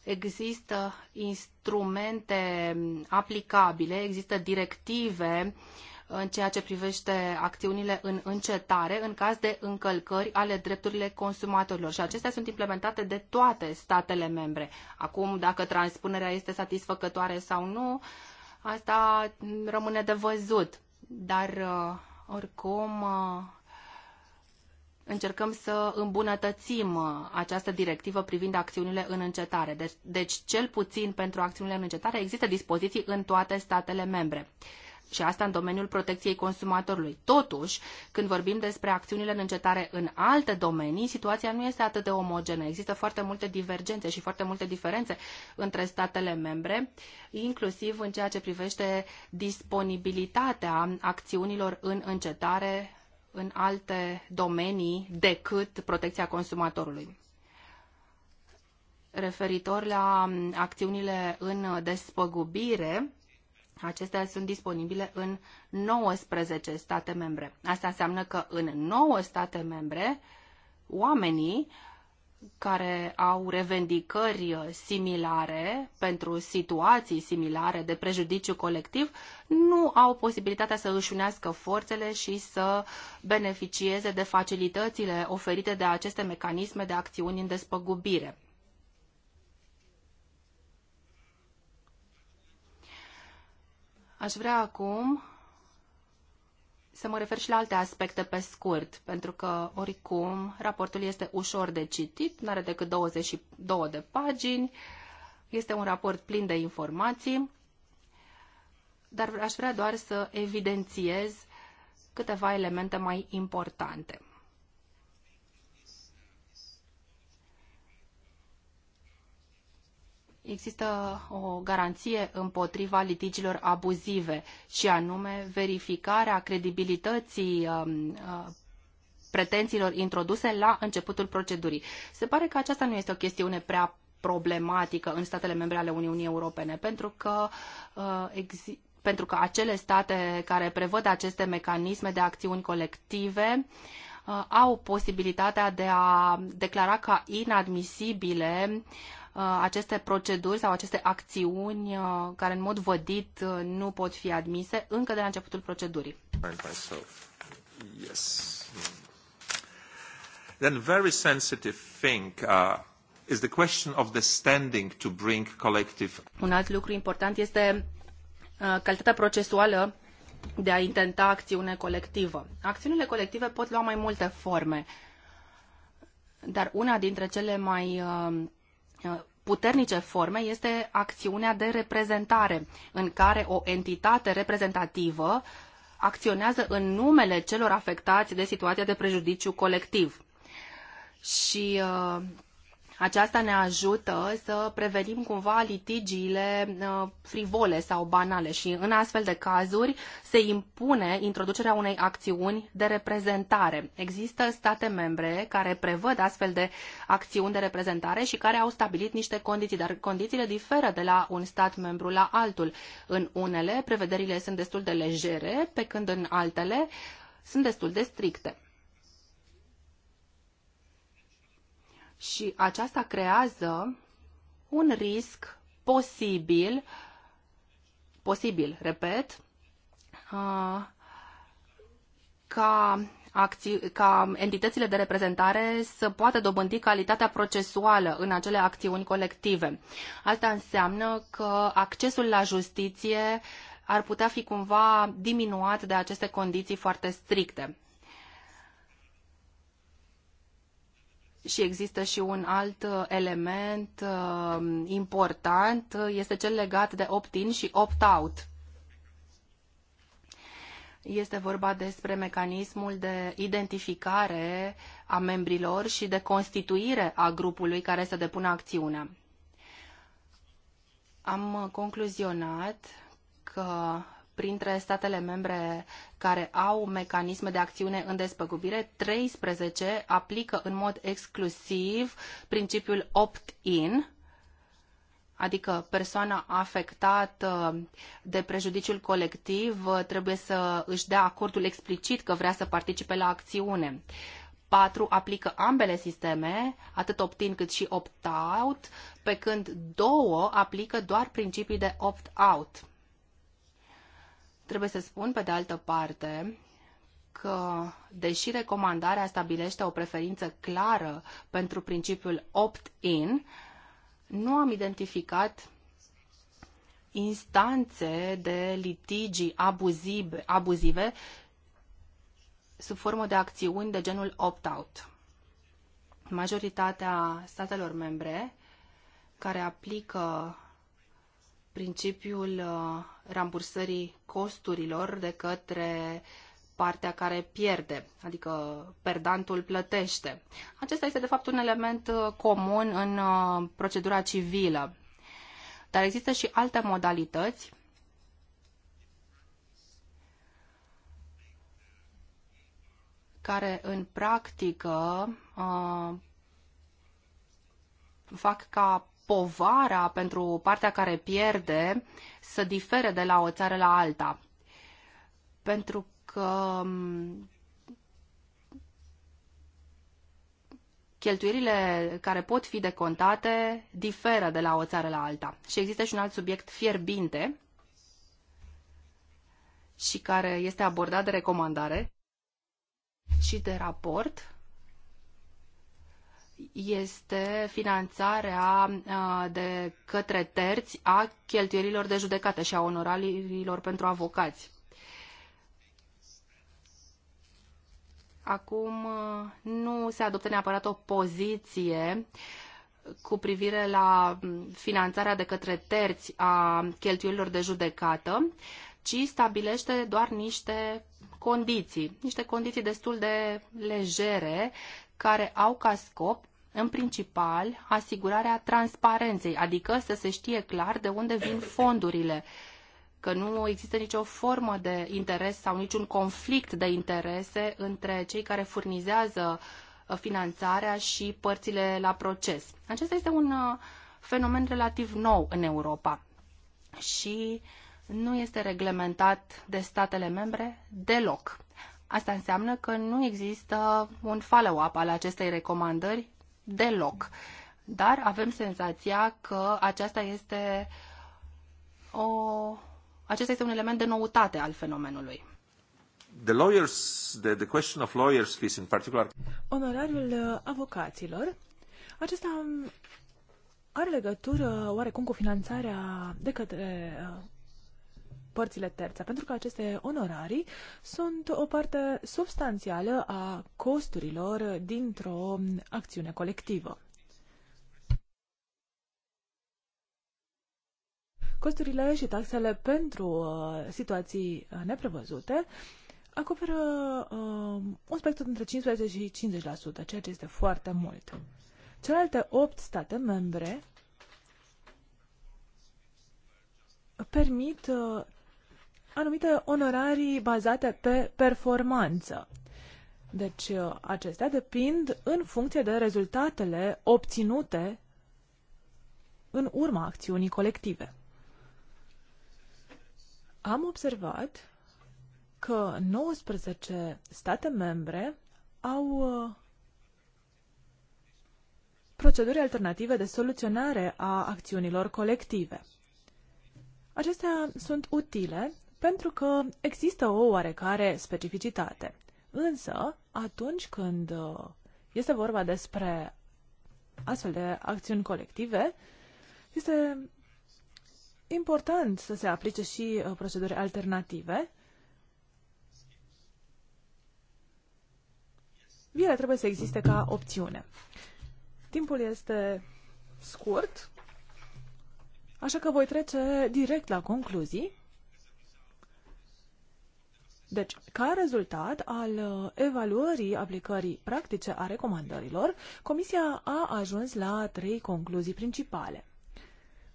există instrumente aplicabile, există directive în ceea ce privește acțiunile în încetare în caz de încălcări ale drepturile consumatorilor și acestea sunt implementate de toate statele membre. Acum, dacă transpunerea este satisfăcătoare sau nu, Asta rămâne de văzut, dar uh, oricum uh, încercăm să îmbunătățim uh, această directivă privind acțiunile în încetare. Deci, deci cel puțin pentru acțiunile în încetare există dispoziții în toate statele membre și asta în domeniul protecției consumatorului. Totuși, când vorbim despre acțiunile în încetare în alte domenii, situația nu este atât de omogenă. Există foarte multe divergențe și foarte multe diferențe între statele membre, inclusiv în ceea ce privește disponibilitatea acțiunilor în încetare în alte domenii decât protecția consumatorului referitor la acțiunile în despăgubire, Acestea sunt disponibile în 19 state membre. Asta înseamnă că în 9 state membre, oamenii care au revendicări similare pentru situații similare de prejudiciu colectiv nu au posibilitatea să își unească forțele și să beneficieze de facilitățile oferite de aceste mecanisme de acțiuni în despăgubire. Aș vrea acum să mă refer și la alte aspecte pe scurt, pentru că, oricum, raportul este ușor de citit, nu are decât 22 de pagini, este un raport plin de informații, dar aș vrea doar să evidențiez câteva elemente mai importante. există o garanție împotriva litigilor abuzive și anume verificarea credibilității um, uh, pretențiilor introduse la începutul procedurii. Se pare că aceasta nu este o chestiune prea problematică în statele membre ale Uniunii Europene, pentru că uh, pentru că acele state care prevăd aceste mecanisme de acțiuni colective uh, au posibilitatea de a declara ca inadmisibile uh, Uh, aceste proceduri sau aceste acțiuni uh, care în mod vădit uh, nu pot fi admise încă de la începutul procedurii. Yes. Then very sensitive thing uh, is the question of the standing to bring collective. Un alt lucru important este calitatea procesuală de a intenta acțiune colectivă. Acțiunile colective pot lua mai multe forme, dar una dintre cele mai uh, puternice forme este acțiunea de reprezentare, în care o entitate reprezentativă acționează în numele celor afectați de situația de prejudiciu colectiv. Și uh, aceasta ne ajută să prevenim cumva litigiile uh, frivole sau banale și în astfel de cazuri se impune introducerea unei acțiuni de reprezentare. Există state membre care prevăd astfel de acțiuni de reprezentare și care au stabilit niște condiții, dar condițiile diferă de la un stat membru la altul. În unele, prevederile sunt destul de legere, pe când în altele sunt destul de stricte. și aceasta creează un risc posibil, posibil, repet, uh, ca, acți- ca entitățile de reprezentare să poată dobândi calitatea procesuală în acele acțiuni colective. Asta înseamnă că accesul la justiție ar putea fi cumva diminuat de aceste condiții foarte stricte. și există și un alt uh, element uh, important, uh, este cel legat de opt-in și opt-out. Este vorba despre mecanismul de identificare a membrilor și de constituire a grupului care să depună acțiunea. Am uh, concluzionat că printre statele membre care au mecanisme de acțiune în despăgubire, 13 aplică în mod exclusiv principiul opt-in, adică persoana afectată de prejudiciul colectiv trebuie să își dea acordul explicit că vrea să participe la acțiune. 4 aplică ambele sisteme, atât opt-in cât și opt-out, pe când 2 aplică doar principii de opt-out. Trebuie să spun, pe de altă parte, că, deși recomandarea stabilește o preferință clară pentru principiul opt-in, nu am identificat instanțe de litigi abuzive, abuzive sub formă de acțiuni de genul opt-out. Majoritatea statelor membre care aplică principiul uh, rambursării costurilor de către partea care pierde, adică perdantul plătește. Acesta este, de fapt, un element uh, comun în uh, procedura civilă. Dar există și alte modalități care în practică fac ca povara pentru partea care pierde să difere de la o țară la alta. Pentru că mm, cheltuirile care pot fi decontate diferă de la o țară la alta. Și există și un alt subiect fierbinte și care este abordat de recomandare și de raport, este finanțarea uh, de către terți a cheltuielilor de judecată și a onorariilor pentru avocați. Acum uh, nu se adoptă neapărat o poziție cu privire la mm, finanțarea de către terți a cheltuielilor de judecată, ci stabilește doar niște condiții, niște condiții destul de legere care au ca scop, în principal, asigurarea transparenței, adică să se știe clar de unde vin fondurile, că nu există nicio formă de interes sau niciun conflict de interese între cei care furnizează uh, finanțarea și părțile la proces. Acesta este un uh, fenomen relativ nou în Europa și nu este reglementat de statele membre deloc. Asta înseamnă că nu există un follow-up al acestei recomandări deloc. Dar avem senzația că aceasta este o, acesta este un element de noutate al fenomenului. The lawyers, the, the question of lawyers fees in particular. Onorariul uh, avocaților. Acesta are legătură oarecum cu finanțarea de către uh, părțile terțe, pentru că aceste onorarii sunt o parte substanțială a costurilor dintr-o acțiune colectivă. Costurile și taxele pentru uh, situații uh, neprevăzute acoperă uh, un spectru între 15 și 50%, ceea ce este foarte mult. Celelalte 8 state membre permit uh, anumite onorarii bazate pe performanță. Deci uh, acestea depind în funcție de rezultatele obținute în urma acțiunii colective. Am observat că 19 state membre au uh, proceduri alternative de soluționare a acțiunilor colective. Acestea sunt utile pentru că există o oarecare specificitate. Însă, atunci când uh, este vorba despre astfel de acțiuni colective, este important să se aplice și uh, proceduri alternative. Viele trebuie să existe ca opțiune. Timpul este scurt, așa că voi trece direct la concluzii. Deci, ca rezultat al uh, evaluării aplicării practice a recomandărilor, Comisia a ajuns la trei concluzii principale.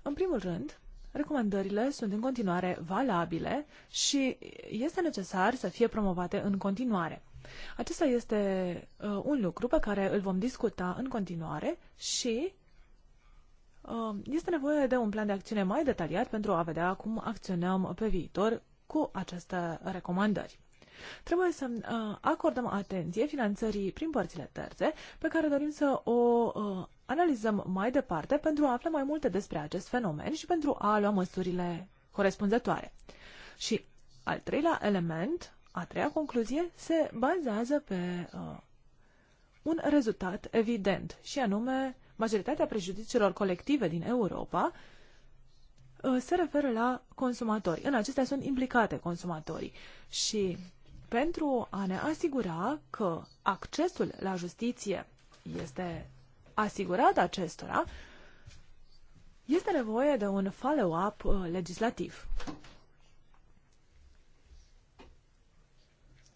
În primul rând, recomandările sunt în continuare valabile și este necesar să fie promovate în continuare. Acesta este uh, un lucru pe care îl vom discuta în continuare și uh, este nevoie de un plan de acțiune mai detaliat pentru a vedea cum acționăm pe viitor cu aceste recomandări. Trebuie să uh, acordăm atenție finanțării prin părțile terțe, pe care dorim să o uh, analizăm mai departe pentru a afla mai multe despre acest fenomen și pentru a lua măsurile corespunzătoare. Și al treilea element, a treia concluzie, se bazează pe uh, un rezultat evident, și anume majoritatea prejudiciilor colective din Europa Uh, se referă la consumatori. În acestea sunt implicate consumatorii și pentru a ne asigura că accesul la justiție este asigurat acestora, este nevoie de un follow-up uh, legislativ.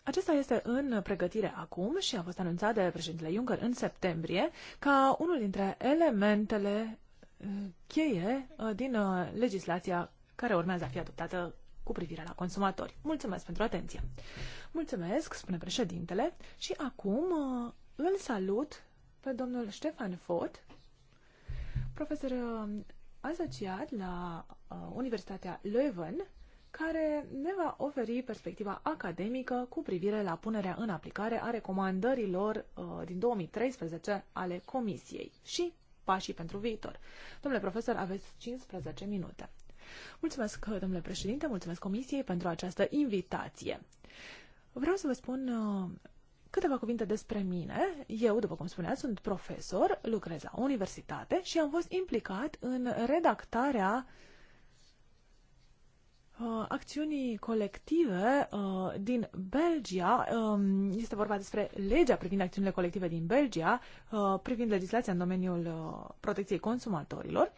Acesta este în pregătire acum și a fost anunțat de președintele Juncker în septembrie ca unul dintre elementele cheie uh, din uh, legislația care urmează a fi adoptată cu privire la consumatori. Mulțumesc pentru atenție! Mulțumesc, spune președintele, și acum uh, îl salut pe domnul Ștefan Fot, profesor asociat la Universitatea Leuven, care ne va oferi perspectiva academică cu privire la punerea în aplicare a recomandărilor din 2013 ale Comisiei și pașii pentru viitor. Domnule profesor, aveți 15 minute. Mulțumesc, domnule președinte, mulțumesc comisiei pentru această invitație. Vreau să vă spun uh, câteva cuvinte despre mine. Eu, după cum spuneați, sunt profesor, lucrez la universitate și am fost implicat în redactarea uh, Uh, acțiunii colective uh, din Belgia. Um, este vorba despre legea privind acțiunile colective din Belgia, uh, privind legislația în domeniul protecției consumatorilor.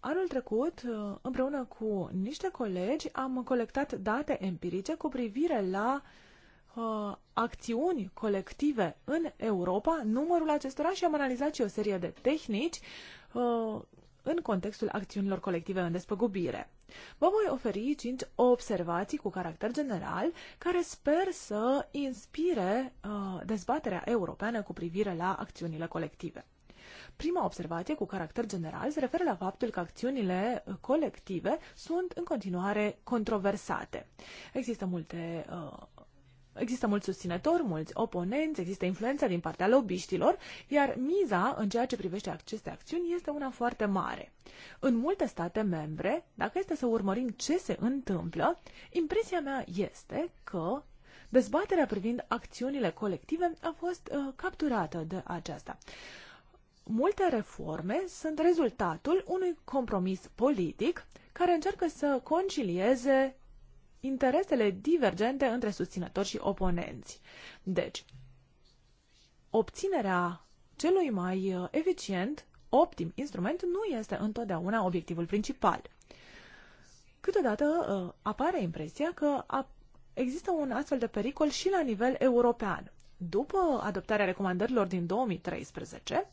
Anul trecut, împreună cu niște colegi, am colectat date empirice cu privire la acțiuni colective în Europa, numărul acestora și am analizat și o serie de tehnici în contextul acțiunilor colective în despăgubire. Vă voi oferi cinci observații cu caracter general care sper să inspire uh, dezbaterea europeană cu privire la acțiunile colective. Prima observație cu caracter general se referă la faptul că acțiunile uh, colective sunt în continuare controversate. Există multe uh, Există mulți susținători, mulți oponenți, există influența din partea lobiștilor, iar miza în ceea ce privește aceste acțiuni este una foarte mare. În multe state membre, dacă este să urmărim ce se întâmplă, impresia mea este că dezbaterea privind acțiunile colective a fost uh, capturată de aceasta. Multe reforme sunt rezultatul unui compromis politic care încearcă să concilieze interesele divergente între susținători și oponenți. Deci, obținerea celui mai uh, eficient, optim instrument nu este întotdeauna obiectivul principal. Câteodată uh, apare impresia că există un astfel de pericol și la nivel european. După adoptarea recomandărilor din 2013,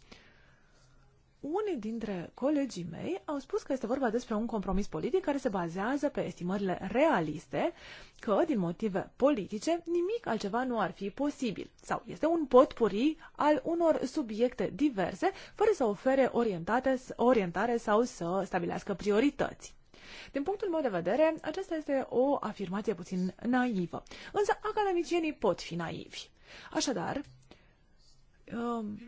unii dintre colegii mei au spus că este vorba despre un compromis politic care se bazează pe estimările realiste că, din motive politice, nimic altceva nu ar fi posibil sau este un potpuri al unor subiecte diverse fără să ofere orientate, orientare sau să stabilească priorități. Din punctul meu de vedere, aceasta este o afirmație puțin naivă, însă academicienii pot fi naivi. Așadar, um,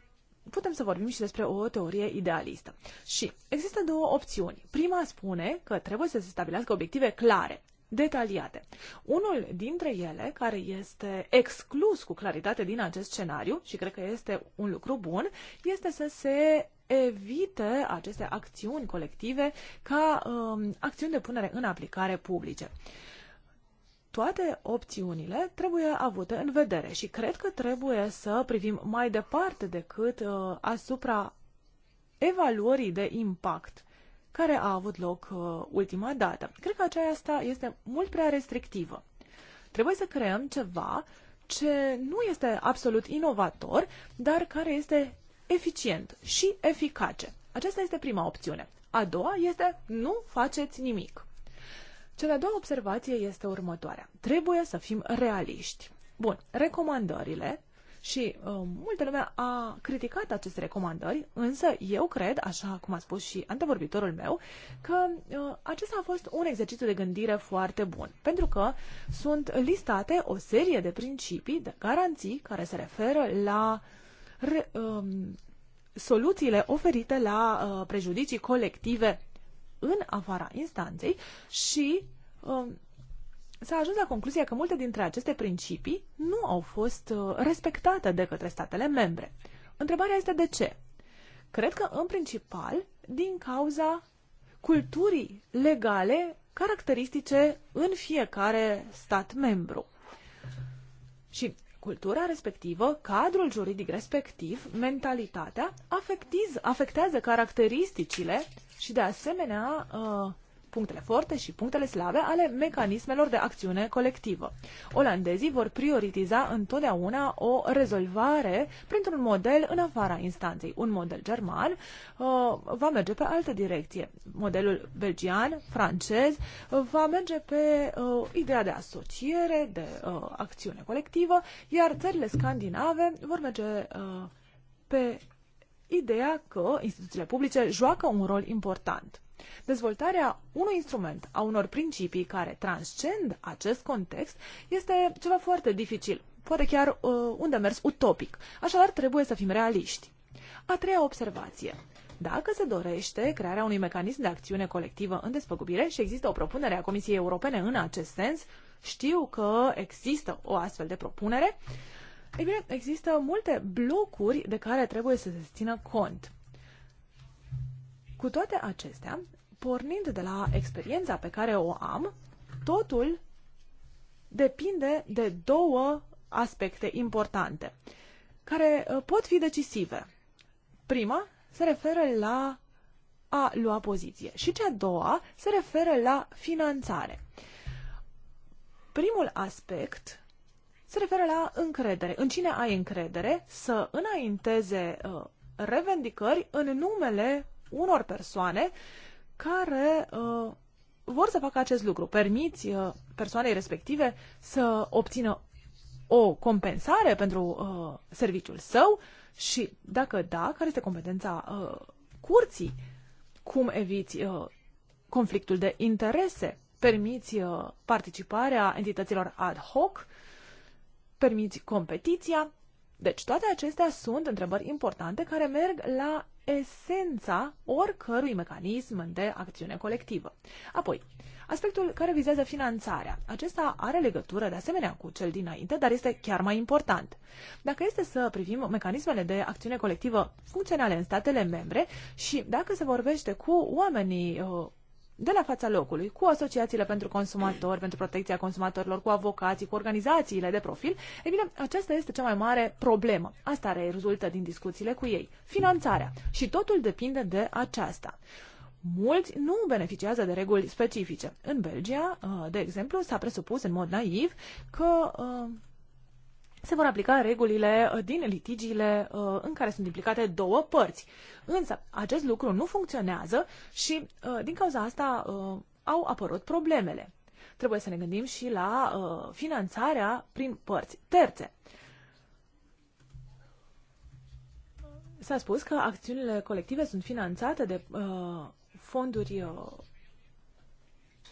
putem să vorbim și despre o teorie idealistă. Și există două opțiuni. Prima spune că trebuie să se stabilească obiective clare, detaliate. Unul dintre ele, care este exclus cu claritate din acest scenariu, și cred că este un lucru bun, este să se evite aceste acțiuni colective ca um, acțiuni de punere în aplicare publice. Uh, toate opțiunile trebuie avute în vedere și cred că trebuie să privim mai departe decât uh, asupra evaluării de impact care a avut loc uh, ultima dată. Cred că aceasta este mult prea restrictivă. Trebuie să creăm ceva ce nu este absolut inovator, dar care este eficient și eficace. Aceasta este prima opțiune. A doua este nu faceți nimic. Cea de-a doua observație este următoarea. Trebuie să fim realiști. Bun, recomandările și uh, multă lume a criticat aceste recomandări, însă eu cred, așa cum a spus și antevorbitorul meu, că uh, acesta a fost un exercițiu de gândire foarte bun, pentru că sunt listate o serie de principii, de garanții care se referă la re, uh, soluțiile oferite la uh, prejudicii colective în afara instanței și um, s-a ajuns la concluzia că multe dintre aceste principii nu au fost uh, respectate de către statele membre. Întrebarea este de ce? Cred că, în principal, din cauza culturii legale caracteristice în fiecare stat membru. Și Cultura respectivă, cadrul juridic respectiv, mentalitatea afectiz, afectează caracteristicile și de asemenea uh, punctele forte și punctele slabe ale mecanismelor de acțiune colectivă. Olandezii vor prioritiza întotdeauna o rezolvare printr-un model în afara instanței. Un model german uh, va merge pe altă direcție. Modelul belgian, francez, uh, va merge pe uh, ideea de asociere, de uh, acțiune colectivă, iar țările scandinave vor merge uh, pe ideea că instituțiile publice joacă un rol important. Dezvoltarea unui instrument, a unor principii care transcend acest context, este ceva foarte dificil, poate chiar uh, un demers utopic. Așadar, trebuie să fim realiști. A treia observație. Dacă se dorește crearea unui mecanism de acțiune colectivă în despăgubire și există o propunere a Comisiei Europene în acest sens, știu că există o astfel de propunere, ei bine, există multe blocuri de care trebuie să se țină cont. Cu toate acestea, pornind de la experiența pe care o am, totul depinde de două aspecte importante care uh, pot fi decisive. Prima se referă la a lua poziție și cea a doua se referă la finanțare. Primul aspect se referă la încredere. În cine ai încredere să înainteze uh, revendicări în numele unor persoane care uh, vor să facă acest lucru. Permiți uh, persoanei respective să obțină o compensare pentru uh, serviciul său și, dacă da, care este competența uh, curții? Cum eviți uh, conflictul de interese? Permiți uh, participarea entităților ad hoc? Permiți competiția? Deci toate acestea sunt întrebări importante care merg la esența oricărui mecanism de acțiune colectivă. Apoi, aspectul care vizează finanțarea. Acesta are legătură de asemenea cu cel dinainte, dar este chiar mai important. Dacă este să privim mecanismele de acțiune colectivă funcționale în statele membre și dacă se vorbește cu oamenii uh, de la fața locului, cu asociațiile pentru consumatori, pentru protecția consumatorilor, cu avocații, cu organizațiile de profil, e bine, aceasta este cea mai mare problemă. Asta rezultă din discuțiile cu ei. Finanțarea. Și totul depinde de aceasta. Mulți nu beneficiază de reguli specifice. În Belgia, uh, de exemplu, s-a presupus în mod naiv că uh, se vor aplica regulile uh, din litigiile uh, în care sunt implicate două părți. Însă, acest lucru nu funcționează și uh, din cauza asta au apărut problemele. Trebuie să ne gândim și la finanțarea prin părți terțe. S-a spus că acțiunile colective sunt finanțate de uh, fonduri uh,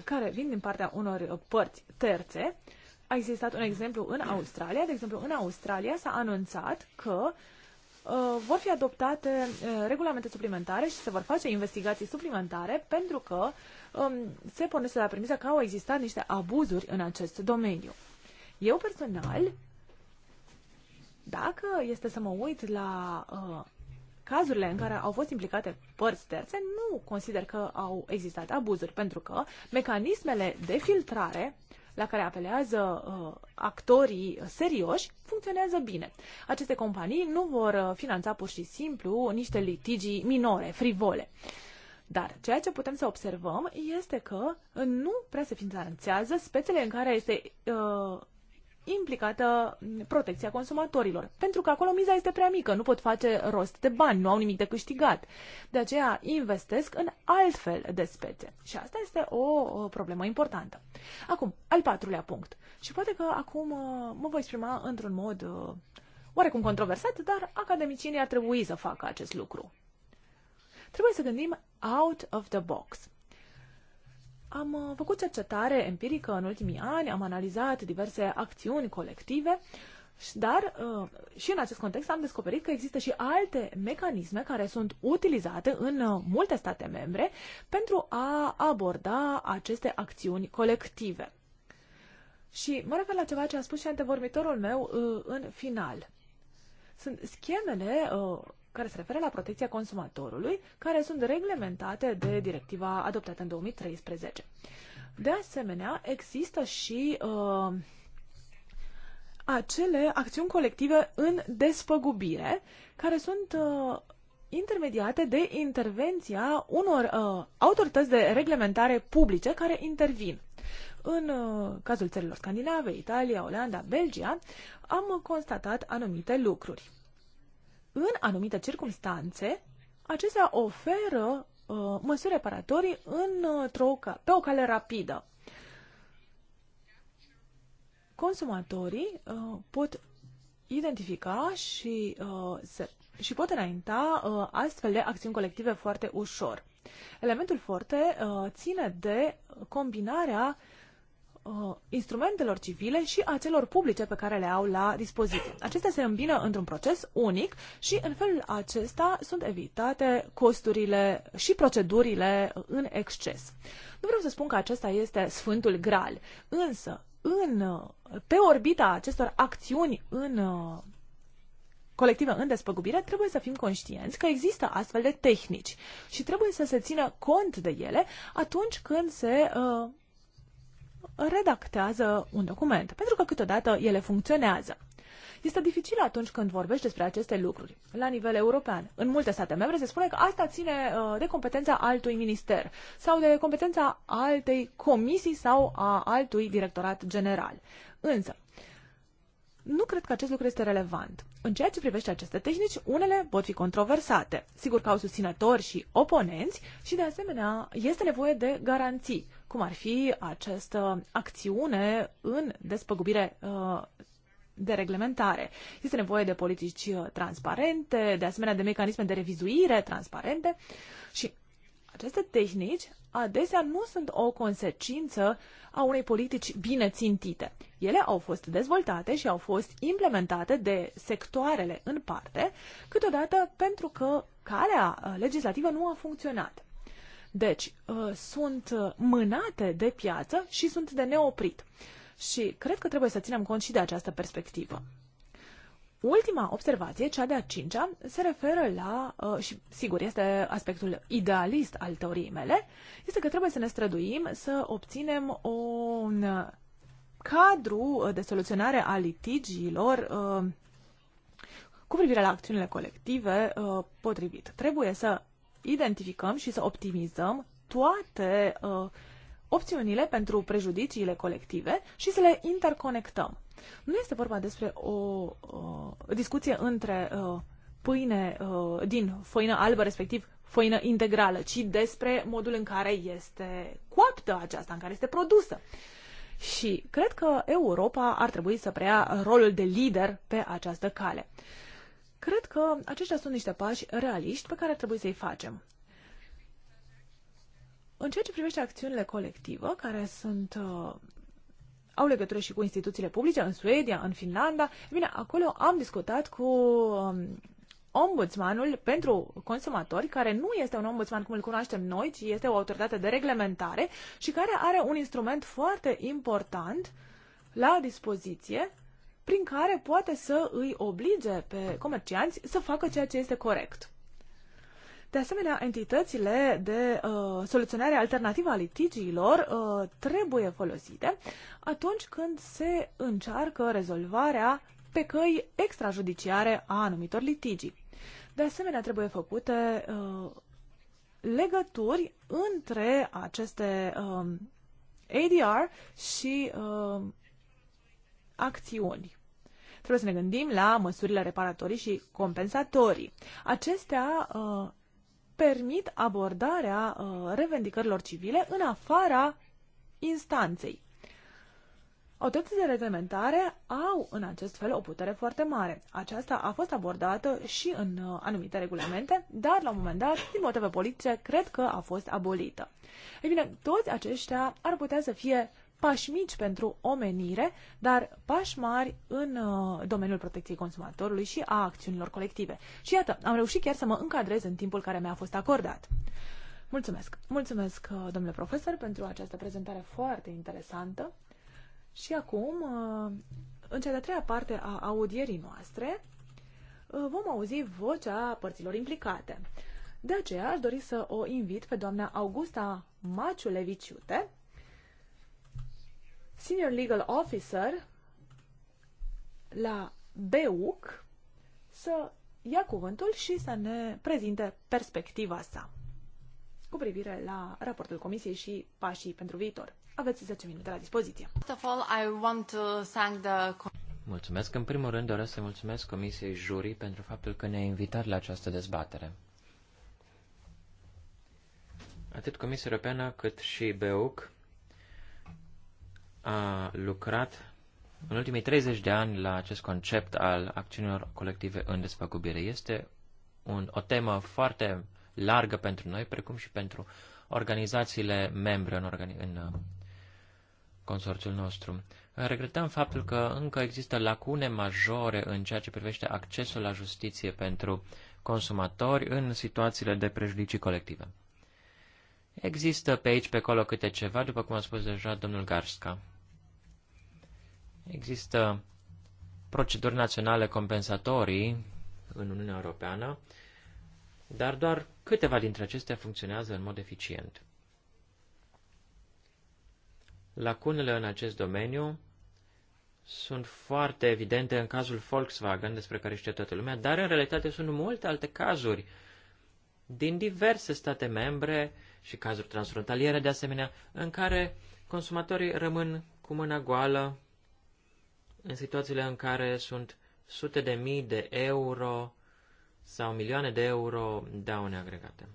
care vin din partea unor părți terțe a existat un exemplu în Australia. De exemplu, în Australia s-a anunțat că uh, vor fi adoptate uh, regulamente suplimentare și se vor face investigații suplimentare pentru că um, se pornește la premisa că au existat niște abuzuri în acest domeniu. Eu personal, dacă este să mă uit la uh, cazurile în care au fost implicate părți terțe, nu consider că au existat abuzuri, pentru că mecanismele de filtrare la care apelează uh, actorii serioși funcționează bine. Aceste companii nu vor uh, finanța pur și simplu niște litigii minore, frivole. Dar ceea ce putem să observăm este că nu prea se finanțează spețele în care este uh, implicată protecția consumatorilor. Pentru că acolo miza este prea mică, nu pot face rost de bani, nu au nimic de câștigat. De aceea investesc în altfel de spețe. Și asta este o, o problemă importantă. Acum, al patrulea punct. Și poate că acum uh, mă voi exprima într-un mod uh, oarecum controversat, dar academicienii ar trebui să facă acest lucru. Trebuie să gândim out of the box. Am uh, făcut cercetare empirică în ultimii ani, am analizat diverse acțiuni colective, dar uh, și în acest context am descoperit că există și alte mecanisme care sunt utilizate în uh, multe state membre pentru a aborda aceste acțiuni colective. Și mă refer la ceva ce a spus și antevormitorul meu în final. Sunt schemele care se referă la protecția consumatorului, care sunt reglementate de directiva adoptată în 2013. De asemenea, există și uh, acele acțiuni colective în despăgubire, care sunt uh, intermediate de intervenția unor uh, autorități de reglementare publice care intervin. În uh, cazul țărilor Scandinave, Italia, Olanda, Belgia, am constatat anumite lucruri în anumite circunstanțe, acestea oferă uh, măsuri reparatorii într-o, uh, pe o cale rapidă. Consumatorii uh, pot identifica și, uh, se, și pot înainta uh, astfel de acțiuni colective foarte ușor. Elementul forte uh, ține de combinarea uh, uh, instrumentelor civile și a celor publice pe care le au la dispoziție. Acestea se îmbină într-un proces unic și în felul acesta sunt evitate costurile și procedurile în exces. Nu vreau să spun că acesta este Sfântul Graal, însă în, pe orbita acestor acțiuni în uh, colectivă în despăgubire, trebuie să fim conștienți că există astfel de tehnici și trebuie să se țină cont de ele atunci când se uh, redactează un document, pentru că câteodată ele funcționează. Este dificil atunci când vorbești despre aceste lucruri la nivel european. În multe state membre se spune că asta ține uh, de competența altui minister sau de competența altei comisii sau a altui directorat general. Însă, nu cred că acest lucru este relevant. În ceea ce privește aceste tehnici, unele pot fi controversate. Sigur că au susținători și oponenți și, de asemenea, este nevoie de garanții, cum ar fi această acțiune în despăgubire uh, de reglementare. Este nevoie de politici uh, transparente, de asemenea de mecanisme de revizuire transparente și aceste tehnici adesea nu sunt o consecință uh, a unei politici bine țintite. Ele au fost dezvoltate și au fost implementate de sectoarele în parte, câteodată pentru că calea uh, legislativă nu a funcționat. Deci, uh, sunt uh, mânate de piață și sunt de neoprit. Și cred că trebuie să ținem cont și de această perspectivă. Ultima observație, cea de-a cincea, se referă la, uh, și sigur este aspectul idealist al teoriei mele, este că trebuie să ne străduim să obținem un cadru de soluționare a litigiilor uh, cu privire la acțiunile colective uh, potrivit. Trebuie să identificăm și să optimizăm toate opțiunile pentru prejudiciile colective și să le interconectăm. Nu este vorba despre o uh, discuție între uh, pâine uh, din făină albă, respectiv făină integrală, ci despre modul în care este coaptă aceasta, în care este produsă. Și cred că Europa ar trebui să preia rolul de lider pe această cale. Cred că aceștia sunt niște pași realiști pe care ar trebui să-i facem. În ceea ce privește acțiunile colective, care sunt uh, au legătură și cu instituțiile publice în Suedia, în Finlanda. bine, acolo am discutat cu um, ombudsmanul pentru consumatori, care nu este un ombudsman cum îl cunoaștem noi, ci este o autoritate de reglementare și care are un instrument foarte important la dispoziție prin care poate să îi oblige pe comercianți să facă ceea ce este corect. De asemenea, entitățile de uh, soluționare alternativă a litigiilor uh, trebuie folosite atunci când se încearcă rezolvarea pe căi extrajudiciare a anumitor litigii. De asemenea, trebuie făcute uh, legături între aceste uh, um, ADR și uh, acțiuni. Trebuie să ne gândim la măsurile reparatorii și compensatorii. Acestea uh, permit abordarea uh, revendicărilor civile în afara instanței. Autoritățile de reglementare au în acest fel o putere foarte mare. Aceasta a fost abordată și în uh, anumite regulamente, dar la un moment dat, din motive politice, cred că a fost abolită. Ei bine, toți aceștia ar putea să fie pași mici pentru omenire, dar pași mari în uh, domeniul protecției consumatorului și a acțiunilor colective. Și iată, am reușit chiar să mă încadrez în timpul care mi-a fost acordat. Mulțumesc! Mulțumesc, uh, domnule profesor, pentru această prezentare foarte interesantă. Și acum, uh, în cea de-a treia parte a audierii noastre, vom auzi vocea părților implicate. De aceea aș dori să o invit pe doamna Augusta Maciuleviciute, Senior Legal Officer la BEUC să ia cuvântul și să ne prezinte perspectiva sa cu privire la raportul Comisiei și pașii pentru viitor. Aveți 10 minute la dispoziție. Mulțumesc. În primul rând doresc să mulțumesc Comisiei Juri pentru faptul că ne-a invitat la această dezbatere. Atât Comisia Europeană cât și BEUC a lucrat în ultimii 30 de ani la acest concept al acțiunilor colective în despăgubire. Este un, o temă foarte largă pentru noi, precum și pentru organizațiile membre în, organi- în uh, consorțiul nostru. Regretăm faptul că încă există lacune majore în ceea ce privește accesul la justiție pentru consumatori în situațiile de prejudicii colective. Există pe aici, pe acolo câte ceva, după cum a spus deja domnul Garska. Există proceduri naționale compensatorii în Uniunea Europeană, dar doar câteva dintre acestea funcționează în mod eficient. Lacunele în acest domeniu sunt foarte evidente în cazul Volkswagen, despre care știe toată lumea, dar în realitate sunt multe alte cazuri din diverse state membre și cazuri transfrontaliere de asemenea, în care consumatorii rămân cu mâna goală în situațiile în care sunt sute de mii de euro sau milioane de euro daune agregate.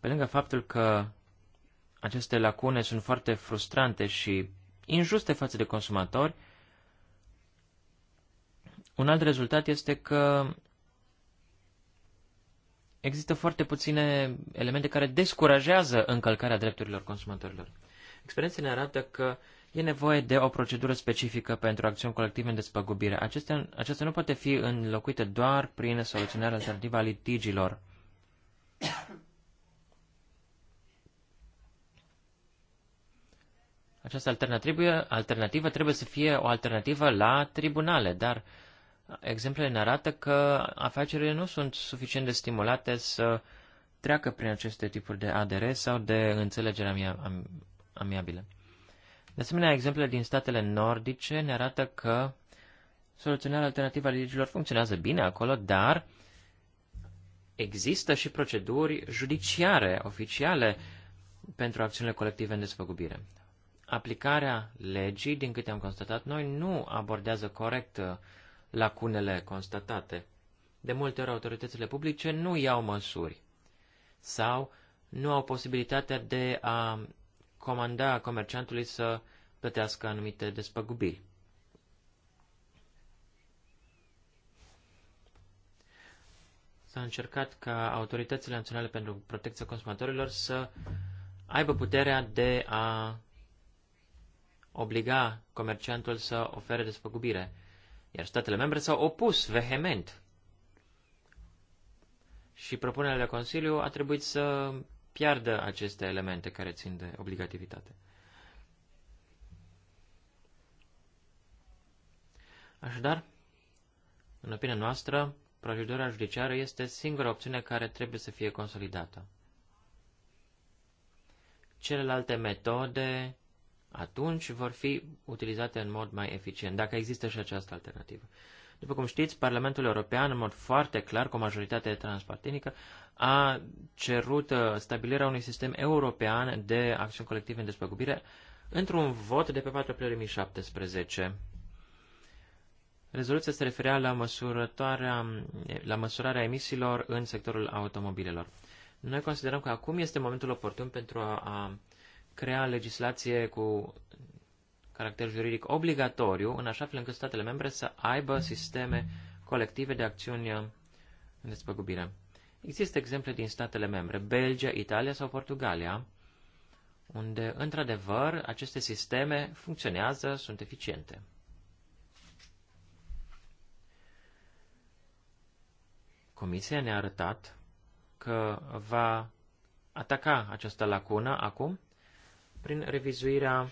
Pe lângă faptul că aceste lacune sunt foarte frustrante și injuste față de consumatori, un alt rezultat este că există foarte puține elemente care descurajează încălcarea drepturilor consumatorilor. Experiența ne arată că E nevoie de o procedură specifică pentru acțiuni colective în despăgubire. Acestea, aceasta nu poate fi înlocuită doar prin soluționarea alternativă a litigilor. Această alternativă, alternativă trebuie să fie o alternativă la tribunale, dar exemplele ne arată că afacerile nu sunt suficient de stimulate să treacă prin aceste tipuri de ADR sau de înțelegere amiabilă. De asemenea, exemplele din statele nordice ne arată că soluționarea alternativă a legilor funcționează bine acolo, dar există și proceduri judiciare, oficiale, pentru acțiunile colective în despăgubire. Aplicarea legii, din câte am constatat noi, nu abordează corect uh, lacunele constatate. De multe ori autoritățile publice nu iau măsuri sau nu au posibilitatea de a comanda comerciantului să plătească anumite despăgubiri. S-a încercat ca autoritățile naționale pentru protecția consumatorilor să aibă puterea de a obliga comerciantul să ofere despăgubire, iar statele membre s-au opus vehement. Și propunerea de Consiliu a trebuit să piardă aceste elemente care țin de obligativitate. Așadar, în opinia noastră, procedura judiciară este singura opțiune care trebuie să fie consolidată. Celelalte metode atunci vor fi utilizate în mod mai eficient, dacă există și această alternativă. După cum știți, Parlamentul European, în mod foarte clar, cu o majoritate transpartinică, a cerut uh, stabilirea unui sistem european de acțiuni colective în despăgubire într-un vot de pe 4 aprilie 2017. Rezoluția se referea la, măsurătoarea, la măsurarea emisiilor în sectorul automobilelor. Noi considerăm că acum este momentul oportun pentru a, a crea legislație cu caracter juridic obligatoriu, în așa fel încât statele membre să aibă sisteme colective de acțiuni în despăgubire. Există exemple din statele membre, Belgia, Italia sau Portugalia, unde, într-adevăr, aceste sisteme funcționează, sunt eficiente. Comisia ne-a arătat că va ataca această lacună acum prin revizuirea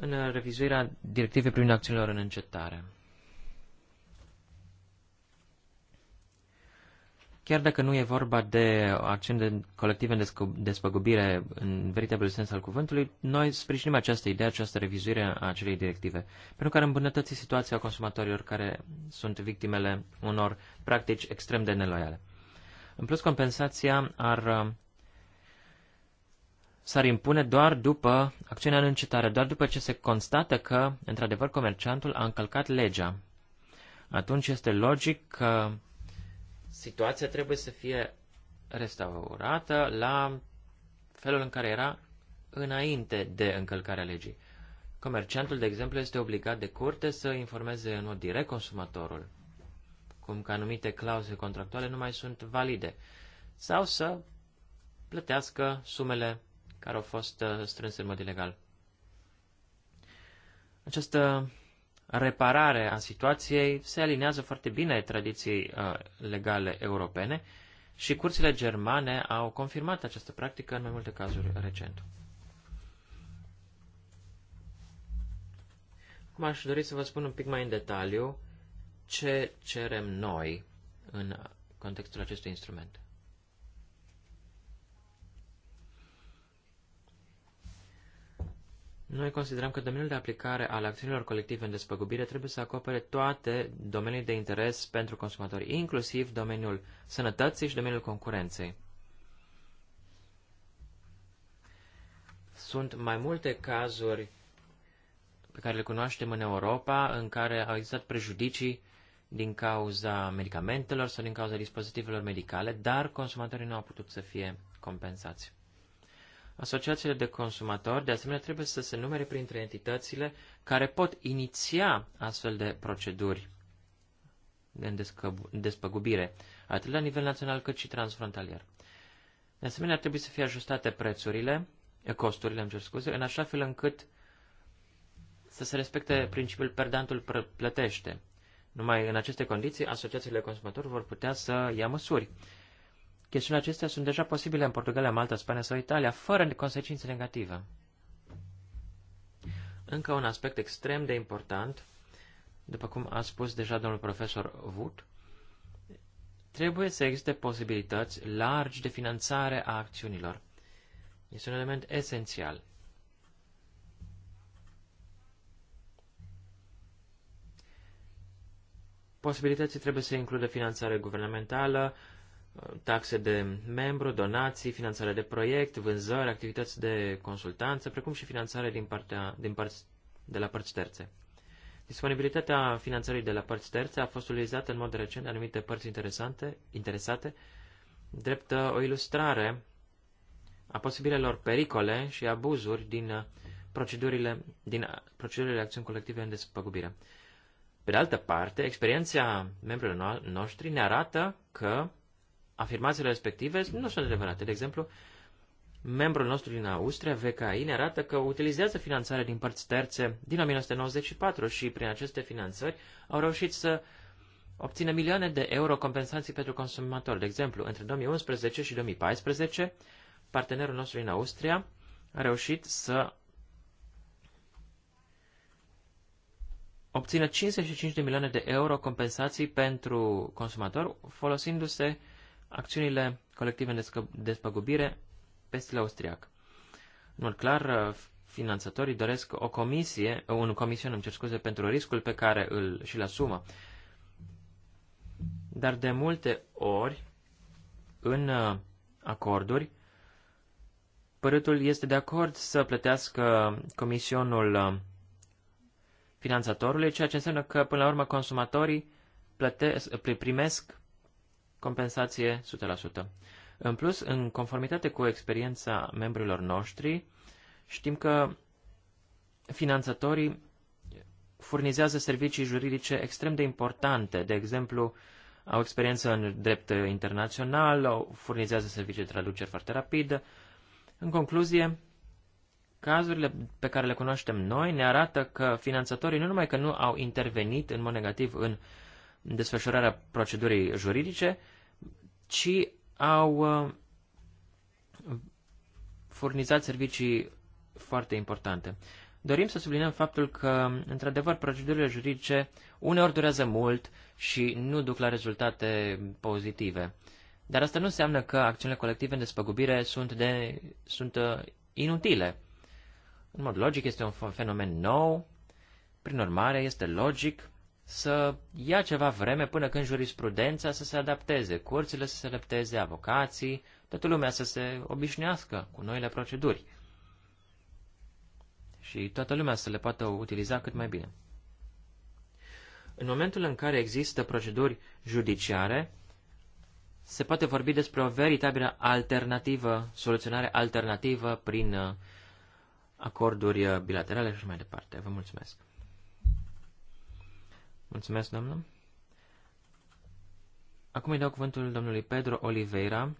în revizuirea directivei privind acțiunilor în încetare. Chiar dacă nu e vorba de acțiuni de colective în despăgubire în veritabil sens al cuvântului, noi sprijinim această idee, această revizuire a acelei directive, pentru care îmbunătăți situația consumatorilor care sunt victimele unor practici extrem de neloiale. În plus, compensația ar s-ar impune doar după acțiunea în încetare, doar după ce se constată că, într-adevăr, comerciantul a încălcat legea. Atunci este logic că situația trebuie să fie restaurată la felul în care era înainte de încălcarea legii. Comerciantul, de exemplu, este obligat de curte să informeze în mod direct consumatorul, cum că anumite clauze contractuale nu mai sunt valide, sau să plătească sumele care au fost uh, strânse în mod ilegal. Această reparare a situației se alinează foarte bine tradiției uh, legale europene și curțile germane au confirmat această practică în mai multe cazuri recent. Acum aș dori să vă spun un pic mai în detaliu ce cerem noi în contextul acestui instrument. Noi considerăm că domeniul de aplicare al acțiunilor colective în despăgubire trebuie să acopere toate domeniile de interes pentru consumatori, inclusiv domeniul sănătății și domeniul concurenței. Sunt mai multe cazuri pe care le cunoaștem în Europa în care au existat prejudicii din cauza medicamentelor sau din cauza dispozitivelor medicale, dar consumatorii nu au putut să fie compensați. Asociațiile de consumatori, de asemenea, trebuie să se numere printre entitățile care pot iniția astfel de proceduri de despăgubire, atât la nivel național cât și transfrontalier. De asemenea, ar trebui să fie ajustate prețurile, costurile, îmi cer scuze, în așa fel încât să se respecte principiul perdantul plătește. Numai în aceste condiții, asociațiile consumatorilor vor putea să ia măsuri. Chestiunile acestea sunt deja posibile în Portugalia, Malta, Spania sau Italia, fără consecințe negative. Încă un aspect extrem de important, după cum a spus deja domnul profesor Wood, trebuie să existe posibilități largi de finanțare a acțiunilor. Este un element esențial. Posibilității trebuie să includă finanțare guvernamentală, taxe de membru, donații, finanțare de proiect, vânzări, activități de consultanță, precum și finanțare din partea, din părți, de la părți terțe. Disponibilitatea finanțării de la părți terțe a fost utilizată în mod recent de anumite părți interesante, interesate, drept uh, o ilustrare a posibilelor pericole și abuzuri din uh, procedurile, din uh, procedurile de acțiuni colective în despăgubire. Pe de altă parte, experiența membrilor noștri ne arată că afirmațiile respective nu sunt adevărate. De exemplu, membrul nostru din Austria, VKI, ne arată că utilizează finanțarea din părți terțe din 1994 și prin aceste finanțări au reușit să obțină milioane de euro compensații pentru consumatori. De exemplu, între 2011 și 2014, partenerul nostru din Austria a reușit să obțină 55 de milioane de euro compensații pentru consumator folosindu-se acțiunile colective în despăgubire pe stil austriac. În mod clar, uh, finanțatorii doresc o comisie, uh, un comision, îmi cer scuze, pentru riscul pe care îl și-l asumă. Dar de multe ori, în uh, acorduri, părâtul este de acord să plătească comisionul finanțatorului, ceea ce înseamnă că, până la urmă, consumatorii plătesc, primesc compensație 100%. În plus, în conformitate cu experiența membrilor noștri, știm că finanțătorii furnizează servicii juridice extrem de importante. De exemplu, au experiență în drept internațional, furnizează servicii de traducere foarte rapidă. În concluzie, cazurile pe care le cunoaștem noi ne arată că finanțătorii nu numai că nu au intervenit în mod negativ în uh, desfășurarea procedurii juridice, ci au uh, furnizat servicii foarte importante. Dorim să subliniem faptul că, într-adevăr, procedurile juridice uneori durează mult și nu duc la rezultate pozitive. Dar asta nu înseamnă că acțiunile colective în despăgubire sunt, de, sunt uh, inutile. În mod logic, este un fenomen nou, prin urmare, este logic să ia ceva vreme până când jurisprudența să se adapteze, curțile să se adapteze, avocații, toată lumea să se obișnuiască cu noile proceduri și toată lumea să le poată utiliza cât mai bine. În momentul în care există proceduri judiciare, se poate vorbi despre o veritabilă alternativă, soluționare alternativă prin uh, acorduri uh, bilaterale și mai departe. Vă mulțumesc! Mulțumesc, domnul. Acum îi dau cuvântul domnului Pedro Oliveira,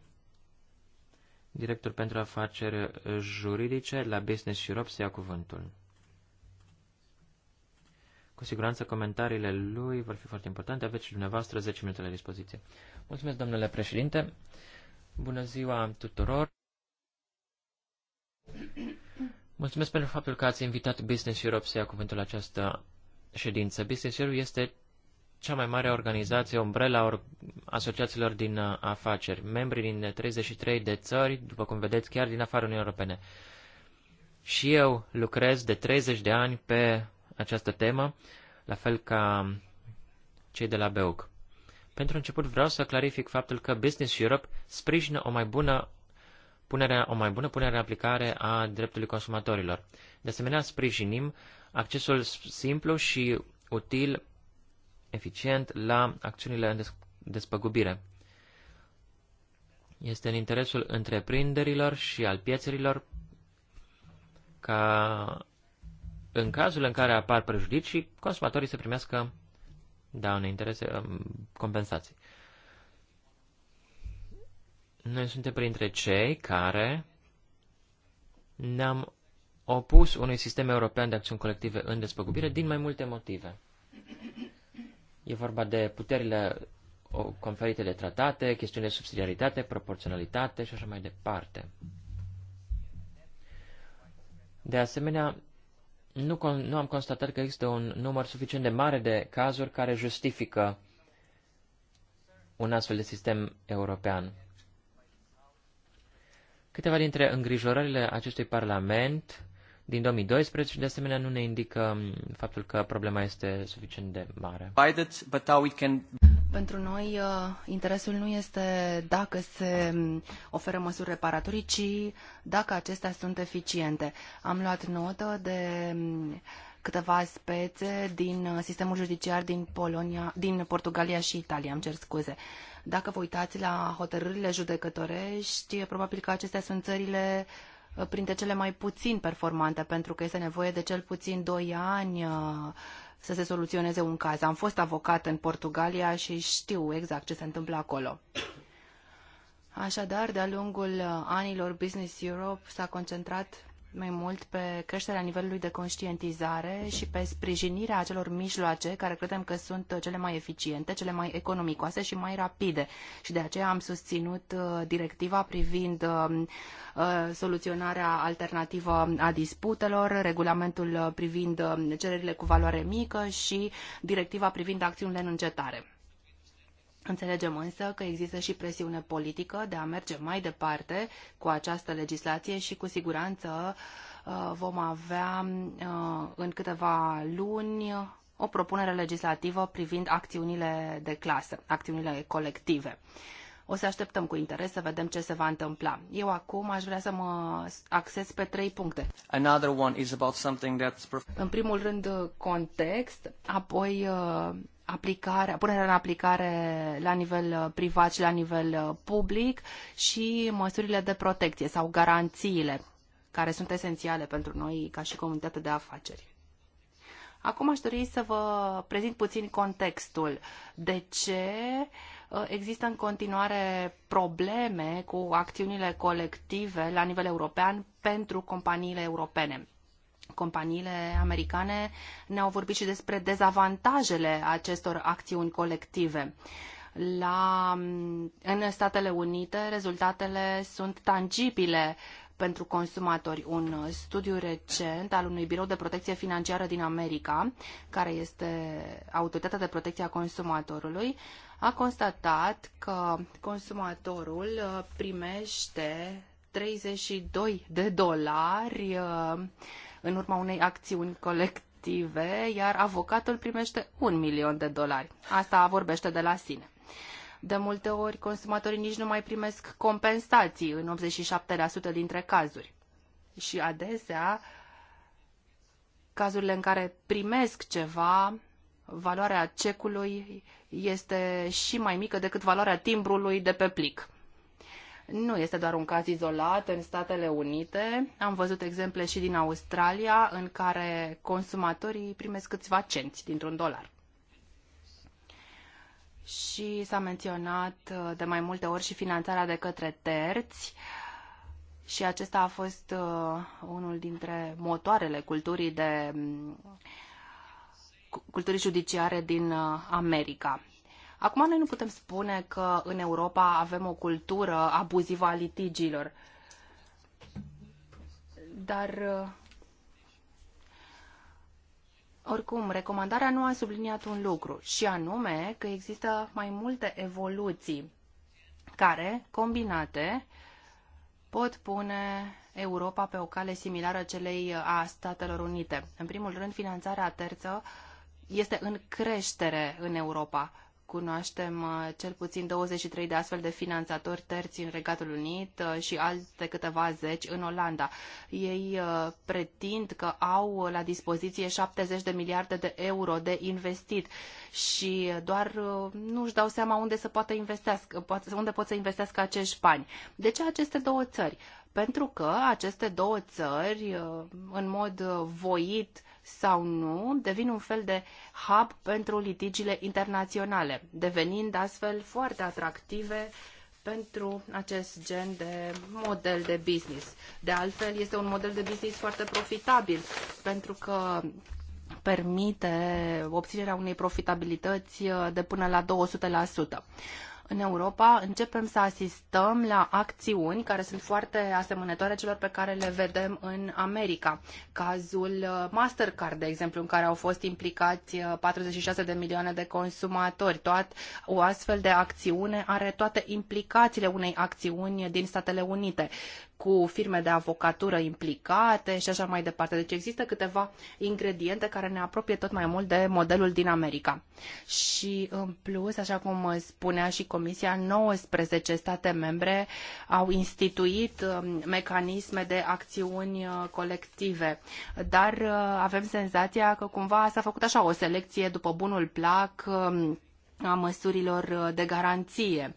director pentru afaceri juridice la Business Europe, să ia cuvântul. Cu siguranță comentariile lui vor fi foarte importante. Aveți și dumneavoastră 10 minute la dispoziție. Mulțumesc, domnule președinte. Bună ziua tuturor. Mulțumesc pentru faptul că ați invitat Business Europe să ia cuvântul la această ședință. BCCR este cea mai mare organizație, umbrela or- asociațiilor din uh, afaceri, membri din 33 uh, de țări, după cum vedeți, chiar din afara Uniunii Europene. Și eu lucrez de 30 de ani pe această temă, la fel ca cei de la BEUC. Pentru început vreau să clarific faptul că Business Europe sprijină o mai bună punere, o mai bună punere în aplicare a dreptului consumatorilor. De asemenea, sprijinim accesul simplu și util, eficient la acțiunile în despăgubire. Este în interesul întreprinderilor și al piețelor ca în cazul în care apar prejudicii, consumatorii să primească da, daune, interese, um, compensații. Noi suntem printre cei care ne-am opus unui sistem european de acțiuni colective în despăgubire din mai multe motive. E vorba de puterile conferite de tratate, chestiuni de subsidiaritate, proporționalitate și așa mai departe. De asemenea, nu, nu am constatat că există un număr suficient de mare de cazuri care justifică un astfel de sistem european. Câteva dintre îngrijorările acestui parlament din 2012 de asemenea nu ne indică um, faptul că problema este suficient de mare. Pentru noi, uh, interesul nu este dacă se um, oferă măsuri reparatorii, ci dacă acestea sunt eficiente. Am luat notă de um, câteva spețe din uh, sistemul judiciar din Polonia, din Portugalia și Italia, îmi cer scuze. Dacă vă uitați la hotărârile judecătorești, probabil că acestea sunt țările uh, printre cele mai puțin performante, pentru că este nevoie de cel puțin 2 ani uh, să se soluționeze un caz. Am fost avocat în Portugalia și știu exact ce se întâmplă acolo. Așadar, de-a lungul uh, anilor, Business Europe s-a concentrat mai mult pe creșterea nivelului de conștientizare și pe sprijinirea acelor mijloace care credem că sunt cele mai eficiente, cele mai economicoase și mai rapide. Și de aceea am susținut uh, directiva privind um, uh, soluționarea alternativă a disputelor, regulamentul uh, privind um, cererile cu valoare mică și directiva privind acțiunile în încetare. Înțelegem însă că există și presiune politică de a merge mai departe cu această legislație și cu siguranță uh, vom avea uh, în câteva luni o propunere legislativă privind acțiunile de clasă, acțiunile colective. O să așteptăm cu interes să vedem ce se va întâmpla. Eu acum aș vrea să mă axez pe trei puncte. one is about that's... În primul rând context, apoi uh, aplicarea, punerea în aplicare la nivel uh, privat și la nivel uh, public și măsurile de protecție sau garanțiile care sunt esențiale pentru noi ca și comunitate de afaceri. Acum aș dori să vă prezint puțin contextul. De ce uh, există în continuare probleme cu acțiunile colective la nivel european pentru companiile europene? Companiile americane ne-au vorbit și despre dezavantajele acestor acțiuni colective. La, în Statele Unite, rezultatele sunt tangibile pentru consumatori. Un studiu recent al unui birou de protecție financiară din America, care este autoritatea de protecție a consumatorului, a constatat că consumatorul uh, primește 32 de dolari uh, în urma unei acțiuni colective, iar avocatul primește un milion de dolari. Asta vorbește de la sine. De multe ori, consumatorii nici nu mai primesc compensații în 87% dintre cazuri. Și adesea, cazurile în care primesc ceva, valoarea cecului este și mai mică decât valoarea timbrului de pe plic. Nu este doar un caz izolat în Statele Unite. Am văzut exemple și din Australia în care consumatorii primesc câțiva cenți dintr-un dolar. Și s-a menționat uh, de mai multe ori și finanțarea de către terți. Și acesta a fost uh, unul dintre motoarele culturii de mm, culturii judiciare din uh, America. Acum noi nu putem spune că în Europa avem o cultură abuzivă a litigiilor. Dar uh, oricum, recomandarea nu a subliniat un lucru, și anume că există mai multe evoluții care, combinate, pot pune Europa pe o cale similară celei a Statelor Unite. În primul rând, finanțarea terță este în creștere în Europa cunoaștem uh, cel puțin 23 de astfel de finanțatori terți în Regatul Unit uh, și alte câteva zeci în Olanda. Ei uh, pretind că au la dispoziție 70 de miliarde de euro de investit și doar nu își dau seama unde să poată investească, unde pot să investească acești bani. De ce aceste două țări? Pentru că aceste două țări, în mod voit, sau nu devin un fel de hub pentru litigiile internaționale, devenind astfel foarte atractive pentru acest gen de model de business. De altfel, este un model de business foarte profitabil, pentru că permite obținerea unei profitabilități de până la 200% în Europa începem să asistăm la acțiuni care sunt foarte asemănătoare celor pe care le vedem în America. Cazul uh, Mastercard, de exemplu, în care au fost implicați 46 uh, de milioane de consumatori. Toat, o astfel de acțiune are toate implicațiile unei acțiuni din Statele Unite cu firme de avocatură implicate și așa mai departe. Deci există câteva ingrediente care ne apropie tot mai mult de modelul din America. Și în plus, așa cum spunea și Comisia, 19 state membre au instituit um, mecanisme de acțiuni uh, colective. Dar uh, avem senzația că cumva s-a făcut așa o selecție după bunul plac um, a măsurilor uh, de garanție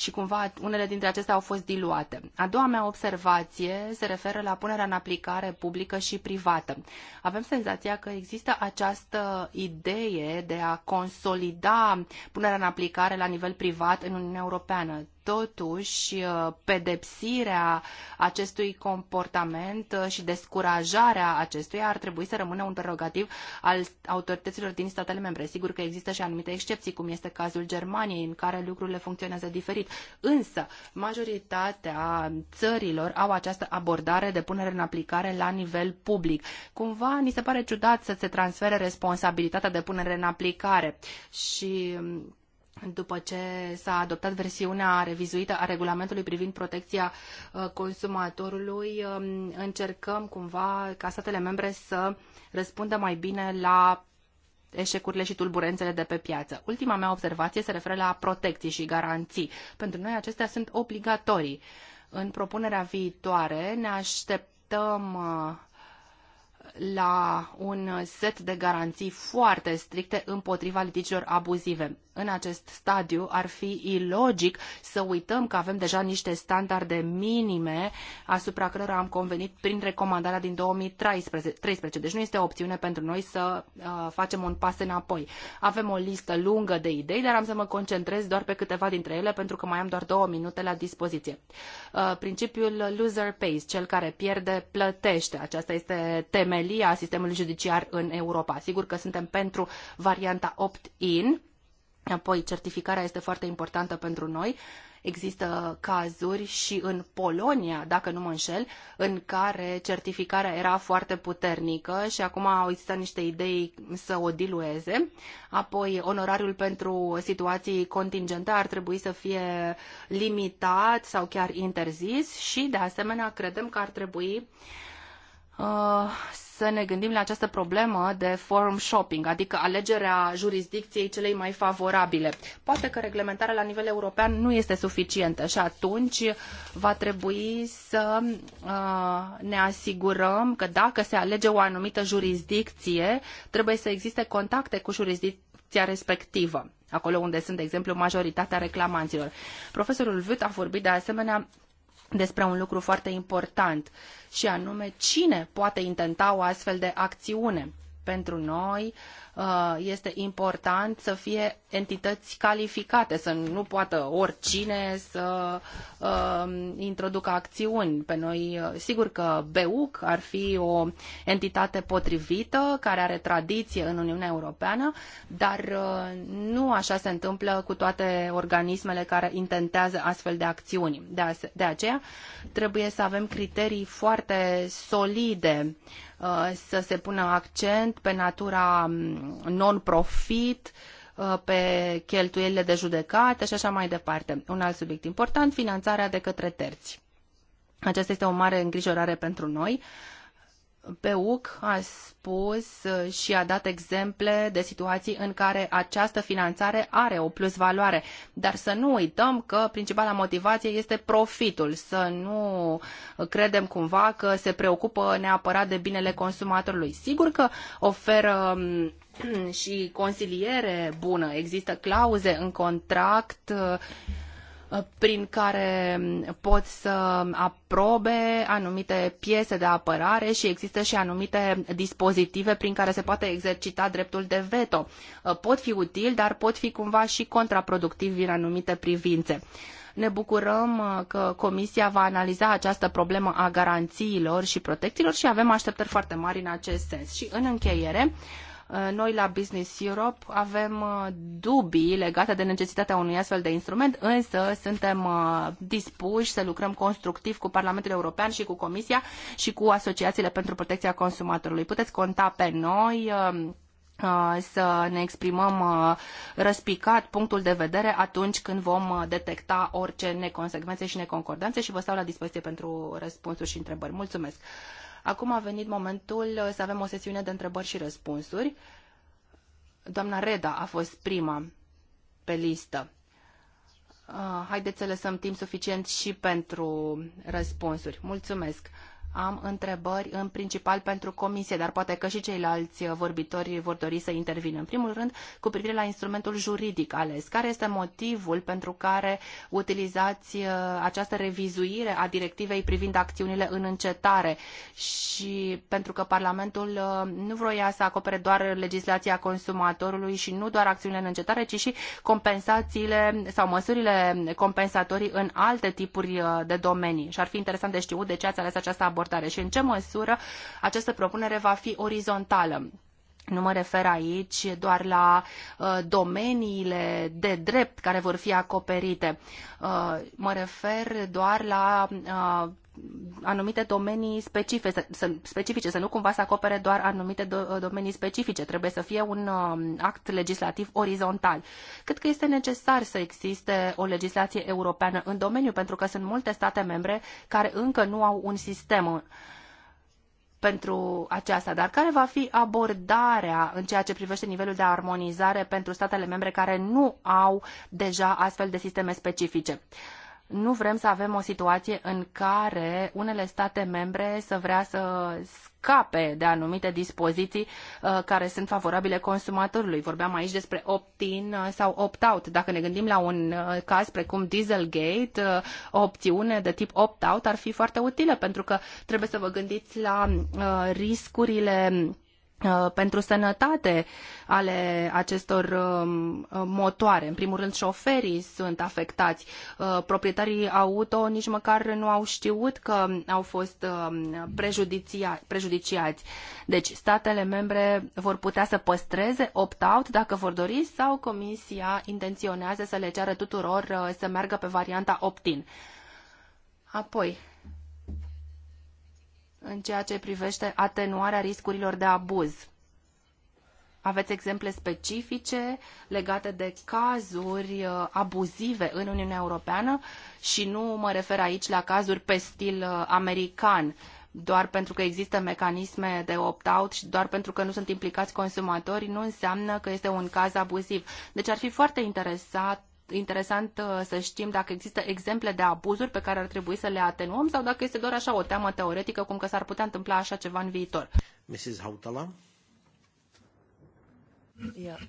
și cumva unele dintre acestea au fost diluate. A doua mea observație se referă la punerea în aplicare publică și privată. Avem senzația că există această idee de a consolida punerea în aplicare la nivel privat în Uniunea Europeană totuși uh, pedepsirea acestui comportament uh, și descurajarea acestuia ar trebui să rămână un prerogativ al autorităților din statele membre. Sigur că există și anumite excepții, cum este cazul Germaniei, în care lucrurile funcționează diferit. Însă, majoritatea țărilor au această abordare de punere în aplicare la nivel public. Cumva ni se pare ciudat să se transfere responsabilitatea de punere în aplicare și um, după ce s-a adoptat versiunea revizuită a regulamentului privind protecția uh, consumatorului, um, încercăm cumva ca statele membre să răspundă mai bine la eșecurile și tulburențele de pe piață. Ultima mea observație se referă la protecții și garanții. Pentru noi acestea sunt obligatorii. În propunerea viitoare ne așteptăm uh, la un set de garanții foarte stricte împotriva litigiilor abuzive în acest stadiu ar fi ilogic să uităm că avem deja niște standarde minime asupra cărora am convenit prin recomandarea din 2013. Deci nu este o opțiune pentru noi să uh, facem un pas înapoi. Avem o listă lungă de idei, dar am să mă concentrez doar pe câteva dintre ele pentru că mai am doar două minute la dispoziție. Uh, principiul loser pays, cel care pierde plătește. Aceasta este temelia sistemului judiciar în Europa. Sigur că suntem pentru varianta opt-in, Apoi, certificarea este foarte importantă pentru noi. Există cazuri și în Polonia, dacă nu mă înșel, în care certificarea era foarte puternică și acum au existat niște idei să o dilueze. Apoi, onorariul pentru situații contingente ar trebui să fie limitat sau chiar interzis și, de asemenea, credem că ar trebui uh, să ne gândim la această problemă de forum shopping, adică alegerea jurisdicției celei mai favorabile. Poate că reglementarea la nivel european nu este suficientă și atunci va trebui să uh, ne asigurăm că dacă se alege o anumită jurisdicție, trebuie să existe contacte cu jurisdicția respectivă acolo unde sunt, de exemplu, majoritatea reclamanților. Profesorul Vut a vorbit de asemenea despre un lucru foarte important și anume cine poate intenta o astfel de acțiune pentru noi uh, este important să fie entități calificate, să nu poată oricine să um, introducă acțiuni. Pe noi, uh, sigur că BEUC ar fi o entitate potrivită, care are tradiție în Uniunea Europeană, dar uh, nu așa se întâmplă cu toate organismele care intentează astfel de acțiuni. De aceea, trebuie să avem criterii foarte solide Uh, să se pună accent pe natura mm, non-profit, uh, pe cheltuielile de judecată și așa mai departe. Un alt subiect important, finanțarea de către terți. Aceasta este o mare îngrijorare pentru noi, PEUC a spus uh, și a dat exemple de situații în care această finanțare are o plusvaloare, dar să nu uităm că principala motivație este profitul, să nu credem cumva că se preocupă neapărat de binele consumatorului. Sigur că oferă um, și consiliere bună, există clauze în contract uh, prin care pot să aprobe anumite piese de apărare și există și anumite dispozitive prin care se poate exercita dreptul de veto. Uh, pot fi utili, dar pot fi cumva și contraproductivi în anumite privințe. Ne bucurăm uh, că Comisia va analiza această problemă a garanțiilor și protecțiilor și avem așteptări foarte mari în acest sens. Și în încheiere, Uh, noi la Business Europe avem uh, dubii legate de necesitatea unui astfel de instrument, însă suntem uh, dispuși să lucrăm constructiv cu Parlamentul European și cu Comisia și cu asociațiile pentru protecția consumatorului. Puteți conta pe noi să ne exprimăm răspicat punctul de vedere atunci când vom detecta orice neconsecvențe și neconcordanțe și vă stau la dispoziție pentru răspunsuri și întrebări. Mulțumesc! Acum a venit momentul să avem o sesiune de întrebări și răspunsuri. Doamna Reda a fost prima pe listă. Ah, haideți să lăsăm timp suficient și pentru răspunsuri. Mulțumesc! am întrebări în principal pentru comisie, dar poate că și ceilalți vorbitori vor dori să intervină. În primul rând, cu privire la instrumentul juridic ales, care este motivul pentru care utilizați uh, această revizuire a directivei privind acțiunile în încetare și pentru că Parlamentul uh, nu vroia să acopere doar legislația consumatorului și nu doar acțiunile în încetare, ci și compensațiile sau măsurile compensatorii în alte tipuri uh, de domenii. Și ar fi interesant de știut de ce ați ales această abordare abordare și în ce măsură această propunere va fi orizontală. Nu mă refer aici doar la uh, domeniile de drept care vor fi acoperite. Uh, mă refer doar la uh, anumite domenii specifice, să, specifice, să nu cumva să acopere doar anumite do, domenii specifice. Trebuie să fie un um, act legislativ orizontal. cât că este necesar să existe o legislație europeană în domeniu, pentru că sunt multe state membre care încă nu au un sistem uh, pentru aceasta, dar care va fi abordarea în ceea ce privește nivelul de armonizare pentru statele membre care nu au deja astfel de sisteme specifice? Uh, nu vrem să avem o situație în care unele state membre să vrea să scape de anumite dispoziții uh, care sunt favorabile consumatorului. Vorbeam aici despre opt-in uh, sau opt-out. Dacă ne gândim la un uh, caz precum Dieselgate, o opțiune de tip opt-out ar fi foarte utilă pentru că trebuie să vă gândiți la riscurile Uh, pentru sănătate ale acestor um, uh, motoare. În primul rând, șoferii sunt afectați. Uh, proprietarii auto nici măcar nu au știut că au fost um, prejudiciați. Deci, statele membre vor putea să păstreze opt-out dacă vor dori sau Comisia intenționează să le ceară tuturor să meargă pe varianta opt-in. Apoi, în ceea ce privește atenuarea riscurilor de abuz. Aveți exemple specifice legate de cazuri uh, abuzive în Uniunea Europeană și nu mă refer aici la cazuri pe stil uh, american, doar pentru că există mecanisme de opt-out și doar pentru că nu sunt implicați consumatori, nu înseamnă că este un caz abuziv. Deci ar fi foarte interesat interesant uh, să știm dacă există exemple de abuzuri pe care ar trebui să le atenuăm sau dacă este doar așa o teamă teoretică cum că s-ar putea întâmpla așa ceva în viitor. Mrs. Hautala. Yeah.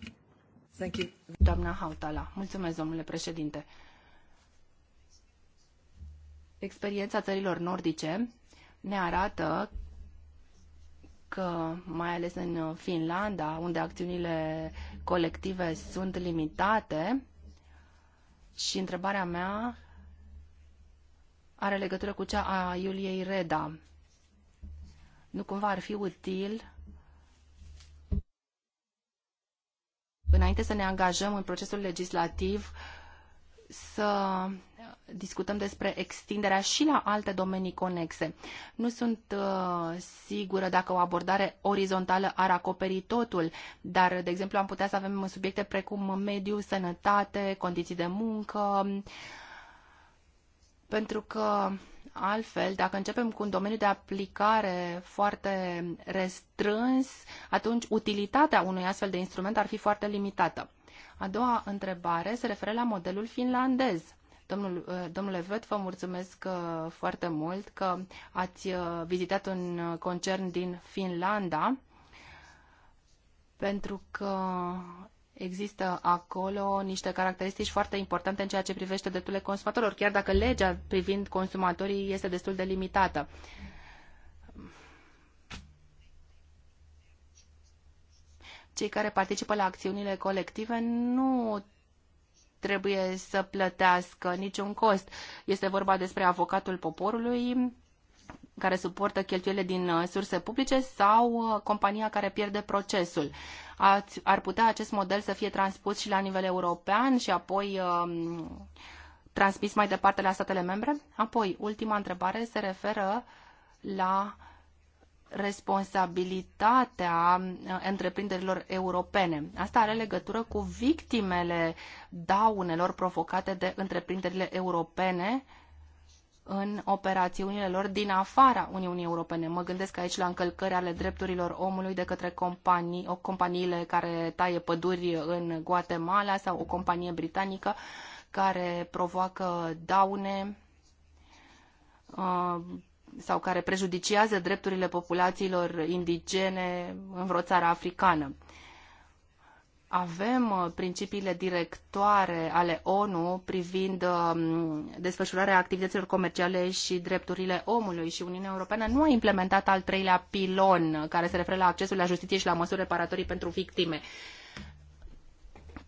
Thank you. Doamna Hautala. Mulțumesc, domnule președinte. Experiența țărilor nordice ne arată că, mai ales în Finlanda, unde acțiunile colective sunt limitate, și întrebarea mea are legătură cu cea a Iuliei Reda. Nu cumva ar fi util înainte să ne angajăm în procesul legislativ să discutăm despre extinderea și la alte domenii conexe. Nu sunt uh, sigură dacă o abordare orizontală ar acoperi totul, dar, de exemplu, am putea să avem subiecte precum mediu, sănătate, condiții de muncă, pentru că altfel, dacă începem cu un domeniu de aplicare foarte restrâns, atunci utilitatea unui astfel de instrument ar fi foarte limitată. A doua întrebare se referă la modelul finlandez. Domnul, uh, domnule Vet, vă mulțumesc uh, foarte mult că ați uh, vizitat un concern din Finlanda, pentru că există acolo niște caracteristici foarte importante în ceea ce privește drepturile consumatorilor, chiar dacă legea privind consumatorii este destul de limitată. Cei care participă la acțiunile colective nu trebuie să plătească niciun cost. Este vorba despre avocatul poporului care suportă cheltuielile din uh, surse publice sau uh, compania care pierde procesul. Ar putea acest model să fie transpus și la nivel european și apoi um, transmis mai departe la statele membre? Apoi, ultima întrebare se referă la responsabilitatea uh, întreprinderilor europene. Asta are legătură cu victimele daunelor provocate de întreprinderile europene în operațiunile lor din afara Uniunii Europene. Mă gândesc aici la încălcări ale drepturilor omului de către companii, o companiile care taie păduri în Guatemala sau o companie britanică care provoacă daune uh, sau care prejudiciază drepturile populațiilor indigene în vreo țară africană. Avem uh, principiile directoare ale ONU privind um, desfășurarea activităților comerciale și drepturile omului și Uniunea Europeană nu a implementat al treilea pilon care se referă la accesul la justiție și la măsuri reparatorii pentru victime.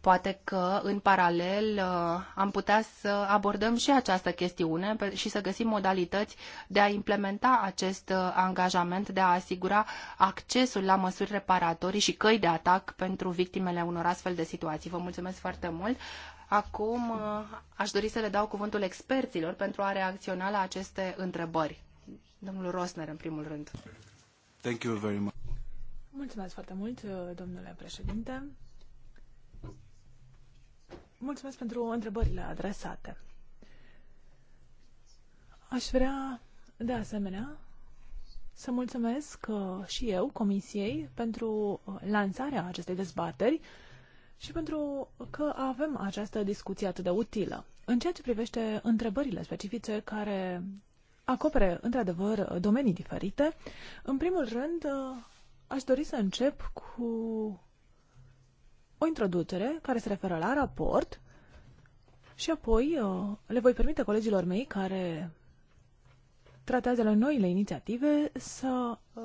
Poate că, în paralel, uh, am putea să abordăm și această chestiune și să găsim modalități de a implementa acest uh, angajament, de a asigura accesul la măsuri reparatorii și căi de atac pentru victimele unor astfel de situații. Vă mulțumesc foarte mult! Acum uh, aș dori să le dau cuvântul experților pentru a reacționa la aceste întrebări. Domnul Rosner, în primul rând. Thank you very much. Mulțumesc foarte mult, domnule președinte. Mulțumesc pentru întrebările adresate. Aș vrea, de asemenea, să mulțumesc uh, și eu Comisiei pentru uh, lansarea acestei dezbateri și pentru că avem această discuție atât de utilă. În ceea ce privește întrebările specifice care acopere, într-adevăr, domenii diferite, în primul rând, uh, aș dori să încep cu o introducere care se referă la raport și apoi uh, le voi permite colegilor mei care tratează la noile inițiative să uh,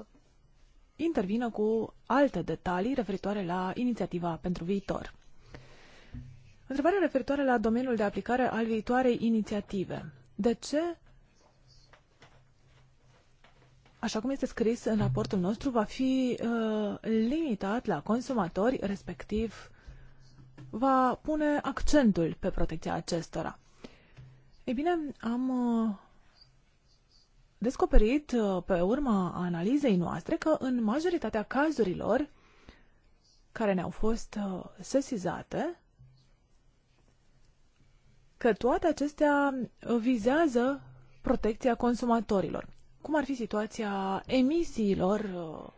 intervină cu alte detalii referitoare la inițiativa pentru viitor. Întrebarea referitoare la domeniul de aplicare al viitoarei inițiative. De ce așa cum este scris în raportul nostru, va fi uh, limitat la consumatori, respectiv va pune accentul pe protecția acestora. Ei bine, am uh, descoperit uh, pe urma analizei noastre că în majoritatea cazurilor care ne-au fost uh, sesizate, că toate acestea vizează protecția consumatorilor cum ar fi situația emisiilor uh,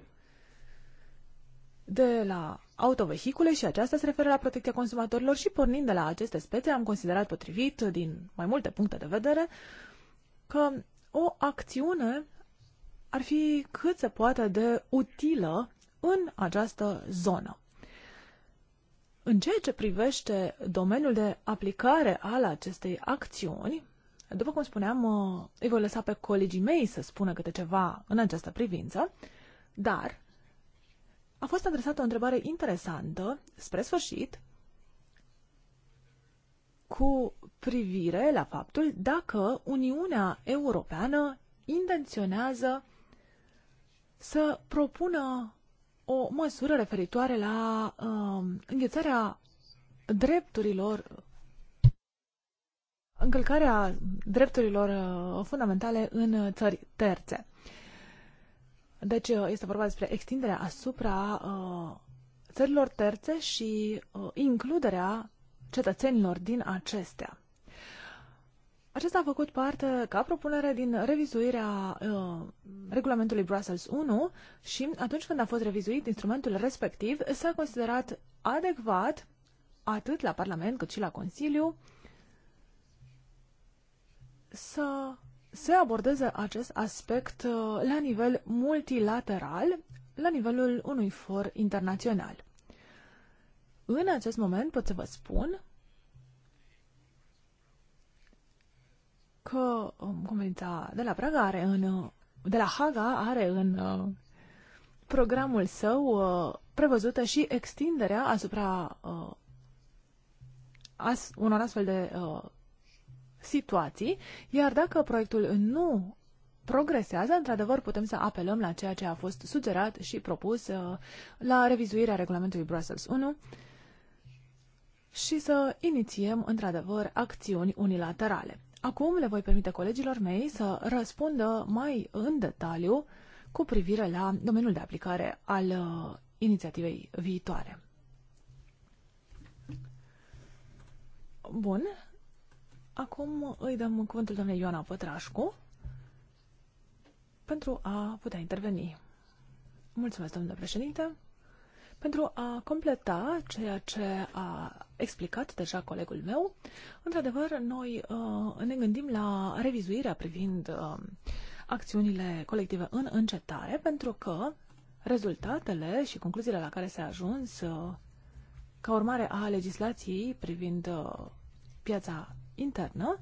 de la autovehicule și aceasta se referă la protecția consumatorilor și pornind de la aceste spețe am considerat potrivit din mai multe puncte de vedere că o acțiune ar fi cât se poate de utilă în această zonă. În ceea ce privește domeniul de aplicare al acestei acțiuni, după cum spuneam, uh, îi voi lăsa pe colegii mei să spună câte ceva în această privință, dar a fost adresată o întrebare interesantă spre sfârșit cu privire la faptul dacă Uniunea Europeană intenționează să propună o măsură referitoare la uh, înghețarea drepturilor încălcarea drepturilor uh, fundamentale în uh, țări terțe. Deci uh, este vorba despre extinderea asupra țărilor terțe și includerea cetățenilor din acestea. Acesta a făcut parte ca propunere din revizuirea uh, regulamentului Brussels 1 și atunci când a fost revizuit instrumentul respectiv s-a considerat adecvat atât la Parlament cât și la Consiliu uh, să se abordeze acest aspect uh, la nivel multilateral, la nivelul unui for internațional. În acest moment pot să vă spun că um, Convenția de la Praga are în, uh, de la Haga are în uh, programul său prevăzută și extinderea asupra as, unor astfel de situații, iar dacă proiectul nu progresează, într-adevăr putem să apelăm la ceea ce a fost sugerat și propus uh, la revizuirea regulamentului Brussels 1 și să inițiem, într-adevăr, acțiuni unilaterale. Acum le voi permite colegilor mei să răspundă mai în detaliu cu privire la domeniul de aplicare al uh, inițiativei viitoare. Bun, Acum îi dăm cuvântul doamnei Ioana Pătrașcu pentru a putea interveni. Mulțumesc, domnule președinte. Pentru a completa ceea ce a explicat deja colegul meu, într-adevăr, noi uh, ne gândim la revizuirea privind uh, acțiunile colective în încetare, pentru că rezultatele și concluziile la care s-a ajuns uh, ca urmare a legislației privind uh, piața internă,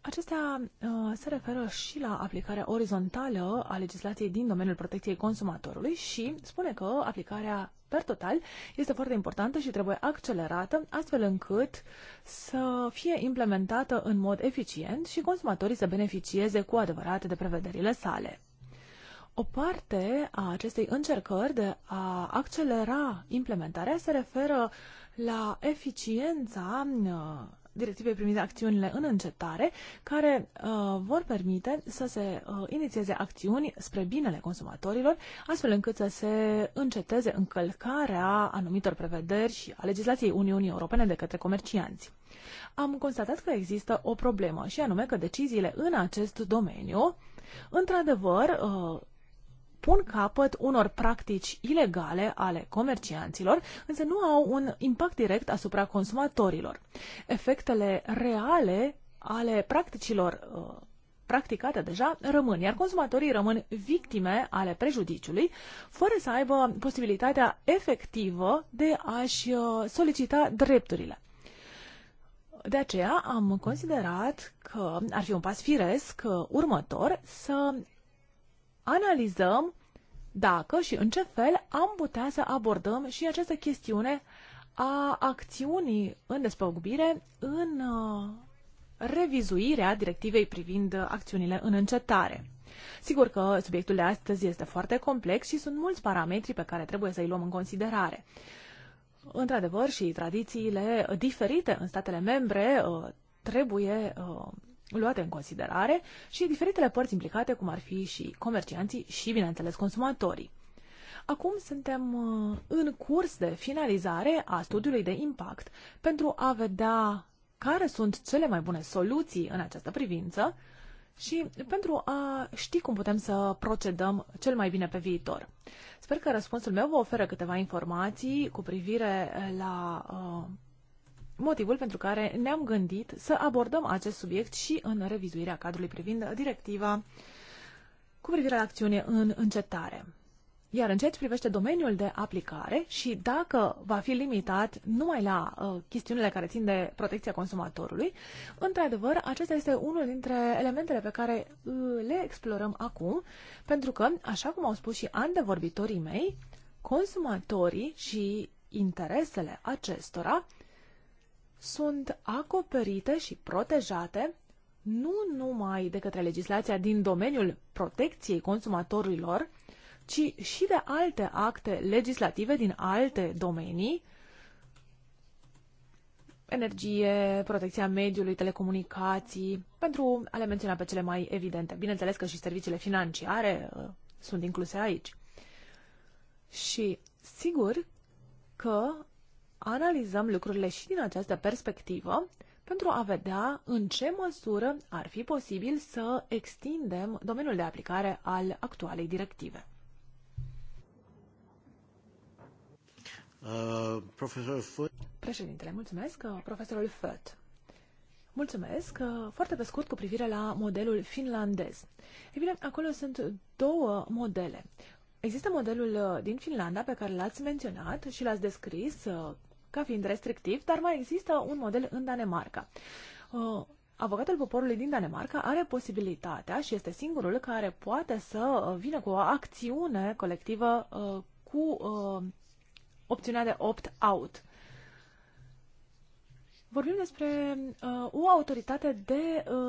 acestea uh, se referă și la aplicarea orizontală a legislației din domeniul protecției consumatorului și spune că aplicarea per total este foarte importantă și trebuie accelerată astfel încât să fie implementată în mod eficient și consumatorii să beneficieze cu adevărat de prevederile sale. O parte a acestei încercări de a accelera implementarea se referă la eficiența uh, directivei privind acțiunile în încetare, care uh, vor permite să se uh, inițieze acțiuni spre binele consumatorilor, astfel încât să se înceteze încălcarea anumitor prevederi și a legislației Uniunii Europene de către comercianți. Am constatat că există o problemă și anume că deciziile în acest domeniu, într-adevăr, uh, pun capăt unor practici ilegale ale comercianților, însă nu au un impact direct asupra consumatorilor. Efectele reale ale practicilor uh, practicate deja rămân, iar consumatorii rămân victime ale prejudiciului, fără să aibă posibilitatea efectivă de a-și uh, solicita drepturile. De aceea am considerat că ar fi un pas firesc uh, următor să analizăm dacă și în ce fel am putea să abordăm și această chestiune a acțiunii în despăgubire în uh, revizuirea directivei privind acțiunile în încetare. Sigur că subiectul de astăzi este foarte complex și sunt mulți parametri pe care trebuie să-i luăm în considerare. Într-adevăr, și tradițiile diferite în statele membre uh, trebuie uh, luate în considerare și diferitele părți implicate, cum ar fi și comercianții și, bineînțeles, consumatorii. Acum suntem uh, în curs de finalizare a studiului de impact pentru a vedea care sunt cele mai bune soluții în această privință și pentru a ști cum putem să procedăm cel mai bine pe viitor. Sper că răspunsul meu vă oferă câteva informații cu privire la uh, motivul pentru care ne-am gândit să abordăm acest subiect și în revizuirea cadrului privind directiva cu privire la acțiune în încetare. Iar în ceea ce privește domeniul de aplicare și dacă va fi limitat numai la uh, chestiunile care țin de protecția consumatorului, într-adevăr, acesta este unul dintre elementele pe care uh, le explorăm acum, pentru că, așa cum au spus și antevorbitorii mei, consumatorii și interesele acestora sunt acoperite și protejate nu numai de către legislația din domeniul protecției consumatorilor, ci și de alte acte legislative din alte domenii, energie, protecția mediului, telecomunicații, pentru a le menționa pe cele mai evidente. Bineînțeles că și serviciile financiare uh, sunt incluse aici. Și sigur că analizăm lucrurile și din această perspectivă pentru a vedea în ce măsură ar fi posibil să extindem domeniul de aplicare al actualei directive. Uh, Președintele, mulțumesc, uh, profesorul Furt. Mulțumesc. Uh, foarte pe scurt cu privire la modelul finlandez. Evident, bine, acolo sunt două modele. Există modelul uh, din Finlanda pe care l-ați menționat și l-ați descris ca fiind restrictiv, dar mai există un model în Danemarca. Uh, avocatul poporului din Danemarca are posibilitatea și este singurul care poate să uh, vină cu o acțiune colectivă uh, cu opțiunea de opt-out. Vorbim despre uh, o autoritate de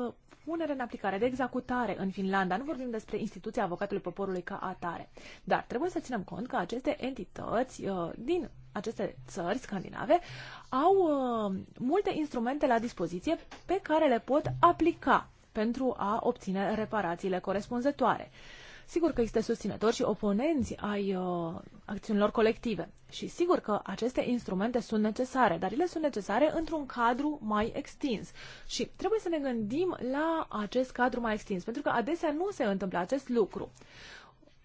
uh, punere în aplicare, de executare în Finlanda. Nu vorbim despre instituția avocatului poporului ca atare. Dar trebuie să ținem cont că aceste entități uh, din aceste țări scandinave au uh, multe instrumente la dispoziție pe care le pot aplica pentru a obține reparațiile corespunzătoare. Uh, Sigur că există susținători și oponenți ai uh, acțiunilor colective și sigur că aceste instrumente sunt necesare, dar ele sunt necesare într-un cadru mai extins și trebuie să ne gândim la acest cadru mai extins, pentru că adesea nu se întâmplă acest lucru.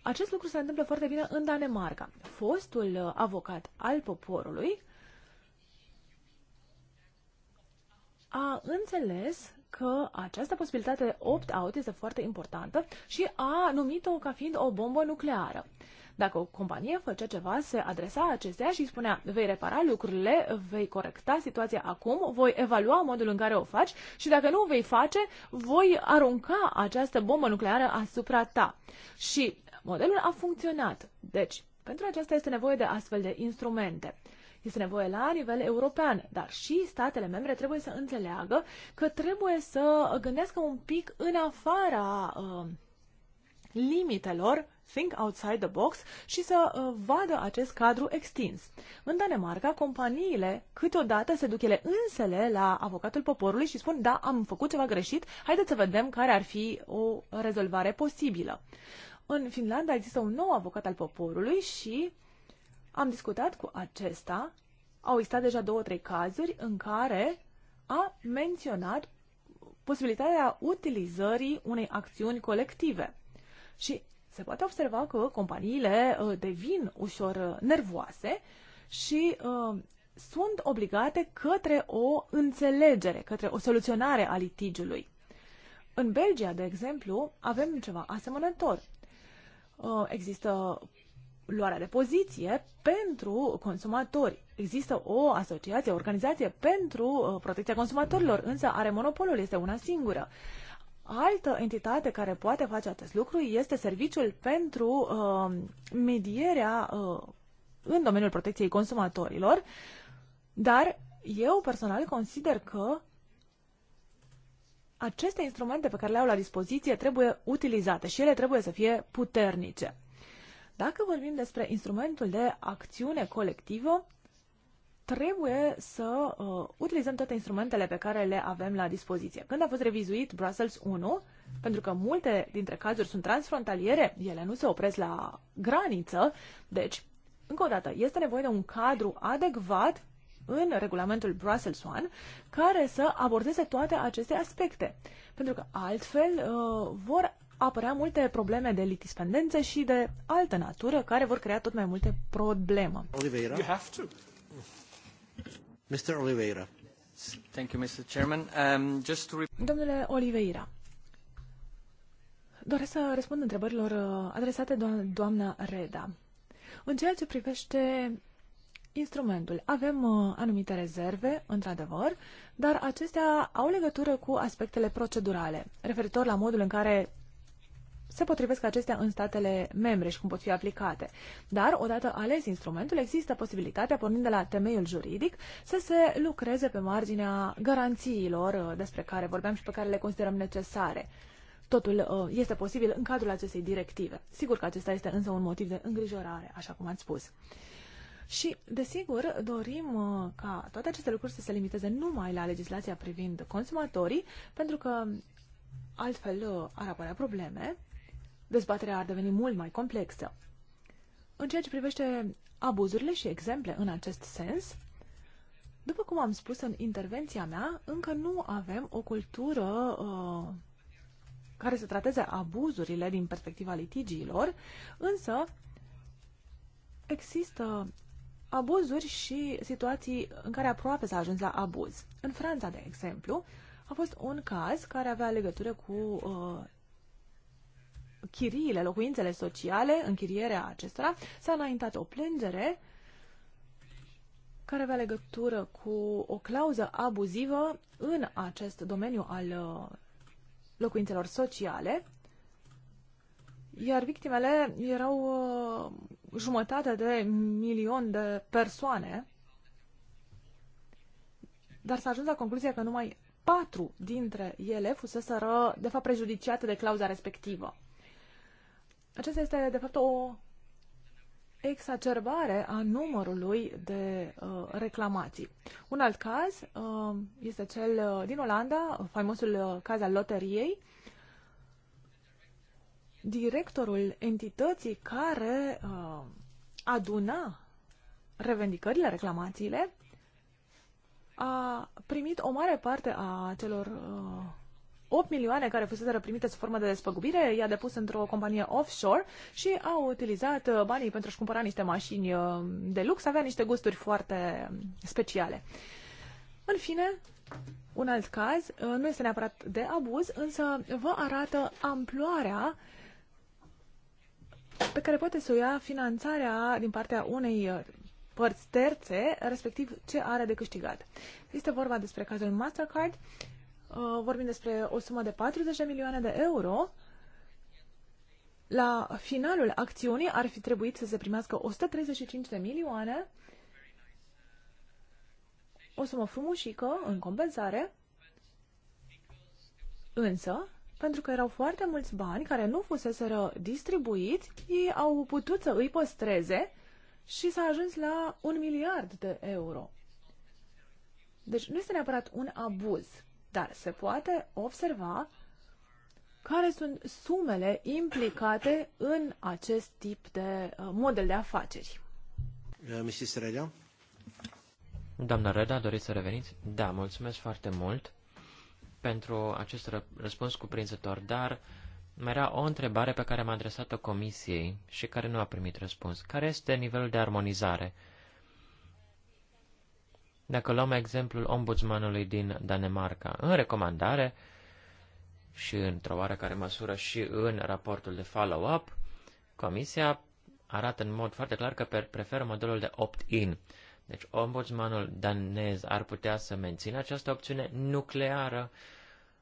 Acest lucru se întâmplă foarte bine în Danemarca. Fostul uh, avocat al poporului a înțeles că această posibilitate de opt-out este foarte importantă și a numit-o ca fiind o bombă nucleară. Dacă o companie făcea ceva, se adresa acestea și spunea, vei repara lucrurile, vei corecta situația acum, voi evalua modul în care o faci și dacă nu o vei face, voi arunca această bombă nucleară asupra ta. Și modelul a funcționat. Deci, pentru aceasta este nevoie de astfel de instrumente. Este nevoie la nivel european, dar și statele membre trebuie să înțeleagă că trebuie să gândească un pic în afara uh, limitelor, think outside the box și să uh, vadă acest cadru extins. În Danemarca, companiile câteodată se duc ele însele la avocatul poporului și spun, da, am făcut ceva greșit, haideți să vedem care ar fi o rezolvare posibilă. În Finlanda există un nou avocat al poporului și am discutat cu acesta, au existat deja două, trei cazuri în care a menționat posibilitatea utilizării unei acțiuni colective. Și se poate observa că companiile uh, devin ușor uh, nervoase și uh, sunt obligate către o înțelegere, către o soluționare a litigiului. În Belgia, de exemplu, avem ceva asemănător. Uh, există luarea de poziție pentru consumatori. Există o asociație, o organizație pentru uh, protecția consumatorilor, însă are monopolul, este una singură. Altă entitate care poate face acest lucru este Serviciul pentru uh, medierea uh, în domeniul protecției consumatorilor, dar eu personal consider că aceste instrumente pe care le au la dispoziție trebuie utilizate și ele trebuie să fie puternice. Dacă vorbim despre instrumentul de acțiune colectivă, trebuie să uh, utilizăm toate instrumentele pe care le avem la dispoziție. Când a fost revizuit Brussels 1, pentru că multe dintre cazuri sunt transfrontaliere, ele nu se opresc la graniță, deci, încă o dată, este nevoie de un cadru adecvat în regulamentul Brussels 1 care să abordeze toate aceste aspecte. Pentru că altfel uh, vor apărea multe probleme de litispendențe și de altă natură care vor crea tot mai multe probleme. Oliveira. You have to. Mr. Oliveira. Thank you, Mr. Chairman. Um, just to... Domnule Oliveira, doresc să răspund întrebărilor uh, adresate do doamna Reda. În ceea ce privește instrumentul. Avem uh, anumite rezerve, într-adevăr, dar acestea au legătură cu aspectele procedurale, referitor la modul în care se potrivesc acestea în statele membre și cum pot fi aplicate. Dar, odată ales instrumentul, există posibilitatea, pornind de la temeiul juridic, să se lucreze pe marginea garanțiilor uh, despre care vorbeam și pe care le considerăm necesare. Totul uh, este posibil în cadrul acestei directive. Sigur că acesta este însă un motiv de îngrijorare, așa cum ați spus. Și, desigur, dorim uh, ca toate aceste lucruri să se limiteze numai la legislația privind consumatorii, pentru că altfel ar apărea probleme dezbaterea ar deveni mult mai complexă. În ceea ce privește abuzurile și exemple în acest sens, după cum am spus în intervenția mea, încă nu avem o cultură uh, care să trateze abuzurile din perspectiva litigiilor, însă există abuzuri și situații în care aproape s-a ajuns la abuz. În Franța, de exemplu, a fost un caz care avea legătură cu uh, chiriile, locuințele sociale, închirierea acestora, s-a înaintat o plângere care avea legătură cu o clauză abuzivă în acest domeniu al uh, locuințelor sociale, iar victimele erau uh, jumătate de milion de persoane, dar s-a ajuns la concluzia că numai patru dintre ele fuseseră, de fapt, prejudiciate de clauza respectivă. Aceasta este, de fapt, o exacerbare a numărului de uh, reclamații. Un alt caz uh, este cel uh, din Olanda, faimosul uh, caz al loteriei. Directorul entității care uh, aduna revendicările, reclamațiile, a primit o mare parte a celor uh, 8 milioane care fuseseră primite sub formă de despăgubire, i-a depus într-o companie offshore și au utilizat uh, banii pentru a-și cumpăra niște mașini uh, de lux, avea niște gusturi foarte speciale. În fine, un alt caz, uh, nu este neapărat de abuz, însă vă arată amploarea pe care poate să o ia finanțarea din partea unei părți terțe, respectiv ce are de câștigat. Este vorba despre cazul Mastercard Uh, vorbim despre o sumă de 40 de milioane de euro. La finalul acțiunii ar fi trebuit să se primească 135 de milioane, o sumă frumușică în compensare, însă, pentru că erau foarte mulți bani care nu fuseseră distribuiți, ei au putut să îi păstreze și s-a ajuns la un miliard de euro. Deci nu este neapărat un abuz. Dar se poate observa care sunt sumele implicate în acest tip de uh, model de afaceri. Uh, Mrs. Reda? Doamna Reda, doriți să reveniți? Da, mulțumesc foarte mult pentru acest răspuns cuprinzător, dar mai era o întrebare pe care am adresat-o comisiei și care nu a primit răspuns. Care este nivelul de armonizare? Dacă luăm exemplul ombudsmanului din Danemarca, în recomandare și într-o oarecare măsură și în raportul de follow-up, Comisia arată în mod foarte clar că preferă modelul de opt-in. Deci ombudsmanul danez ar putea să mențină această opțiune nucleară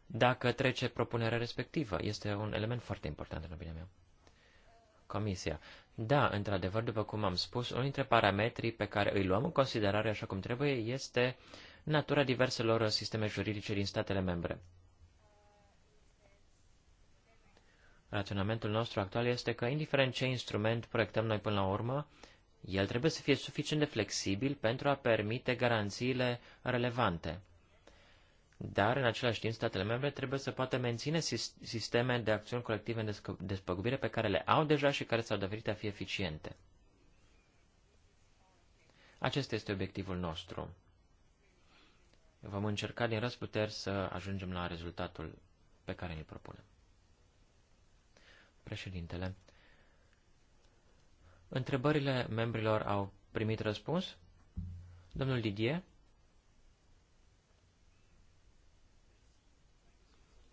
dacă trece propunerea respectivă. Este un element foarte important în opinia mea. Comisia. Da, într-adevăr, după cum am spus, unul dintre parametrii pe care îi luăm în considerare așa cum trebuie este natura diverselor sisteme juridice din statele membre. Raționamentul nostru actual este că, indiferent ce instrument proiectăm noi până la urmă, el trebuie să fie suficient de flexibil pentru a permite garanțiile relevante dar în același timp statele membre trebuie să poată menține sisteme de acțiuni colective în despăgubire pe care le au deja și care s-au dovedit a fi eficiente. Acesta este obiectivul nostru. Vom încerca din răsputeri să ajungem la rezultatul pe care îl propunem. Președintele, întrebările membrilor au primit răspuns? Domnul Didier?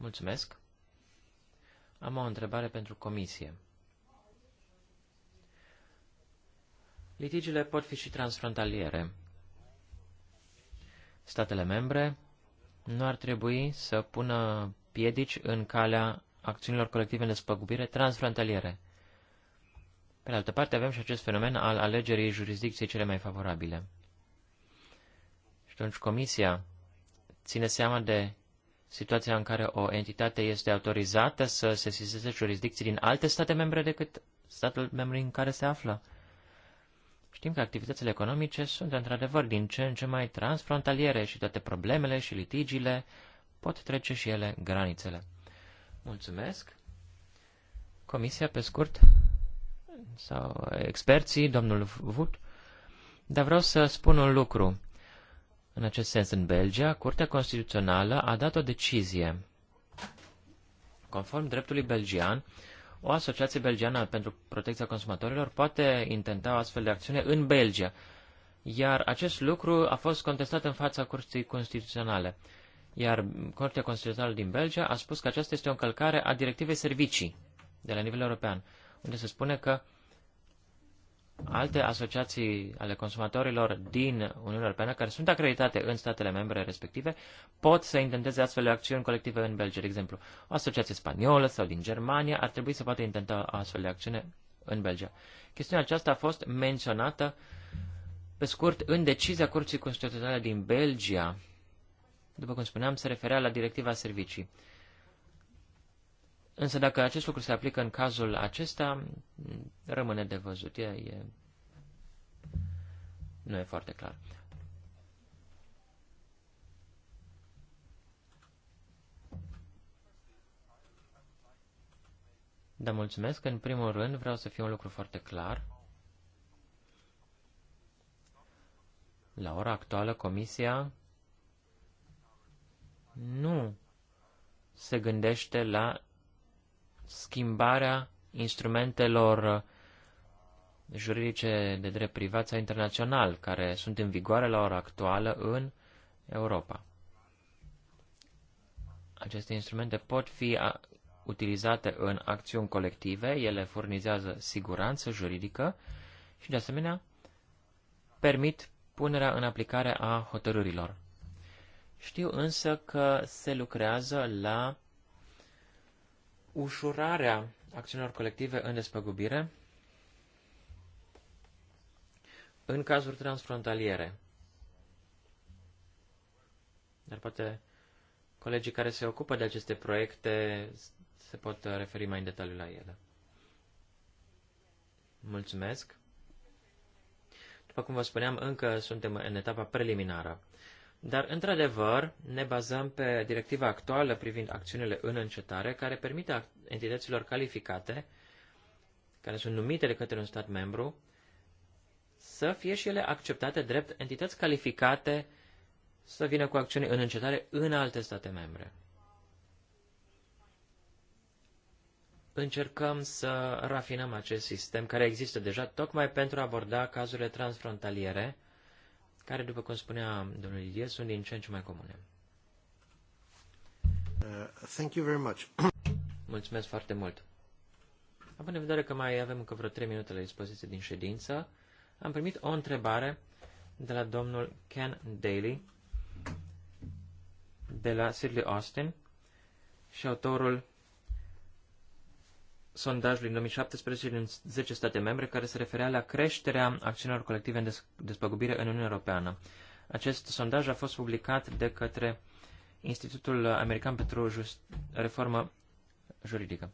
Mulțumesc. Am o întrebare pentru comisie. Litigiile pot fi și transfrontaliere. Statele membre nu ar trebui să pună piedici în calea acțiunilor colective de spăgubire transfrontaliere. Pe de altă parte, avem și acest fenomen al alegerii jurisdicției cele mai favorabile. Și atunci Comisia ține seama de situația în care o entitate este autorizată să se sizeze jurisdicții din alte state membre decât statul membru în care se află. Știm că activitățile economice sunt într-adevăr din ce în ce mai transfrontaliere și toate problemele și litigiile pot trece și ele granițele. Mulțumesc. Comisia, pe scurt, sau experții, domnul Vut, dar vreau să spun un lucru. În acest sens, în Belgia, Curtea Constituțională a dat o decizie. Conform dreptului belgian, o asociație belgiană pentru protecția consumatorilor poate intenta o astfel de acțiune în Belgia, iar acest lucru a fost contestat în fața Curții Constituționale. Iar Curtea Constituțională din Belgia a spus că aceasta este o încălcare a directivei servicii de la nivel european, unde se spune că uh, alte asociații ale consumatorilor din Uniunea Europeană, care sunt acreditate în statele membre respective, pot să intenteze astfel de acțiuni colective în Belgia. De exemplu, o asociație spaniolă sau din Germania ar trebui să poată intenta o astfel de acțiune în Belgia. Chestiunea aceasta a fost menționată pe scurt în decizia Curții Constituționale din Belgia. După cum spuneam, se referea la directiva servicii. Însă dacă acest lucru se aplică în cazul acesta, rămâne de văzut. E, e... Nu e foarte clar. Da, mulțumesc. În primul rând vreau să fie un lucru foarte clar. La ora actuală, Comisia nu se gândește la schimbarea instrumentelor juridice de drept privat sau internațional care sunt în vigoare la ora actuală în Europa. Aceste instrumente pot fi utilizate în acțiuni colective, ele furnizează siguranță juridică și, de asemenea, permit punerea în aplicare a hotărârilor. Știu însă că se lucrează la ușurarea acțiunilor colective în despăgubire în cazuri transfrontaliere. Dar poate colegii care se ocupă de aceste proiecte se pot referi mai în detaliu la ele. Mulțumesc! După cum vă spuneam, încă suntem în etapa preliminară. Dar, într-adevăr, ne bazăm pe directiva actuală privind acțiunile în încetare, care permite entităților calificate, care sunt numite de către un stat membru, să fie și ele acceptate drept entități calificate să vină cu acțiuni în încetare în alte state membre. Încercăm să rafinăm acest sistem care există deja tocmai pentru a aborda cazurile transfrontaliere, care, după cum spunea domnul Didier, sunt din ce în ce mai comune. Uh, thank you very much. Mulțumesc foarte mult. Având în vedere că mai avem încă vreo 3 minute la dispoziție din ședință, am primit o întrebare de la domnul Ken Daly de la Sidley Austin și autorul sondajului în 2017 din 10 state membre care se referea la creșterea acțiunilor colective în despăgubire în Uniunea Europeană. Acest sondaj a fost publicat de către Institutul American pentru Just Reformă Juridică.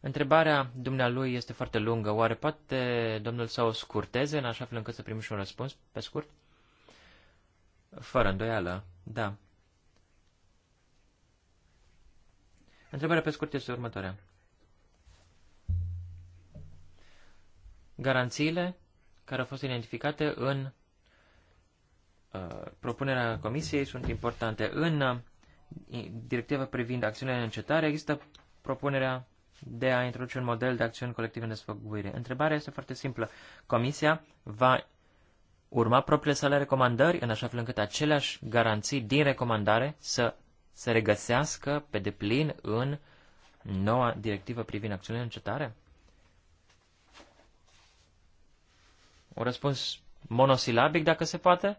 Întrebarea dumnealui este foarte lungă. Oare poate domnul să o scurteze în așa fel încât să primim și un răspuns pe scurt? Fără îndoială, da. Întrebarea pe scurt este următoarea. garanțiile care au fost identificate în uh, propunerea Comisiei sunt importante. În uh, directiva privind acțiunile de încetare există propunerea de a introduce un model de acțiuni colective în desfăguire. Întrebarea este foarte simplă. Comisia va urma propriile sale recomandări în așa fel încât aceleași garanții din recomandare să se regăsească pe deplin în noua directivă privind acțiunile de încetare? Un răspuns monosilabic, dacă se poate?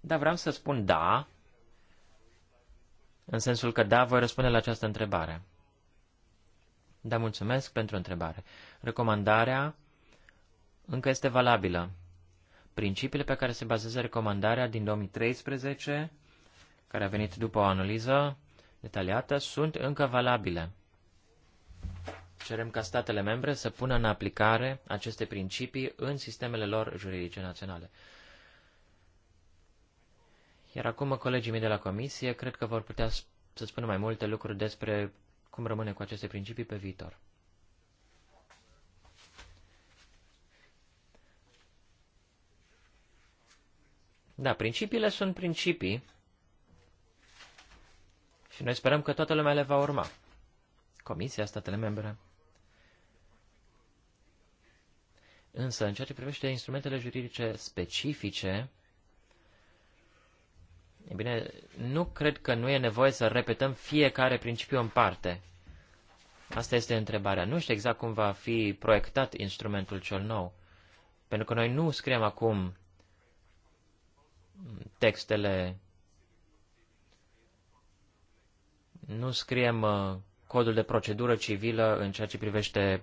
Da, vreau să spun da, în sensul că da, voi răspunde la această întrebare. Da, mulțumesc pentru întrebare. Recomandarea încă este valabilă. Principiile pe care se bazează recomandarea din 2013, care a venit după o analiză detaliată, sunt încă valabile. Cerem ca statele membre să pună în aplicare aceste principii în sistemele lor juridice naționale. Iar acum colegii mei de la comisie cred că vor putea să spună mai multe lucruri despre cum rămâne cu aceste principii pe viitor. Da, principiile sunt principii și noi sperăm că toată lumea le va urma. Comisia, statele membre. Însă, în ceea ce privește instrumentele juridice specifice, e bine, nu cred că nu e nevoie să repetăm fiecare principiu în parte. Asta este întrebarea. Nu știu exact cum va fi proiectat instrumentul cel nou. Pentru că noi nu scriem acum textele, nu scriem uh, codul de procedură civilă în ceea ce privește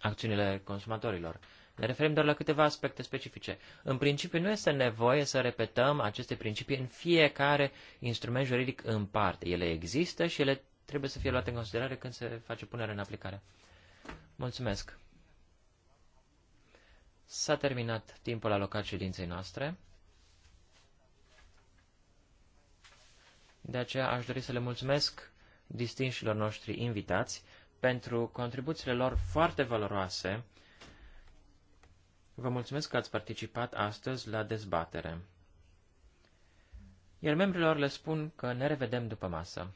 acțiunile consumatorilor. Ne referim doar la câteva aspecte specifice. În principiu, nu este nevoie să repetăm aceste principii în fiecare instrument juridic în parte. Ele există și ele trebuie să fie luate în considerare când se face punerea în aplicare. Mulțumesc! S-a terminat timpul alocat ședinței noastre. De aceea aș dori să le mulțumesc distinșilor noștri invitați pentru contribuțiile lor foarte valoroase Vă mulțumesc că ați participat astăzi la dezbatere. Iar membrilor le spun că ne revedem după masă.